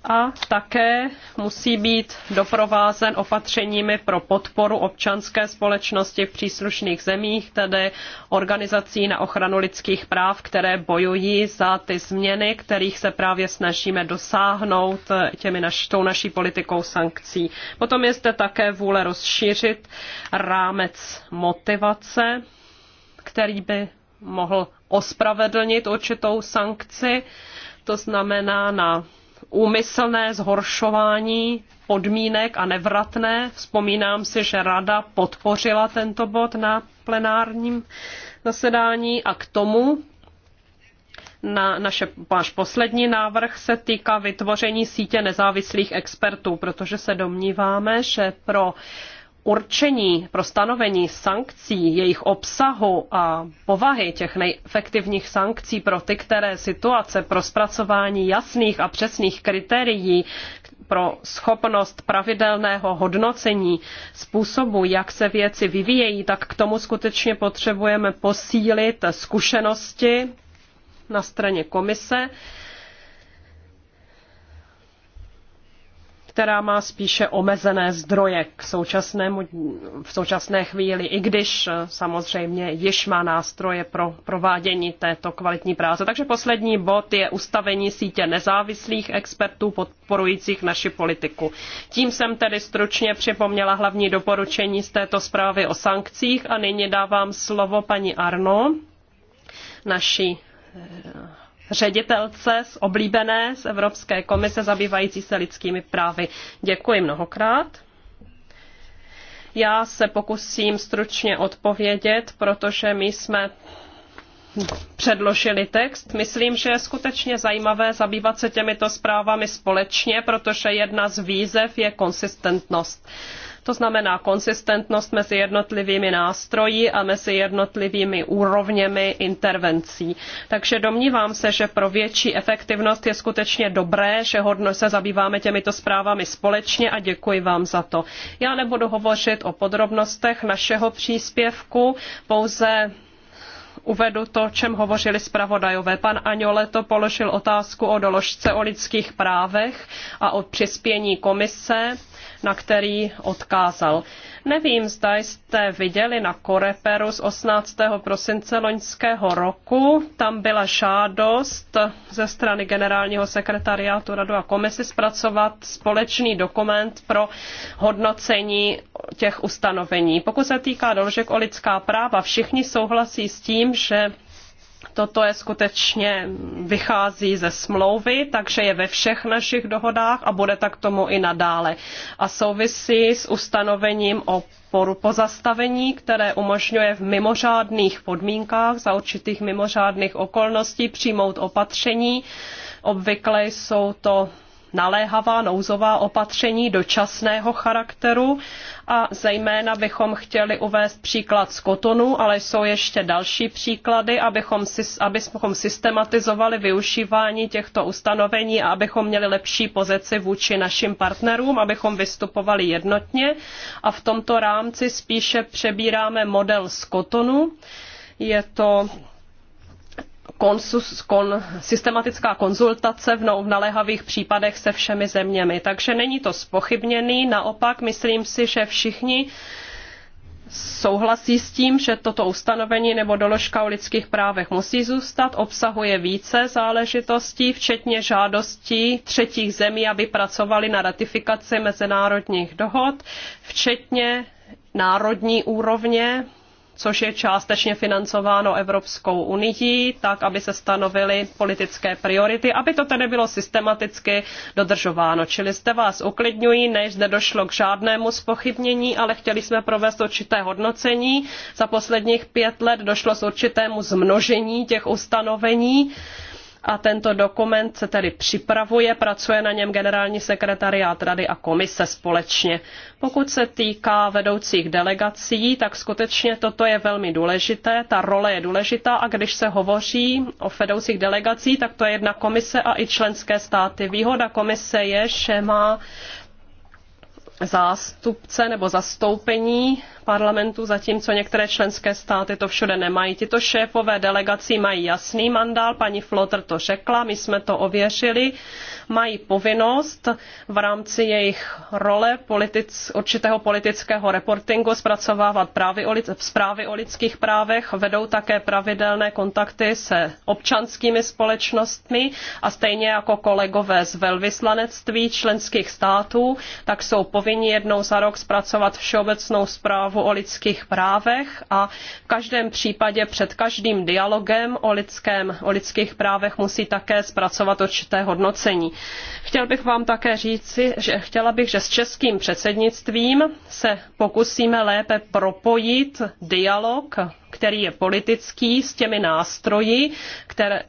a také musí být doprovázen opatřeními pro podporu občanské společnosti v příslušných zemích, tedy organizací na ochranu lidských práv, které bojují za ty změny, kterých se právě snažíme dosáhnout těmi naš, tou naší politikou sankcí. Potom je zde také vůle rozšířit rámec motivace, který by mohl ospravedlnit určitou sankci, to znamená na úmyslné zhoršování podmínek a nevratné. Vzpomínám si, že rada podpořila tento bod na plenárním zasedání a k tomu na naše, váš poslední návrh se týká vytvoření sítě nezávislých expertů, protože se domníváme, že pro uh, určení, pro stanovení sankcí, jejich obsahu a povahy těch nejefektivních sankcí pro ty, které situace, pro zpracování jasných a přesných kritérií, pro schopnost pravidelného hodnocení způsobu, jak se věci vyvíjejí, tak k tomu skutečně potřebujeme posílit zkušenosti na straně komise která má spíše omezené zdroje k současnému, v současné chvíli, i když eh, samozřejmě již má nástroje pro provádění této kvalitní práce. Takže poslední bod je ustavení sítě nezávislých expertů podporujících naši politiku. Tím jsem tedy stručně připomněla hlavní doporučení z této zprávy o sankcích a nyní dávám slovo paní Arno, naší eh, ředitelce z oblíbené z Evropské komise zabývající se lidskými právy. Děkuji mnohokrát. Já se pokusím stručně odpovědět, protože my jsme předložili text. Myslím, že je skutečně zajímavé zabývat se těmito zprávami společně, protože jedna z výzev je konsistentnost. To znamená konsistentnost mezi jednotlivými nástroji a mezi jednotlivými úrovněmi intervencí. Takže domnívám se, že pro větší efektivnost je skutečně dobré, že hodno se zabýváme těmito zprávami společně a děkuji vám za to. Já nebudu hovořit o podrobnostech našeho příspěvku, pouze uvedu to, o čem hovořili zpravodajové. Pan Aňole to položil otázku o doložce o lidských právech a o přispění komise na který odkázal. Nevím, zda jste viděli na Koreperu z 18. prosince loňského roku. Tam byla žádost ze strany generálního sekretariátu Radu a komisy zpracovat společný dokument pro hodnocení těch ustanovení. Pokud se týká doložek o lidská práva, všichni souhlasí s tím, že Toto je skutečně vychází ze smlouvy, takže je ve všech našich dohodách a bude tak tomu i nadále. A souvisí s ustanovením o poru pozastavení, které umožňuje v mimořádných podmínkách za určitých mimořádných okolností přijmout opatření. Obvykle jsou to naléhavá nouzová opatření dočasného charakteru a zejména bychom chtěli uvést příklad z kotonu, ale jsou ještě další příklady, abychom, abychom systematizovali využívání těchto ustanovení a abychom měli lepší pozici vůči našim partnerům, abychom vystupovali jednotně a v tomto rámci spíše přebíráme model z kotonu. Je to konsus, kon, systematická konzultace v, no, v naléhavých případech se všemi zeměmi. Takže není to spochybněný, naopak myslím si, že všichni souhlasí s tím, že toto ustanovení nebo doložka o lidských právech musí zůstat, obsahuje více záležitostí, včetně žádostí třetích zemí, aby pracovali na ratifikaci mezinárodních dohod, včetně národní úrovně což je částečně financováno Evropskou unii, tak aby se stanovily politické priority, aby to tedy bylo systematicky dodržováno. Čili zde vás uklidňují, než zde došlo k žádnému spochybnění, ale chtěli jsme provést určité hodnocení. Za posledních pět let došlo s určitému zmnožení těch ustanovení a tento dokument se tedy připravuje, pracuje na něm generální sekretariát rady a komise společně. Pokud se týká vedoucích delegací, tak skutečně toto je velmi důležité, ta role je důležitá a když se hovoří o vedoucích delegací, tak to je jedna komise a i členské státy. Výhoda komise je, že má zástupce nebo zastoupení parlamentu, zatímco některé členské státy to všude nemají. Tito šéfové delegací mají jasný mandát, paní Flotter to řekla, my jsme to ověřili, mají povinnost v rámci jejich role politic, určitého politického reportingu zpracovávat právy o, zprávy o lidských právech, vedou také pravidelné kontakty se občanskými společnostmi a stejně jako kolegové z velvyslanectví členských států, tak jsou povinni povinni jednou za rok zpracovat všeobecnou zprávu o lidských právech a v každém případě před každým dialogem o, lidském, o lidských právech musí také zpracovat určité hodnocení. Chtěl bych vám také říci, že chtěla bych, že s českým předsednictvím se pokusíme lépe propojit dialog který je politický, s těmi nástroji které,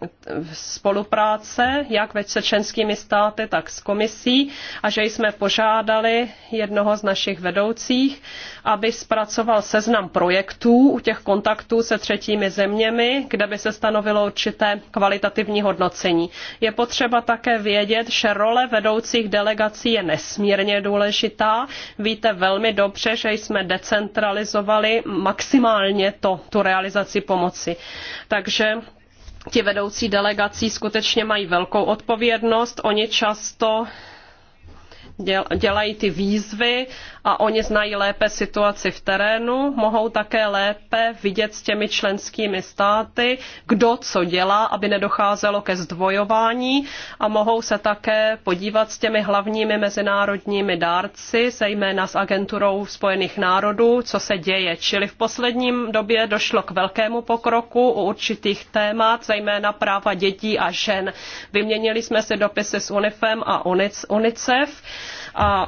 spolupráce, jak ve členskými státy, tak s komisí, a že jsme požádali jednoho z našich vedoucích, aby zpracoval seznam projektů u těch kontaktů se třetími zeměmi, kde by se stanovilo určité kvalitativní hodnocení. Je potřeba také vědět, že role vedoucích delegací je nesmírně důležitá. Víte velmi dobře, že jsme decentralizovali maximálně to tu realizaci pomoci. Takže ti vedoucí delegací skutečně mají velkou odpovědnost. Oni často dělají ty výzvy a oni znají lépe situaci v terénu, mohou také lépe vidět s těmi členskými státy, kdo co dělá, aby nedocházelo ke zdvojování a mohou se také podívat s těmi hlavními mezinárodními dárci, zejména s agenturou Spojených národů, co se děje. Čili v posledním době došlo k velkému pokroku u určitých témat, zejména práva dětí a žen. Vyměnili jsme si dopisy s UNIFem a UNICEF a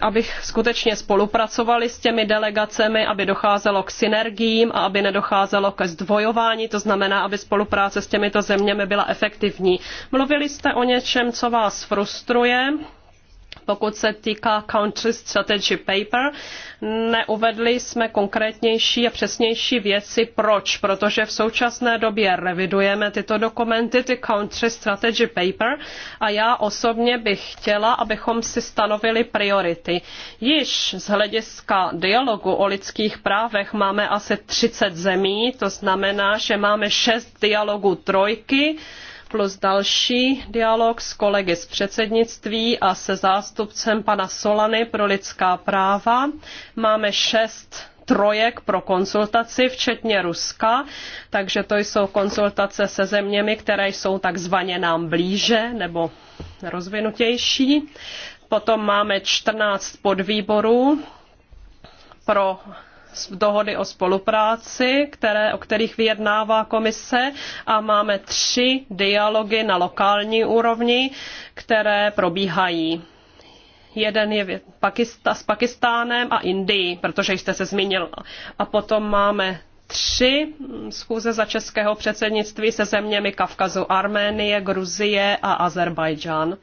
abych skutečně spolupracovali s těmi delegacemi, aby docházelo k synergiím a aby nedocházelo ke zdvojování, to znamená, aby spolupráce s těmito zeměmi byla efektivní. Mluvili jste o něčem, co vás frustruje, pokud se týká Country Strategy Paper, neuvedli jsme konkrétnější a přesnější věci, proč, protože v současné době revidujeme tyto dokumenty, ty Country Strategy Paper, a já osobně bych chtěla, abychom si stanovili priority. Již z hlediska dialogu o lidských právech máme asi 30 zemí, to znamená, že máme 6 dialogů trojky, plus další dialog s kolegy z předsednictví a se zástupcem pana Solany pro lidská práva. Máme šest trojek pro konzultaci, včetně Ruska, takže to jsou konzultace se zeměmi, které jsou takzvaně nám blíže nebo rozvinutější. Potom máme 14 podvýborů pro dohody o spolupráci, které, o kterých vyjednává komise a máme tři dialogy na lokální úrovni, které probíhají. Jeden je Pakista, s Pakistánem a Indií, protože jste se zmínil. A potom máme tři schůze za českého předsednictví se zeměmi Kavkazu, Arménie, Gruzie a Azerbajdžán.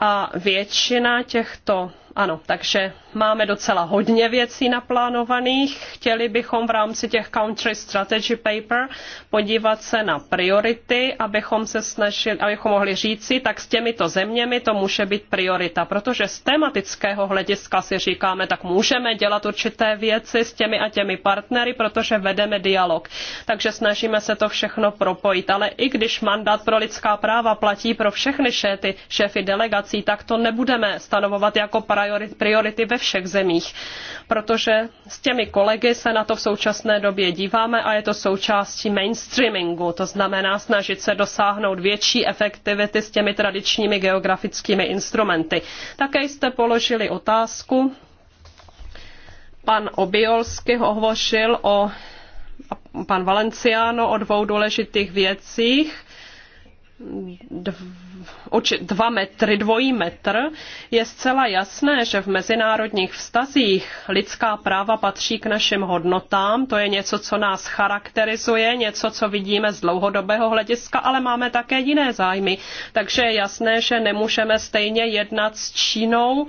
A většina těchto ano, takže máme docela hodně věcí naplánovaných. Chtěli bychom v rámci těch Country Strategy Paper podívat se na priority, abychom se snažili, abychom mohli říci, tak s těmito zeměmi to může být priorita, protože z tematického hlediska si říkáme, tak můžeme dělat určité věci s těmi a těmi partnery, protože vedeme dialog. Takže snažíme se to všechno propojit. Ale i když mandát pro lidská práva platí pro všechny šéty, šéfy delegací, tak to nebudeme stanovovat jako paradigma priority ve všech zemích, protože s těmi kolegy se na to v současné době díváme a je to součástí mainstreamingu, to znamená snažit se dosáhnout větší efektivity s těmi tradičními geografickými instrumenty. Také jste položili otázku, pan Obiolsky hovořil o pan Valenciano o dvou důležitých věcích oči, dva metry, dvojí metr, je zcela jasné, že v mezinárodních vztazích lidská práva patří k našim hodnotám. To je něco, co nás charakterizuje, něco, co vidíme z dlouhodobého hlediska, ale máme také jiné zájmy. Takže je jasné, že nemůžeme stejně jednat s Čínou,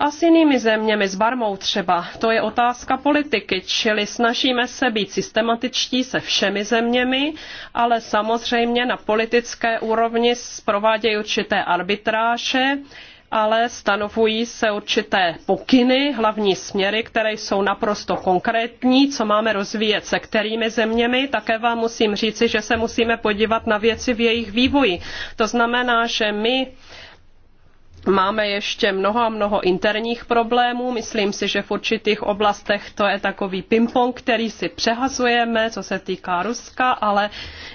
a s jinými zeměmi, s Barmou třeba. To je otázka politiky, čili snažíme se být systematičtí se všemi zeměmi, ale samozřejmě na politické úrovni provádějí určité arbitráže, ale stanovují se určité pokyny, hlavní směry, které jsou naprosto konkrétní, co máme rozvíjet se kterými zeměmi. Také vám musím říci, že se musíme podívat na věci v jejich vývoji. To znamená, že my Máme ještě mnoho a mnoho interních problémů. Myslím si, že v určitých oblastech to je takový ping-pong, který si přehazujeme, co se týká Ruska, ale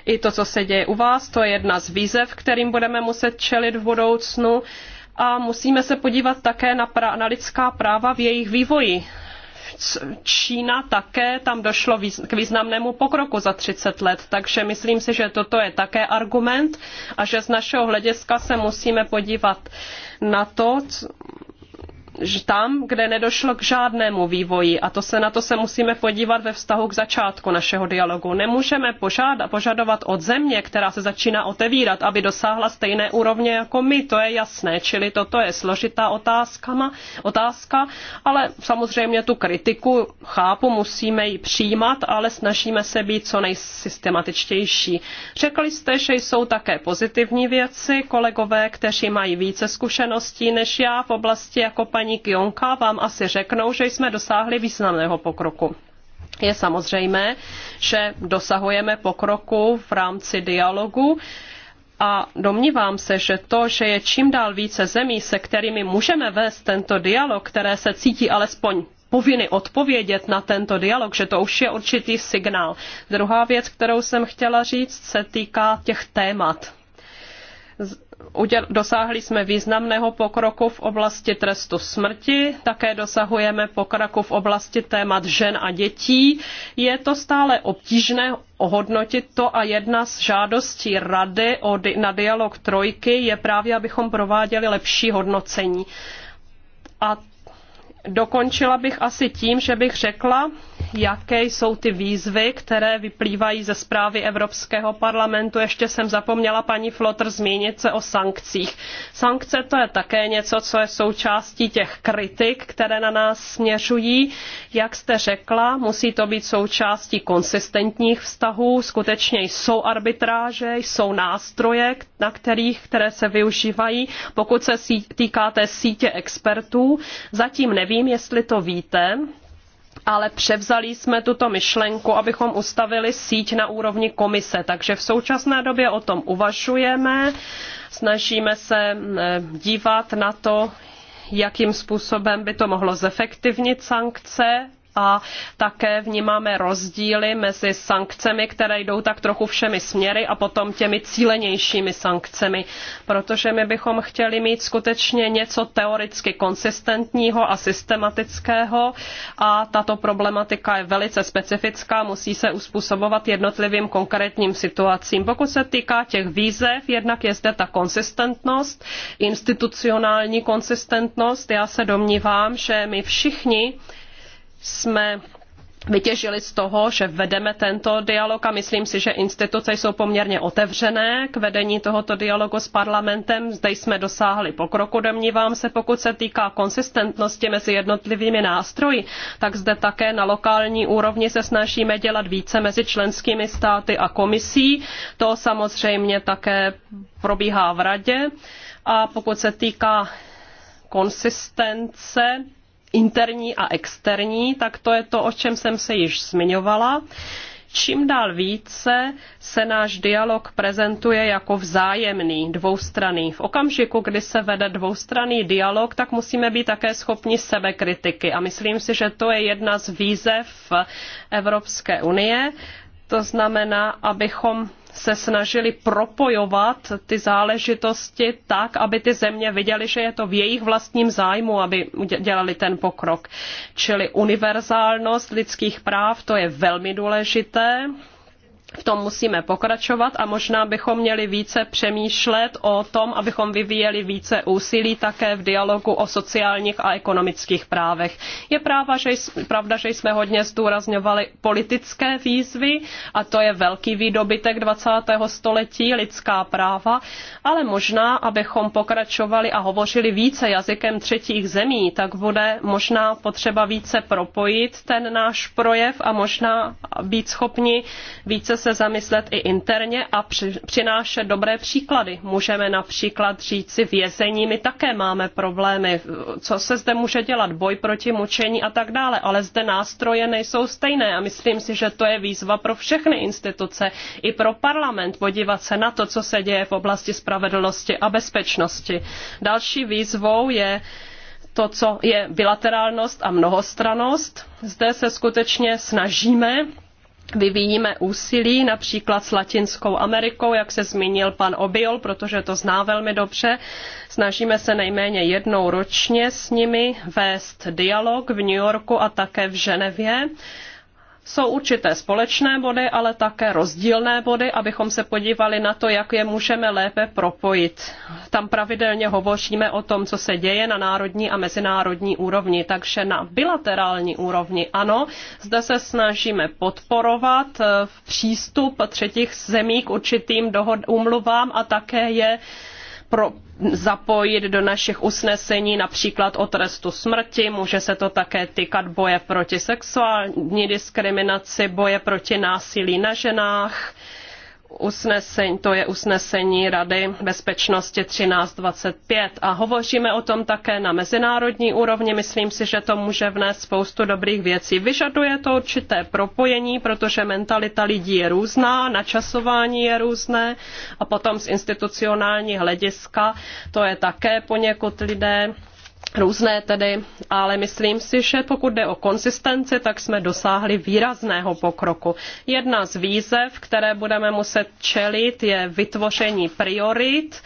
i to, co se děje u vás, to je jedna z výzev, kterým budeme muset čelit v budoucnu. A musíme se podívat také na, pra- na lidská práva v jejich vývoji Čína také tam došlo k významnému pokroku za 30 let, takže myslím si, že toto je také argument a že z našeho hlediska se musíme podívat na to, tam, kde nedošlo k žádnému vývoji. A to se na to se musíme podívat ve vztahu k začátku našeho dialogu. Nemůžeme požádat, požadovat od země, která se začíná otevírat, aby dosáhla stejné úrovně jako my, to je jasné. Čili toto je složitá otázkama, otázka, ale samozřejmě tu kritiku chápu, musíme ji přijímat, ale snažíme se být co nejsystematičtější. Řekli jste, že jsou také pozitivní věci, kolegové, kteří mají více zkušeností než já v oblasti jako paní paní Kionka vám asi řeknou, že jsme dosáhli významného pokroku. Je samozřejmé, že dosahujeme pokroku v rámci dialogu a domnívám se, že to, že je čím dál více zemí, se kterými můžeme vést tento dialog, které se cítí alespoň povinny odpovědět na tento dialog, že to už je určitý signál. Druhá věc, kterou jsem chtěla říct, se týká těch témat uděl, dosáhli jsme významného pokroku v oblasti trestu smrti, také dosahujeme pokroku v oblasti témat žen a dětí. Je to stále obtížné ohodnotit to a jedna z žádostí Rady o, na dialog trojky je právě, abychom prováděli lepší hodnocení. A dokončila bych asi tím, že bych řekla, jaké jsou ty výzvy, které vyplývají ze zprávy Evropského parlamentu. Ještě jsem zapomněla paní Flotr zmínit se o sankcích. Sankce to je také něco, co je součástí těch kritik, které na nás směřují. Jak jste řekla, musí to být součástí konsistentních vztahů. Skutečně jsou arbitráže, jsou nástroje, na kterých, které se využívají. Pokud se týká té sítě expertů, zatím nevím, jestli to víte, ale převzali jsme tuto myšlenku, abychom ustavili síť na úrovni komise. Takže v současné době o tom uvažujeme, snažíme se dívat na to, jakým způsobem by to mohlo zefektivnit sankce a také vnímáme rozdíly mezi sankcemi, které jdou tak trochu všemi směry a potom těmi cílenějšími sankcemi, protože my bychom chtěli mít skutečně něco teoreticky konsistentního a systematického a tato problematika je velice specifická, musí se uspůsobovat jednotlivým konkrétním situacím. Pokud se týká těch výzev, jednak je zde ta konsistentnost, institucionální konsistentnost. Já se domnívám, že my všichni jsme vytěžili z toho, že vedeme tento dialog a myslím si, že instituce jsou poměrně otevřené k vedení tohoto dialogu s parlamentem. Zde jsme dosáhli pokroku, domnívám se, pokud se týká konsistentnosti mezi jednotlivými nástroji, tak zde také na lokální úrovni se snažíme dělat více mezi členskými státy a komisí. To samozřejmě také probíhá v radě. A pokud se týká konsistence, interní a externí, tak to je to, o čem jsem se již zmiňovala. Čím dál více se náš dialog prezentuje jako vzájemný, dvoustranný. V okamžiku, kdy se vede dvoustranný dialog, tak musíme být také schopni sebekritiky. A myslím si, že to je jedna z výzev Evropské unie, to znamená, abychom se snažili propojovat ty záležitosti tak, aby ty země viděly, že je to v jejich vlastním zájmu, aby dělali ten pokrok. Čili univerzálnost lidských práv, to je velmi důležité v tom musíme pokračovat a možná bychom měli více přemýšlet o tom, abychom vyvíjeli více úsilí také v dialogu o sociálních a ekonomických právech. Je práva, že jsme, pravda, že jsme hodně zdůrazňovali politické výzvy a to je velký výdobytek 20. století, lidská práva, ale možná, abychom pokračovali a hovořili více jazykem třetích zemí, tak bude možná potřeba více propojit ten náš projev a možná být schopni více se zamyslet i interně a přinášet dobré příklady. Můžeme například říci, vězení my také máme problémy, co se zde může dělat, boj proti mučení a tak dále, ale zde nástroje nejsou stejné a myslím si, že to je výzva pro všechny instituce, i pro parlament podívat se na to, co se děje v oblasti spravedlnosti a bezpečnosti. Další výzvou je to, co je bilaterálnost a mnohostranost. Zde se skutečně snažíme vyvíjíme úsilí například s Latinskou Amerikou, jak se zmínil pan Obiol, protože to zná velmi dobře. Snažíme se nejméně jednou ročně s nimi vést dialog v New Yorku a také v Ženevě jsou určité společné body, ale také rozdílné body, abychom se podívali na to, jak je můžeme lépe propojit. Tam pravidelně hovoříme o tom, co se děje na národní a mezinárodní úrovni, takže na bilaterální úrovni ano, zde se snažíme podporovat eh, přístup třetích zemí k určitým dohod, umluvám a také je pro, zapojit do našich usnesení například o trestu smrti, může se to také týkat boje proti sexuální diskriminaci, boje proti násilí na ženách, usnesení, to je usnesení Rady bezpečnosti 1325 a hovoříme o tom také na mezinárodní úrovni. Myslím si, že to může vnést spoustu dobrých věcí. Vyžaduje to určité propojení, protože mentalita lidí je různá, načasování je různé a potom z institucionální hlediska to je také poněkud lidé různé tedy, ale myslím si, že pokud jde o konsistenci, tak jsme dosáhli výrazného pokroku. Jedna z výzev, které budeme muset čelit, je vytvoření priorit,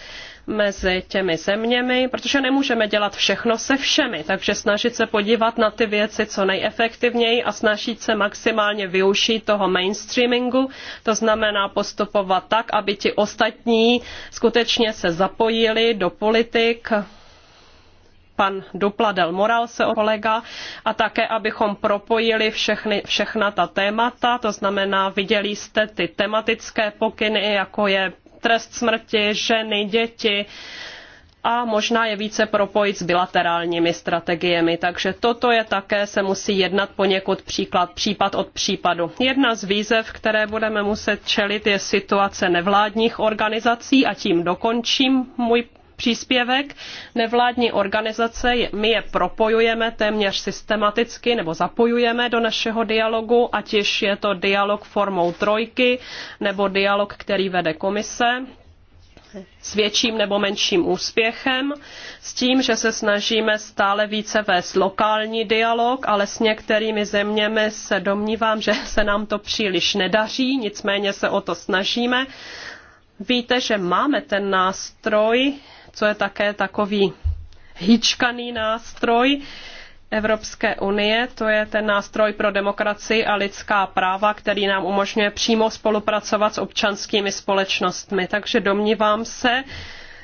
mezi těmi zeměmi, protože nemůžeme dělat všechno se všemi, takže snažit se podívat na ty věci co nejefektivněji a snažit se maximálně využít toho mainstreamingu, to znamená postupovat tak, aby ti ostatní skutečně se zapojili do politik, pan del Moral se kolega a také, abychom propojili všechny, všechna ta témata, to znamená, viděli jste ty tematické pokyny, jako je trest smrti, ženy, děti, a možná je více propojit s bilaterálními strategiemi. Takže toto je také, se musí jednat poněkud příklad, případ od případu. Jedna z výzev, které budeme muset čelit, je situace nevládních organizací a tím dokončím můj příspěvek. Nevládní organizace, my je propojujeme téměř systematicky nebo zapojujeme do našeho dialogu, ať již je to dialog formou trojky nebo dialog, který vede komise s větším nebo menším úspěchem, s tím, že se snažíme stále více vést lokální dialog, ale s některými zeměmi se domnívám, že se nám to příliš nedaří, nicméně se o to snažíme. Víte, že máme ten nástroj co je také takový hýčkaný nástroj Evropské unie, to je ten nástroj pro demokracii a lidská práva, který nám umožňuje přímo spolupracovat s občanskými společnostmi. Takže domnívám se,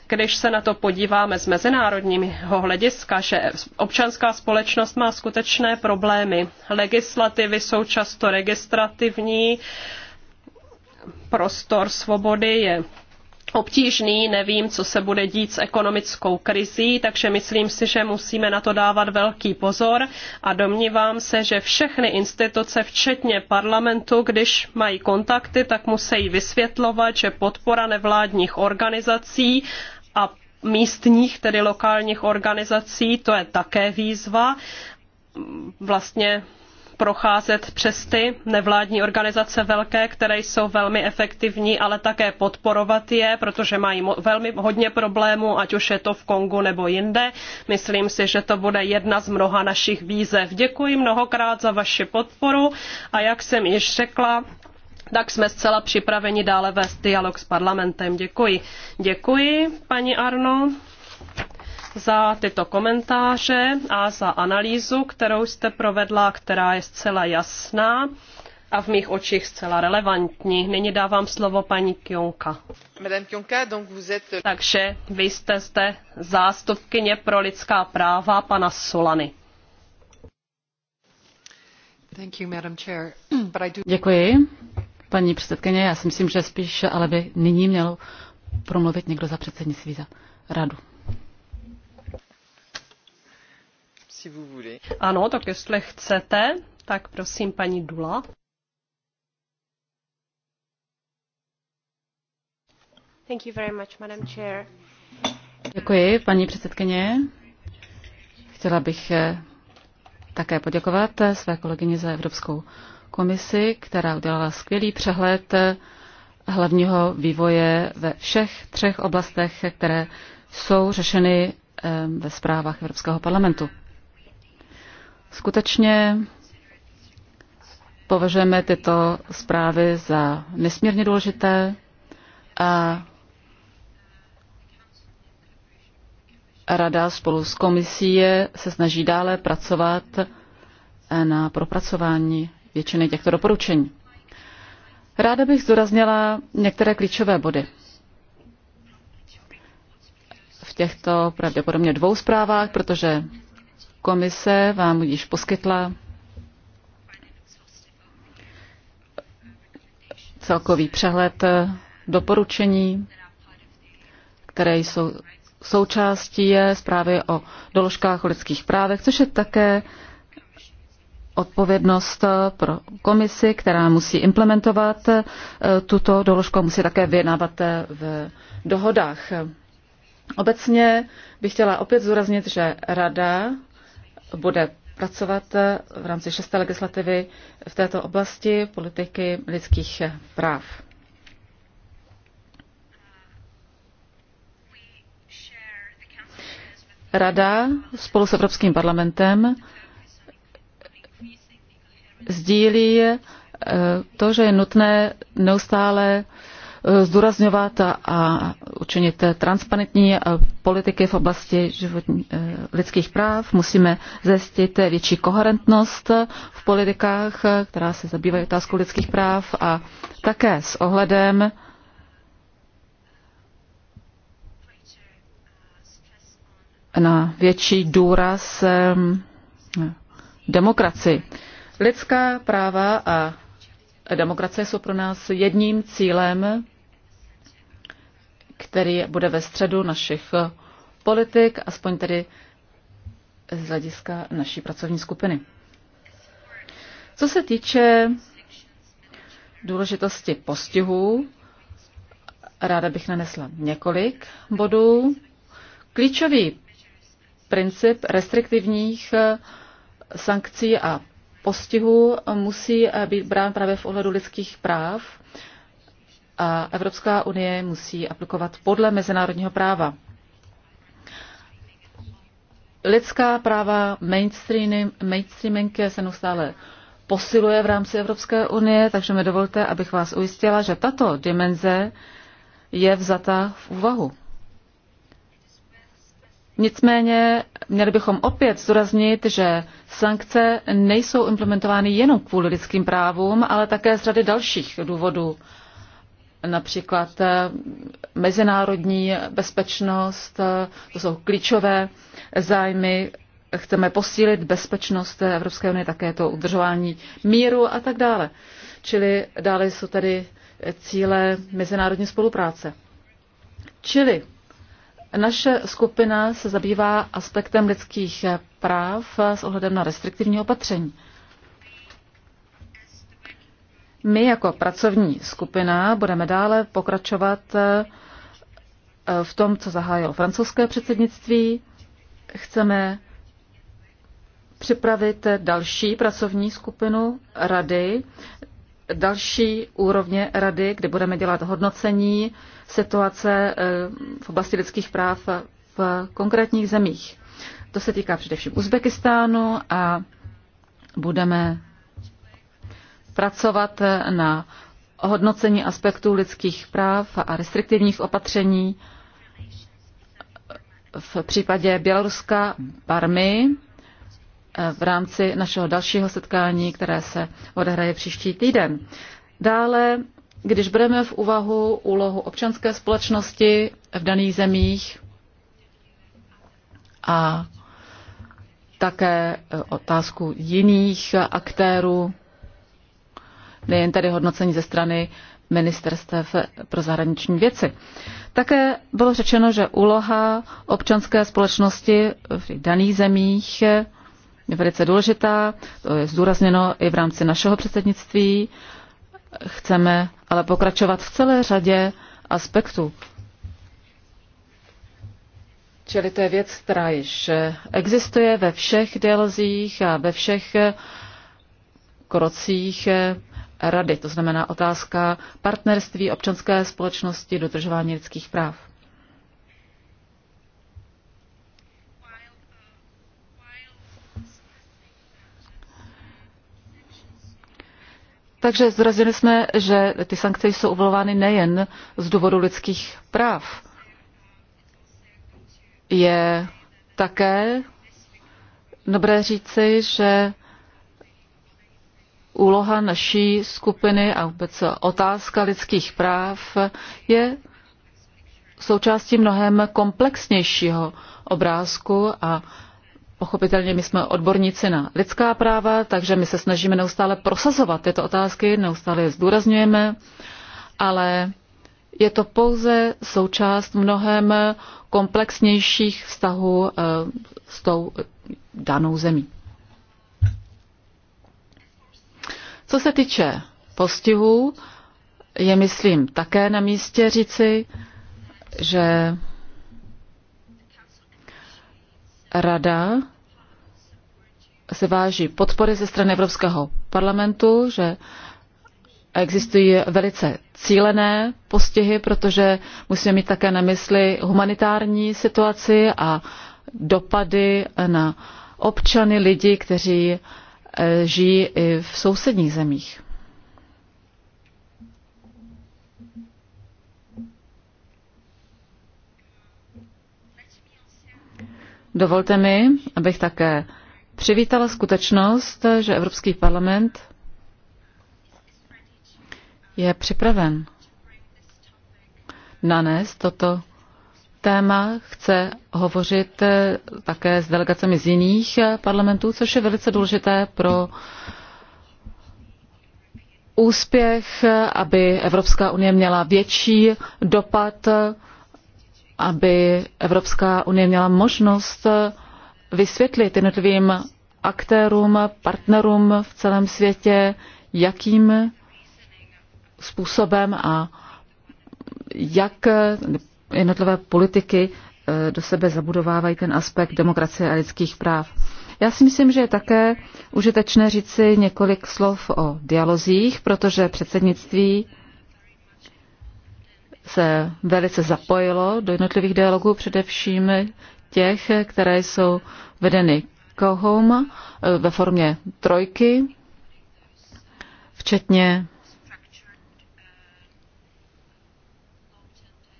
když se na to podíváme z mezinárodního hlediska, že občanská společnost má skutečné problémy. Legislativy jsou často registrativní, prostor svobody je obtížný, nevím, co se bude dít s ekonomickou krizí, takže myslím si, že musíme na to dávat velký pozor a domnívám se, že všechny instituce, včetně parlamentu, když mají kontakty, tak musí vysvětlovat, že podpora nevládních organizací a místních, tedy lokálních organizací, to je také výzva. Vlastně procházet přes ty nevládní organizace velké, které jsou velmi efektivní, ale také podporovat je, protože mají velmi hodně problémů, ať už je to v Kongu nebo jinde. Myslím si, že to bude jedna z mnoha našich výzev. Děkuji mnohokrát za vaši podporu a jak jsem již řekla, tak jsme zcela připraveni dále vést dialog s parlamentem. Děkuji. Děkuji, paní Arno za tyto komentáře a za analýzu, kterou jste provedla, která je zcela jasná a v mých očích zcela relevantní. Nyní dávám slovo paní Kionka. Kionka êtes... Takže vy jste zde zástupkyně pro lidská práva pana Solany. You, do... Děkuji, paní předsedkyně. Já si myslím, že spíš ale by nyní měl promluvit někdo za předsednictví za radu. si vous voulez. Ano, tak jestli chcete, tak prosím paní Dula. Thank you very much, Madam Chair. Děkuji, paní předsedkyně. Chtěla bych eh, také poděkovat eh, své kolegyni za Evropskou komisi, která udělala skvělý přehled eh, hlavního vývoje ve všech třech oblastech, které jsou řešeny ve zprávách Evropského parlamentu. Skutečně považujeme tyto zprávy za nesmírně důležité a Rada spolu s komisí se snaží dále pracovat na propracování většiny těchto doporučení. Ráda bych zdůraznila některé klíčové body. V těchto pravděpodobně dvou zprávách, protože Komise vám již poskytla celkový přehled doporučení, které jsou součástí je zprávy o doložkách o lidských právech, což je také odpovědnost pro komisi, která musí implementovat eh, tuto doložku a musí také vyjednávat eh, v dohodách. Obecně bych chtěla opět zúraznit, že Rada bude pracovat v rámci šesté legislativy v této oblasti politiky lidských práv. Rada spolu s Evropským parlamentem sdílí eh, to, že je nutné neustále zdůrazňovat a učinit transparentní politiky v oblasti životní, eh, lidských práv. Musíme zjistit větší koherentnost v politikách, která se zabývají otázkou lidských práv a také s ohledem na větší důraz eh, demokracii. Lidská práva a demokracie jsou pro nás jedním cílem který bude ve středu našich politik, aspoň tedy z hlediska naší pracovní skupiny. Co se týče důležitosti postihů, ráda bych nanesla několik bodů. Klíčový princip restriktivních eh, sankcí a postihu musí eh, být brán právě v ohledu lidských práv a Evropská unie musí aplikovat podle mezinárodního práva. Lidská práva mainstreaming, se neustále posiluje v rámci Evropské unie, takže mi dovolte, abych vás ujistila, že tato dimenze je vzata v úvahu. Nicméně měli bychom opět zdůraznit, že sankce nejsou implementovány jenom kvůli lidským právům, ale také z řady dalších důvodů například eh, mezinárodní bezpečnost, eh, to jsou klíčové zájmy, chceme posílit bezpečnost Evropské unie, také to udržování míru a tak dále. Čili dále jsou tady cíle mezinárodní spolupráce. Čili naše skupina se zabývá aspektem lidských práv s ohledem na restriktivní opatření. My jako pracovní skupina budeme dále pokračovat eh, v tom, co zahájilo francouzské předsednictví. Chceme připravit další pracovní skupinu rady, další úrovně rady, kde budeme dělat hodnocení situace eh, v oblasti lidských práv v konkrétních zemích. To se týká především Uzbekistánu a budeme pracovat eh, na hodnocení aspektů lidských práv a restriktivních opatření v případě Běloruska, Barmy eh, v rámci našeho dalšího setkání, které se odehraje příští týden. Dále, když budeme v úvahu úlohu občanské společnosti v daných zemích a také eh, otázku jiných aktérů, nejen tedy hodnocení ze strany ministerstev pro zahraniční věci. Také bylo řečeno, že úloha občanské společnosti v daných zemích je velice důležitá. To je zdůrazněno i v rámci našeho předsednictví. Chceme ale pokračovat v celé řadě aspektů. Čili to je věc, která již existuje ve všech dialozích a ve všech krocích rady, to znamená otázka partnerství občanské společnosti, dodržování lidských práv. Takže zrazili jsme, že ty sankce jsou uvolovány nejen z důvodu lidských práv. Je také dobré říci, že úloha naší skupiny a vůbec otázka lidských práv je součástí mnohem komplexnějšího obrázku a pochopitelně my jsme odborníci na lidská práva, takže my se snažíme neustále prosazovat tyto otázky, neustále je zdůrazňujeme, ale je to pouze součást mnohem komplexnějších vztahů eh, s tou danou zemí. Co se týče postihů, je myslím také na místě říci, že Rada se váží podpory ze strany Evropského parlamentu, že existují velice cílené postihy, protože musíme mít také na mysli humanitární situaci a dopady na občany, lidi, kteří E, žijí i v sousedních zemích. Dovolte mi, abych také přivítala skutečnost, že Evropský parlament je připraven nanést toto téma chce hovořit eh, také s delegacemi z jiných eh, parlamentů, což je velice důležité pro úspěch, eh, aby Evropská unie měla větší dopad, aby Evropská unie měla možnost vysvětlit jednotlivým aktérům, partnerům v celém světě, jakým způsobem a jak jednotlivé politiky eh, do sebe zabudovávají ten aspekt demokracie a lidských práv. Já si myslím, že je také užitečné říci několik slov o dialozích, protože předsednictví se velice zapojilo do jednotlivých dialogů, především těch, které jsou vedeny kohom eh, ve formě trojky, včetně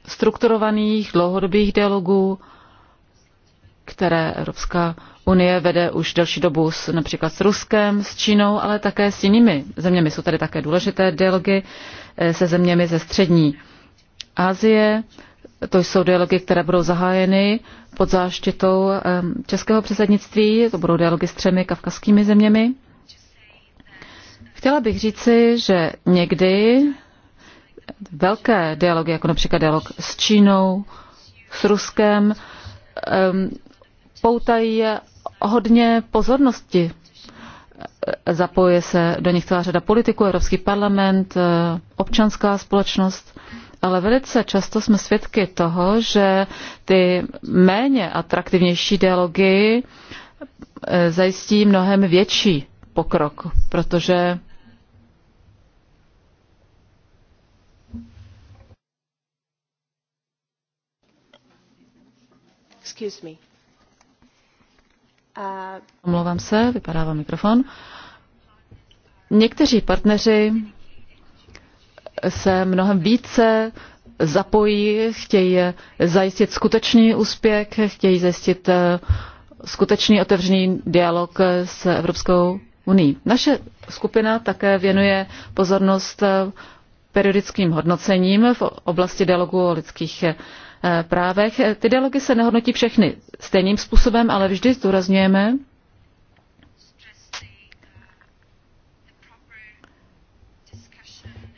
strukturovaných dlouhodobých dialogů, které Evropská unie vede už delší dobu s, například s Ruskem, s Čínou, ale také s jinými zeměmi. Jsou tady také důležité dialogy eh, se zeměmi ze střední Asie. To jsou dialogy, které budou zahájeny pod záštitou ehm, českého předsednictví. To budou dialogy s třemi kavkazskými zeměmi. Chtěla bych říci, že někdy velké dialogy, jako například dialog s Čínou, s Ruskem, poutají hodně pozornosti. Zapoje se do nich celá řada politiků, Evropský parlament, eh, občanská společnost, ale velice často jsme svědky toho, že ty méně atraktivnější dialogy eh, zajistí mnohem větší pokrok, protože Uh, Omlouvám se, vypadává mikrofon. Někteří partneři se mnohem více zapojí, chtějí zajistit skutečný úspěch, chtějí zajistit eh, skutečný otevřený dialog s Evropskou uní. Naše skupina také věnuje pozornost eh, periodickým hodnocením v oblasti dialogu o lidských Eh, právech. Ty dialogy se nehodnotí všechny stejným způsobem, ale vždy zdůrazňujeme,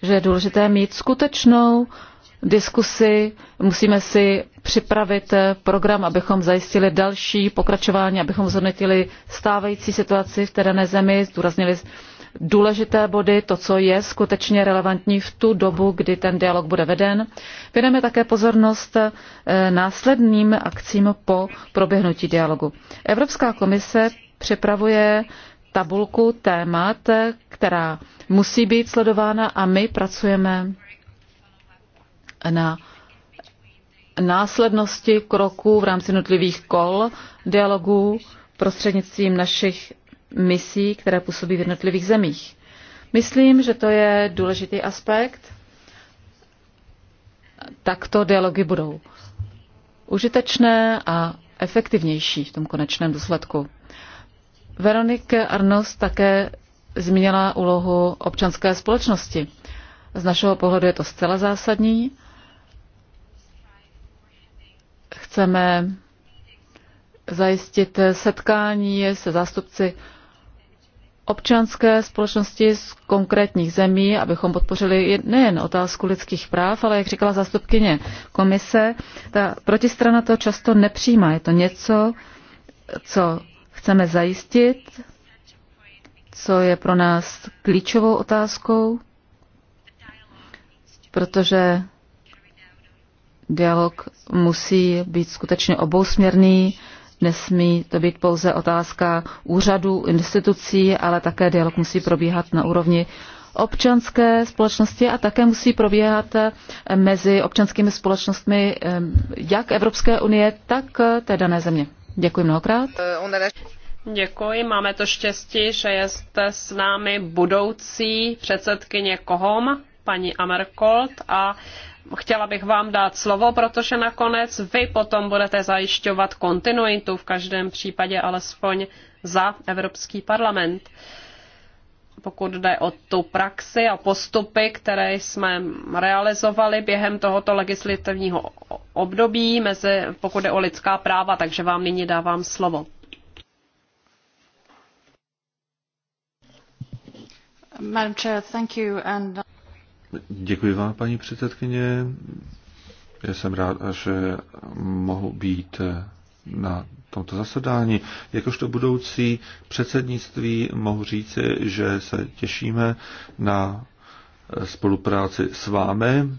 že je důležité mít skutečnou diskusi, musíme si připravit eh, program, abychom zajistili další pokračování, abychom zhodnotili stávající situaci v té dané zemi, zdůraznili důležité body, to, co je skutečně relevantní v tu dobu, kdy ten dialog bude veden. věnujeme také pozornost eh, následným akcím po proběhnutí dialogu. Evropská komise připravuje tabulku témat, která musí být sledována a my pracujeme na následnosti kroků v rámci jednotlivých kol dialogů prostřednictvím našich misí, které působí v jednotlivých zemích. Myslím, že to je důležitý aspekt. Takto dialogy budou užitečné a efektivnější v tom konečném důsledku. Veronika Arnos také zmínila úlohu občanské společnosti. Z našeho pohledu je to zcela zásadní. Chceme zajistit setkání se zástupci občanské společnosti z konkrétních zemí, abychom podpořili nejen otázku lidských práv, ale jak říkala zástupkyně komise, ta protistrana to často nepřijímá. Je to něco, co chceme zajistit, co je pro nás klíčovou otázkou, protože dialog musí být skutečně obousměrný, Nesmí to být pouze otázka úřadů, institucí, ale také dialog musí probíhat na úrovni občanské společnosti a také musí probíhat eh, mezi občanskými společnostmi eh, jak Evropské unie, tak eh, té dané země. Děkuji mnohokrát. Děkuji, máme to štěstí, že jste s námi budoucí předsedkyně KOHOM, paní Amerkolt a chtěla bych vám dát slovo, protože nakonec vy potom budete zajišťovat kontinuitu v každém případě alespoň za Evropský parlament. Pokud jde o tu praxi a postupy, které jsme realizovali během tohoto legislativního období, mezi, pokud jde o lidská práva, takže vám nyní dávám slovo. Madam Chair, thank you and... Děkuji vám, paní předsedkyně. Já jsem rád, že mohu být na tomto zasedání. Jakožto budoucí předsednictví mohu říci, že se těšíme na spolupráci s vámi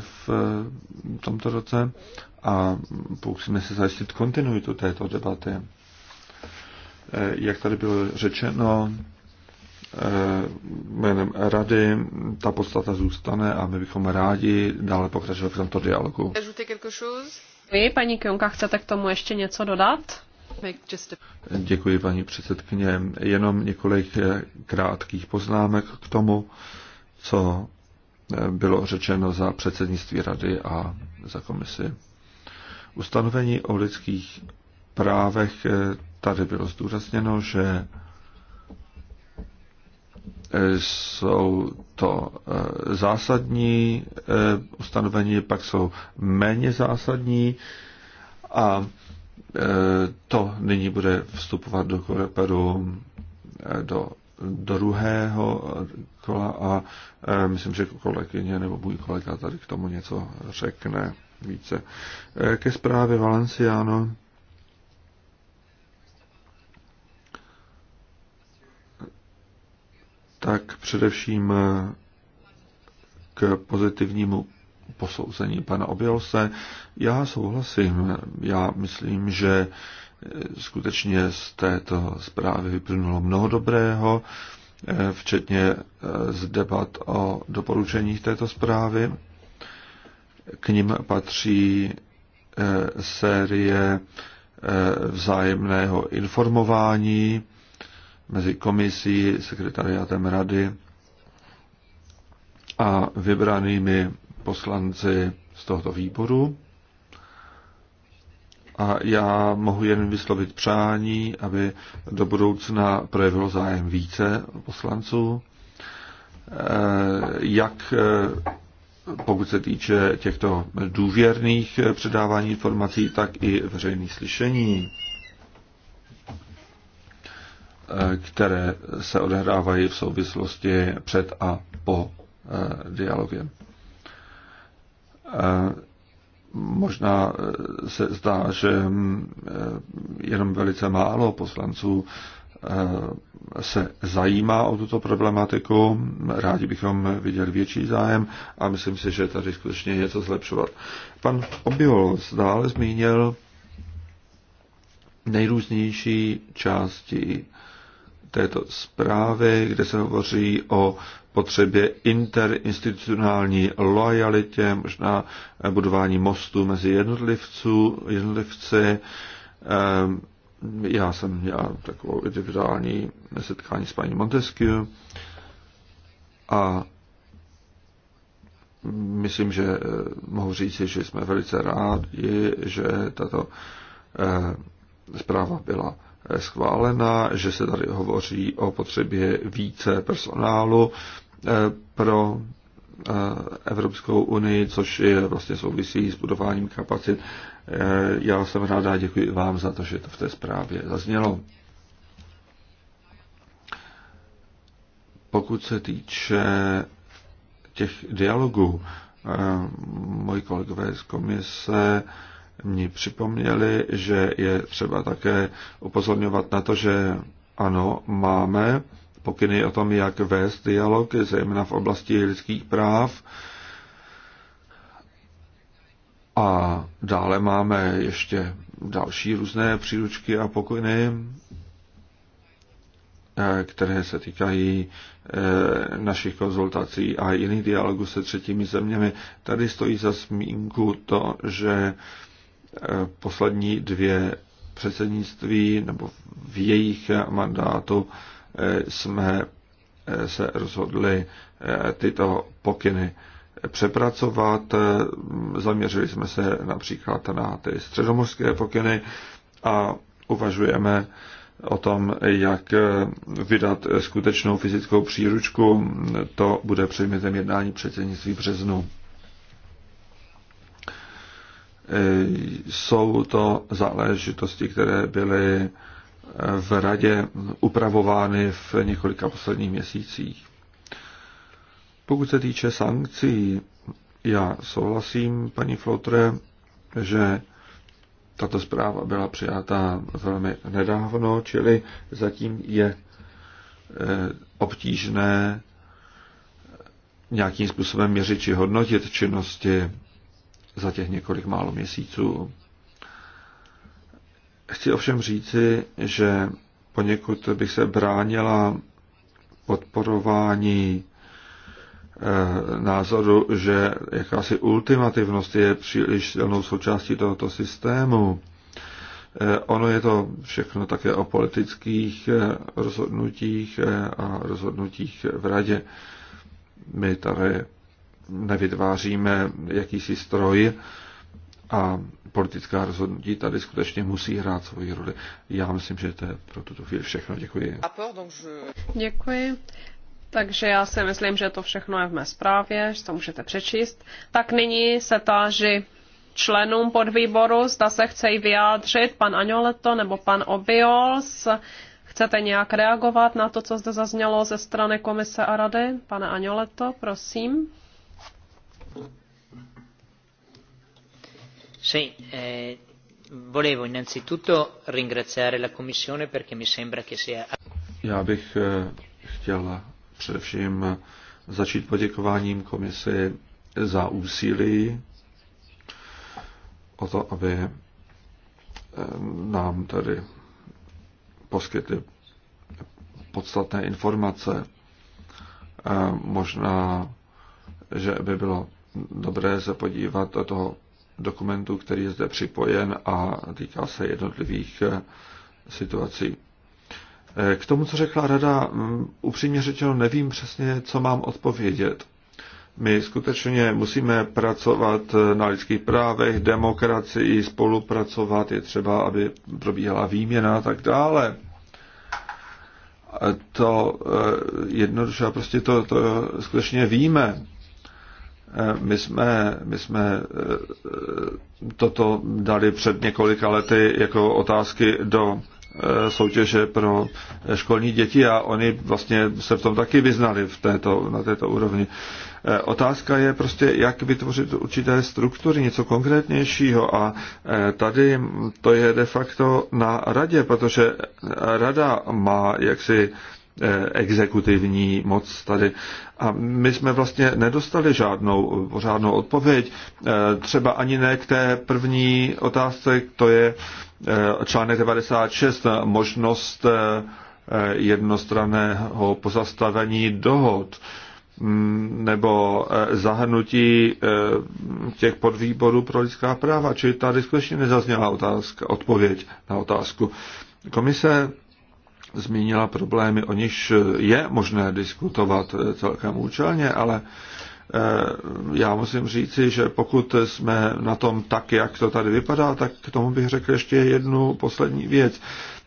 v tomto roce a pokusíme se zajistit kontinuitu této debaty. Jak tady bylo řečeno, Eh, jménem rady ta podstata zůstane a my bychom rádi dále pokračovali v tomto dialogu. Vy, paní Kionka, chcete k tomu ještě něco dodat? Děkuji, paní předsedkyně. Jenom několik eh, krátkých poznámek k tomu, co eh, bylo řečeno za předsednictví rady a za komisi. Ustanovení o lidských právech tady bylo zdůrazněno, že jsou to eh, zásadní eh, ustanovení, pak jsou méně zásadní a eh, to nyní bude vstupovat do koreperu do druhého kola a myslím, že kolegyně nebo můj kolega tady k tomu něco řekne více. Ke zprávě Valenciano tak především eh, k pozitivnímu posouzení pana Objelse. Já souhlasím, já myslím, že eh, skutečně z této zprávy vyplynulo mnoho dobrého, eh, včetně z debat o doporučeních této zprávy. K ním patří série vzájemného informování, mezi komisí, sekretariátem rady a vybranými poslanci z tohoto výboru. A já mohu jen vyslovit přání, aby do budoucna projevilo zájem více poslanců, eh, jak eh, pokud se týče těchto důvěrných předávání informací, tak i veřejných slyšení které se odehrávají v souvislosti před a po eh, dialogě. Eh, možná eh, se zdá, že mm, jenom velice málo poslanců se zajímá o tuto problematiku. Rádi bychom viděli větší zájem a myslím si, že tady skutečně je co zlepšovat. Pan Obiol dále zmínil nejrůznější části této zprávy, kde se hovoří o potřebě interinstitucionální lojalitě, možná budování mostů mezi jednotlivců, jednotlivci. Ehm, já jsem měl takovou individuální setkání s paní Montesquieu a myslím, že eh, mohu říct, že jsme velice rádi, že tato eh, zpráva byla schválena, že se tady hovoří o potřebě více personálu eh, pro eh, Evropskou unii, což je vlastně souvisí s budováním kapacit. Eh, já jsem ráda děkuji vám za to, že to v té zprávě zaznělo. Pokud se týče těch dialogů, moji kolegové z komise mi připomněli, že je třeba také upozorňovat na to, že ano, máme pokyny o tom, jak vést dialog, zejména v oblasti lidských práv. A dále máme ještě další různé příručky a pokyny, eh, které se týkají eh, našich konzultací a jiných dialogů se třetími zeměmi. Tady stojí za zmínku to, že Eh, poslední dvě předsednictví nebo v jejich mandátu eh, jsme eh, se rozhodli tyto pokyny přepracovat. Zaměřili jsme se například na ty středomorské pokyny a uvažujeme o tom, jak vydat skutečnou fyzickou příručku. To bude předmětem jednání předsednictví březnu jsou to záležitosti, které byly v radě upravovány v několika posledních měsících. Pokud se týče sankcí, já souhlasím, paní Flotre, že tato zpráva byla přijata velmi nedávno, čili zatím je eh, obtížné nějakým způsobem měřit či hodnotit činnosti za těch několik málo měsíců. Chci ovšem říci, že poněkud bych se bránila podporování eh, názoru, že jakási ultimativnost je příliš silnou součástí tohoto systému. Eh, ono je to všechno také o politických eh, rozhodnutích a rozhodnutích v radě. My tady nevytváříme jakýsi stroj a politická rozhodnutí tady skutečně musí hrát svoji roli. Já myslím, že to je pro tuto chvíli všechno. Děkuji. Děkuji. Takže já si myslím, že to všechno je v mé zprávě, že to můžete přečíst. Tak nyní se táži členům podvýboru, zda se chcejí vyjádřit pan Anjoleto nebo pan Obiols. Chcete nějak reagovat na to, co zde zaznělo ze strany komise a rady? Pane Anjoleto, prosím. Sì, eh, volevo innanzitutto ringraziare la Commissione perché mi sembra che sia... Já bych eh, chtěl především začít poděkováním komisi za úsilí o to, aby eh, nám tady poskytly podstatné informace. Eh, možná, že by bylo dobré se podívat do toho dokumentu, který je zde připojen a týká se jednotlivých eh, situací. Eh, k tomu, co řekla rada, mm, upřímně řečeno nevím přesně, co mám odpovědět. My skutečně musíme pracovat eh, na lidských právech, demokracii, spolupracovat, je třeba, aby probíhala výměna a tak dále. To jednoduše, prostě to, to skutečně víme. Eh, my jsme, my jsme eh, toto dali před několika lety jako otázky do eh, soutěže pro školní děti a oni vlastně se v tom taky vyznali v této, na této úrovni. Otázka je prostě, jak vytvořit určité struktury, něco konkrétnějšího a tady to je de facto na radě, protože rada má jaksi Eh, exekutivní moc tady. A my jsme vlastně nedostali žádnou pořádnou odpověď, eh, třeba ani ne k té první otázce, to je eh, článek 96, možnost jednostranného pozastavení dohod mm, nebo zahrnutí těch podvýborů pro lidská práva. Čili tady skutečně nezazněla otázka, odpověď na otázku. Komise zmínila problémy, o nich je možné diskutovat eh, celkem účelně, ale eh, já musím říci, že pokud jsme na tom tak, jak to tady vypadá, tak k tomu bych řekl ještě jednu poslední věc.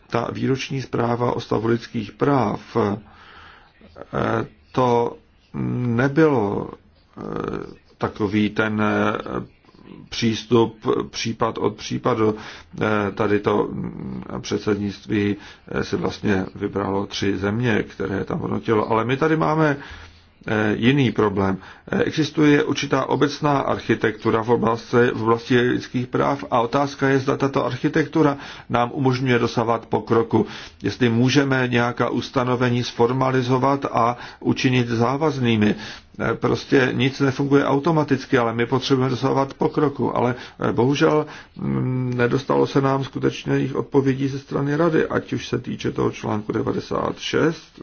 Ta výroční zpráva o stavu lidských práv, eh, to nebylo takový ten přístup případ od případu. Eh, tady to mm, předsednictví eh, si vlastně vybralo tři země, které tam hodnotilo. Ale my tady máme Eh, jiný problém. Eh, existuje určitá obecná architektura v oblasti, v oblasti lidských práv a otázka je, zda tato architektura nám umožňuje dosávat pokroku. Jestli můžeme nějaká ustanovení sformalizovat a učinit závaznými. Eh, prostě nic nefunguje automaticky, ale my potřebujeme dosávat pokroku. Ale bohužel mm, nedostalo se nám skutečně jich odpovědí ze strany rady, ať už se týče toho článku 96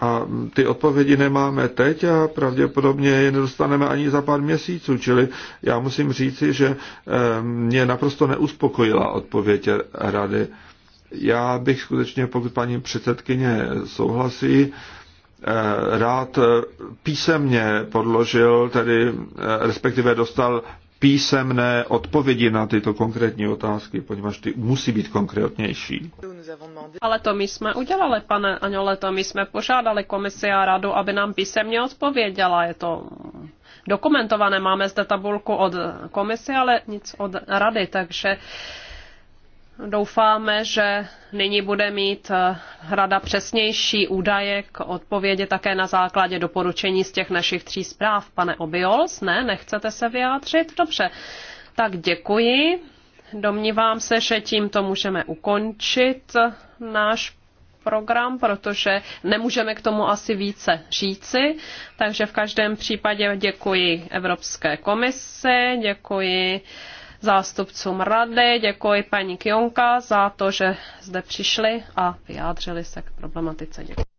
a ty odpovědi nemáme teď a pravděpodobně je nedostaneme ani za pár měsíců. Čili já musím říci, že eh, mě naprosto neuspokojila odpověď rady. Já bych skutečně, pokud paní předsedkyně souhlasí, eh, rád písemně podložil, tedy eh, respektive dostal písemné odpovědi na tyto konkrétní otázky, poněvadž ty musí být konkrétnější. Ale to my jsme udělali, pane Aňole, to my jsme požádali komisi a radu, aby nám písemně odpověděla. Je to dokumentované, máme zde tabulku od komise, ale nic od rady, takže uh, Doufáme, že nyní bude mít eh, Rada přesnější údaje k odpovědi také na základě doporučení z těch našich tří zpráv. Pane Obiols, ne, nechcete se vyjádřit? Dobře, tak děkuji. Domnívám se, že tímto můžeme ukončit eh, náš program, protože nemůžeme k tomu asi více říci. Takže v každém případě děkuji Evropské komisi, děkuji zástupcům rady, děkuji paní Kionka za to, že zde přišli a vyjádřili se k problematice. Děkuji.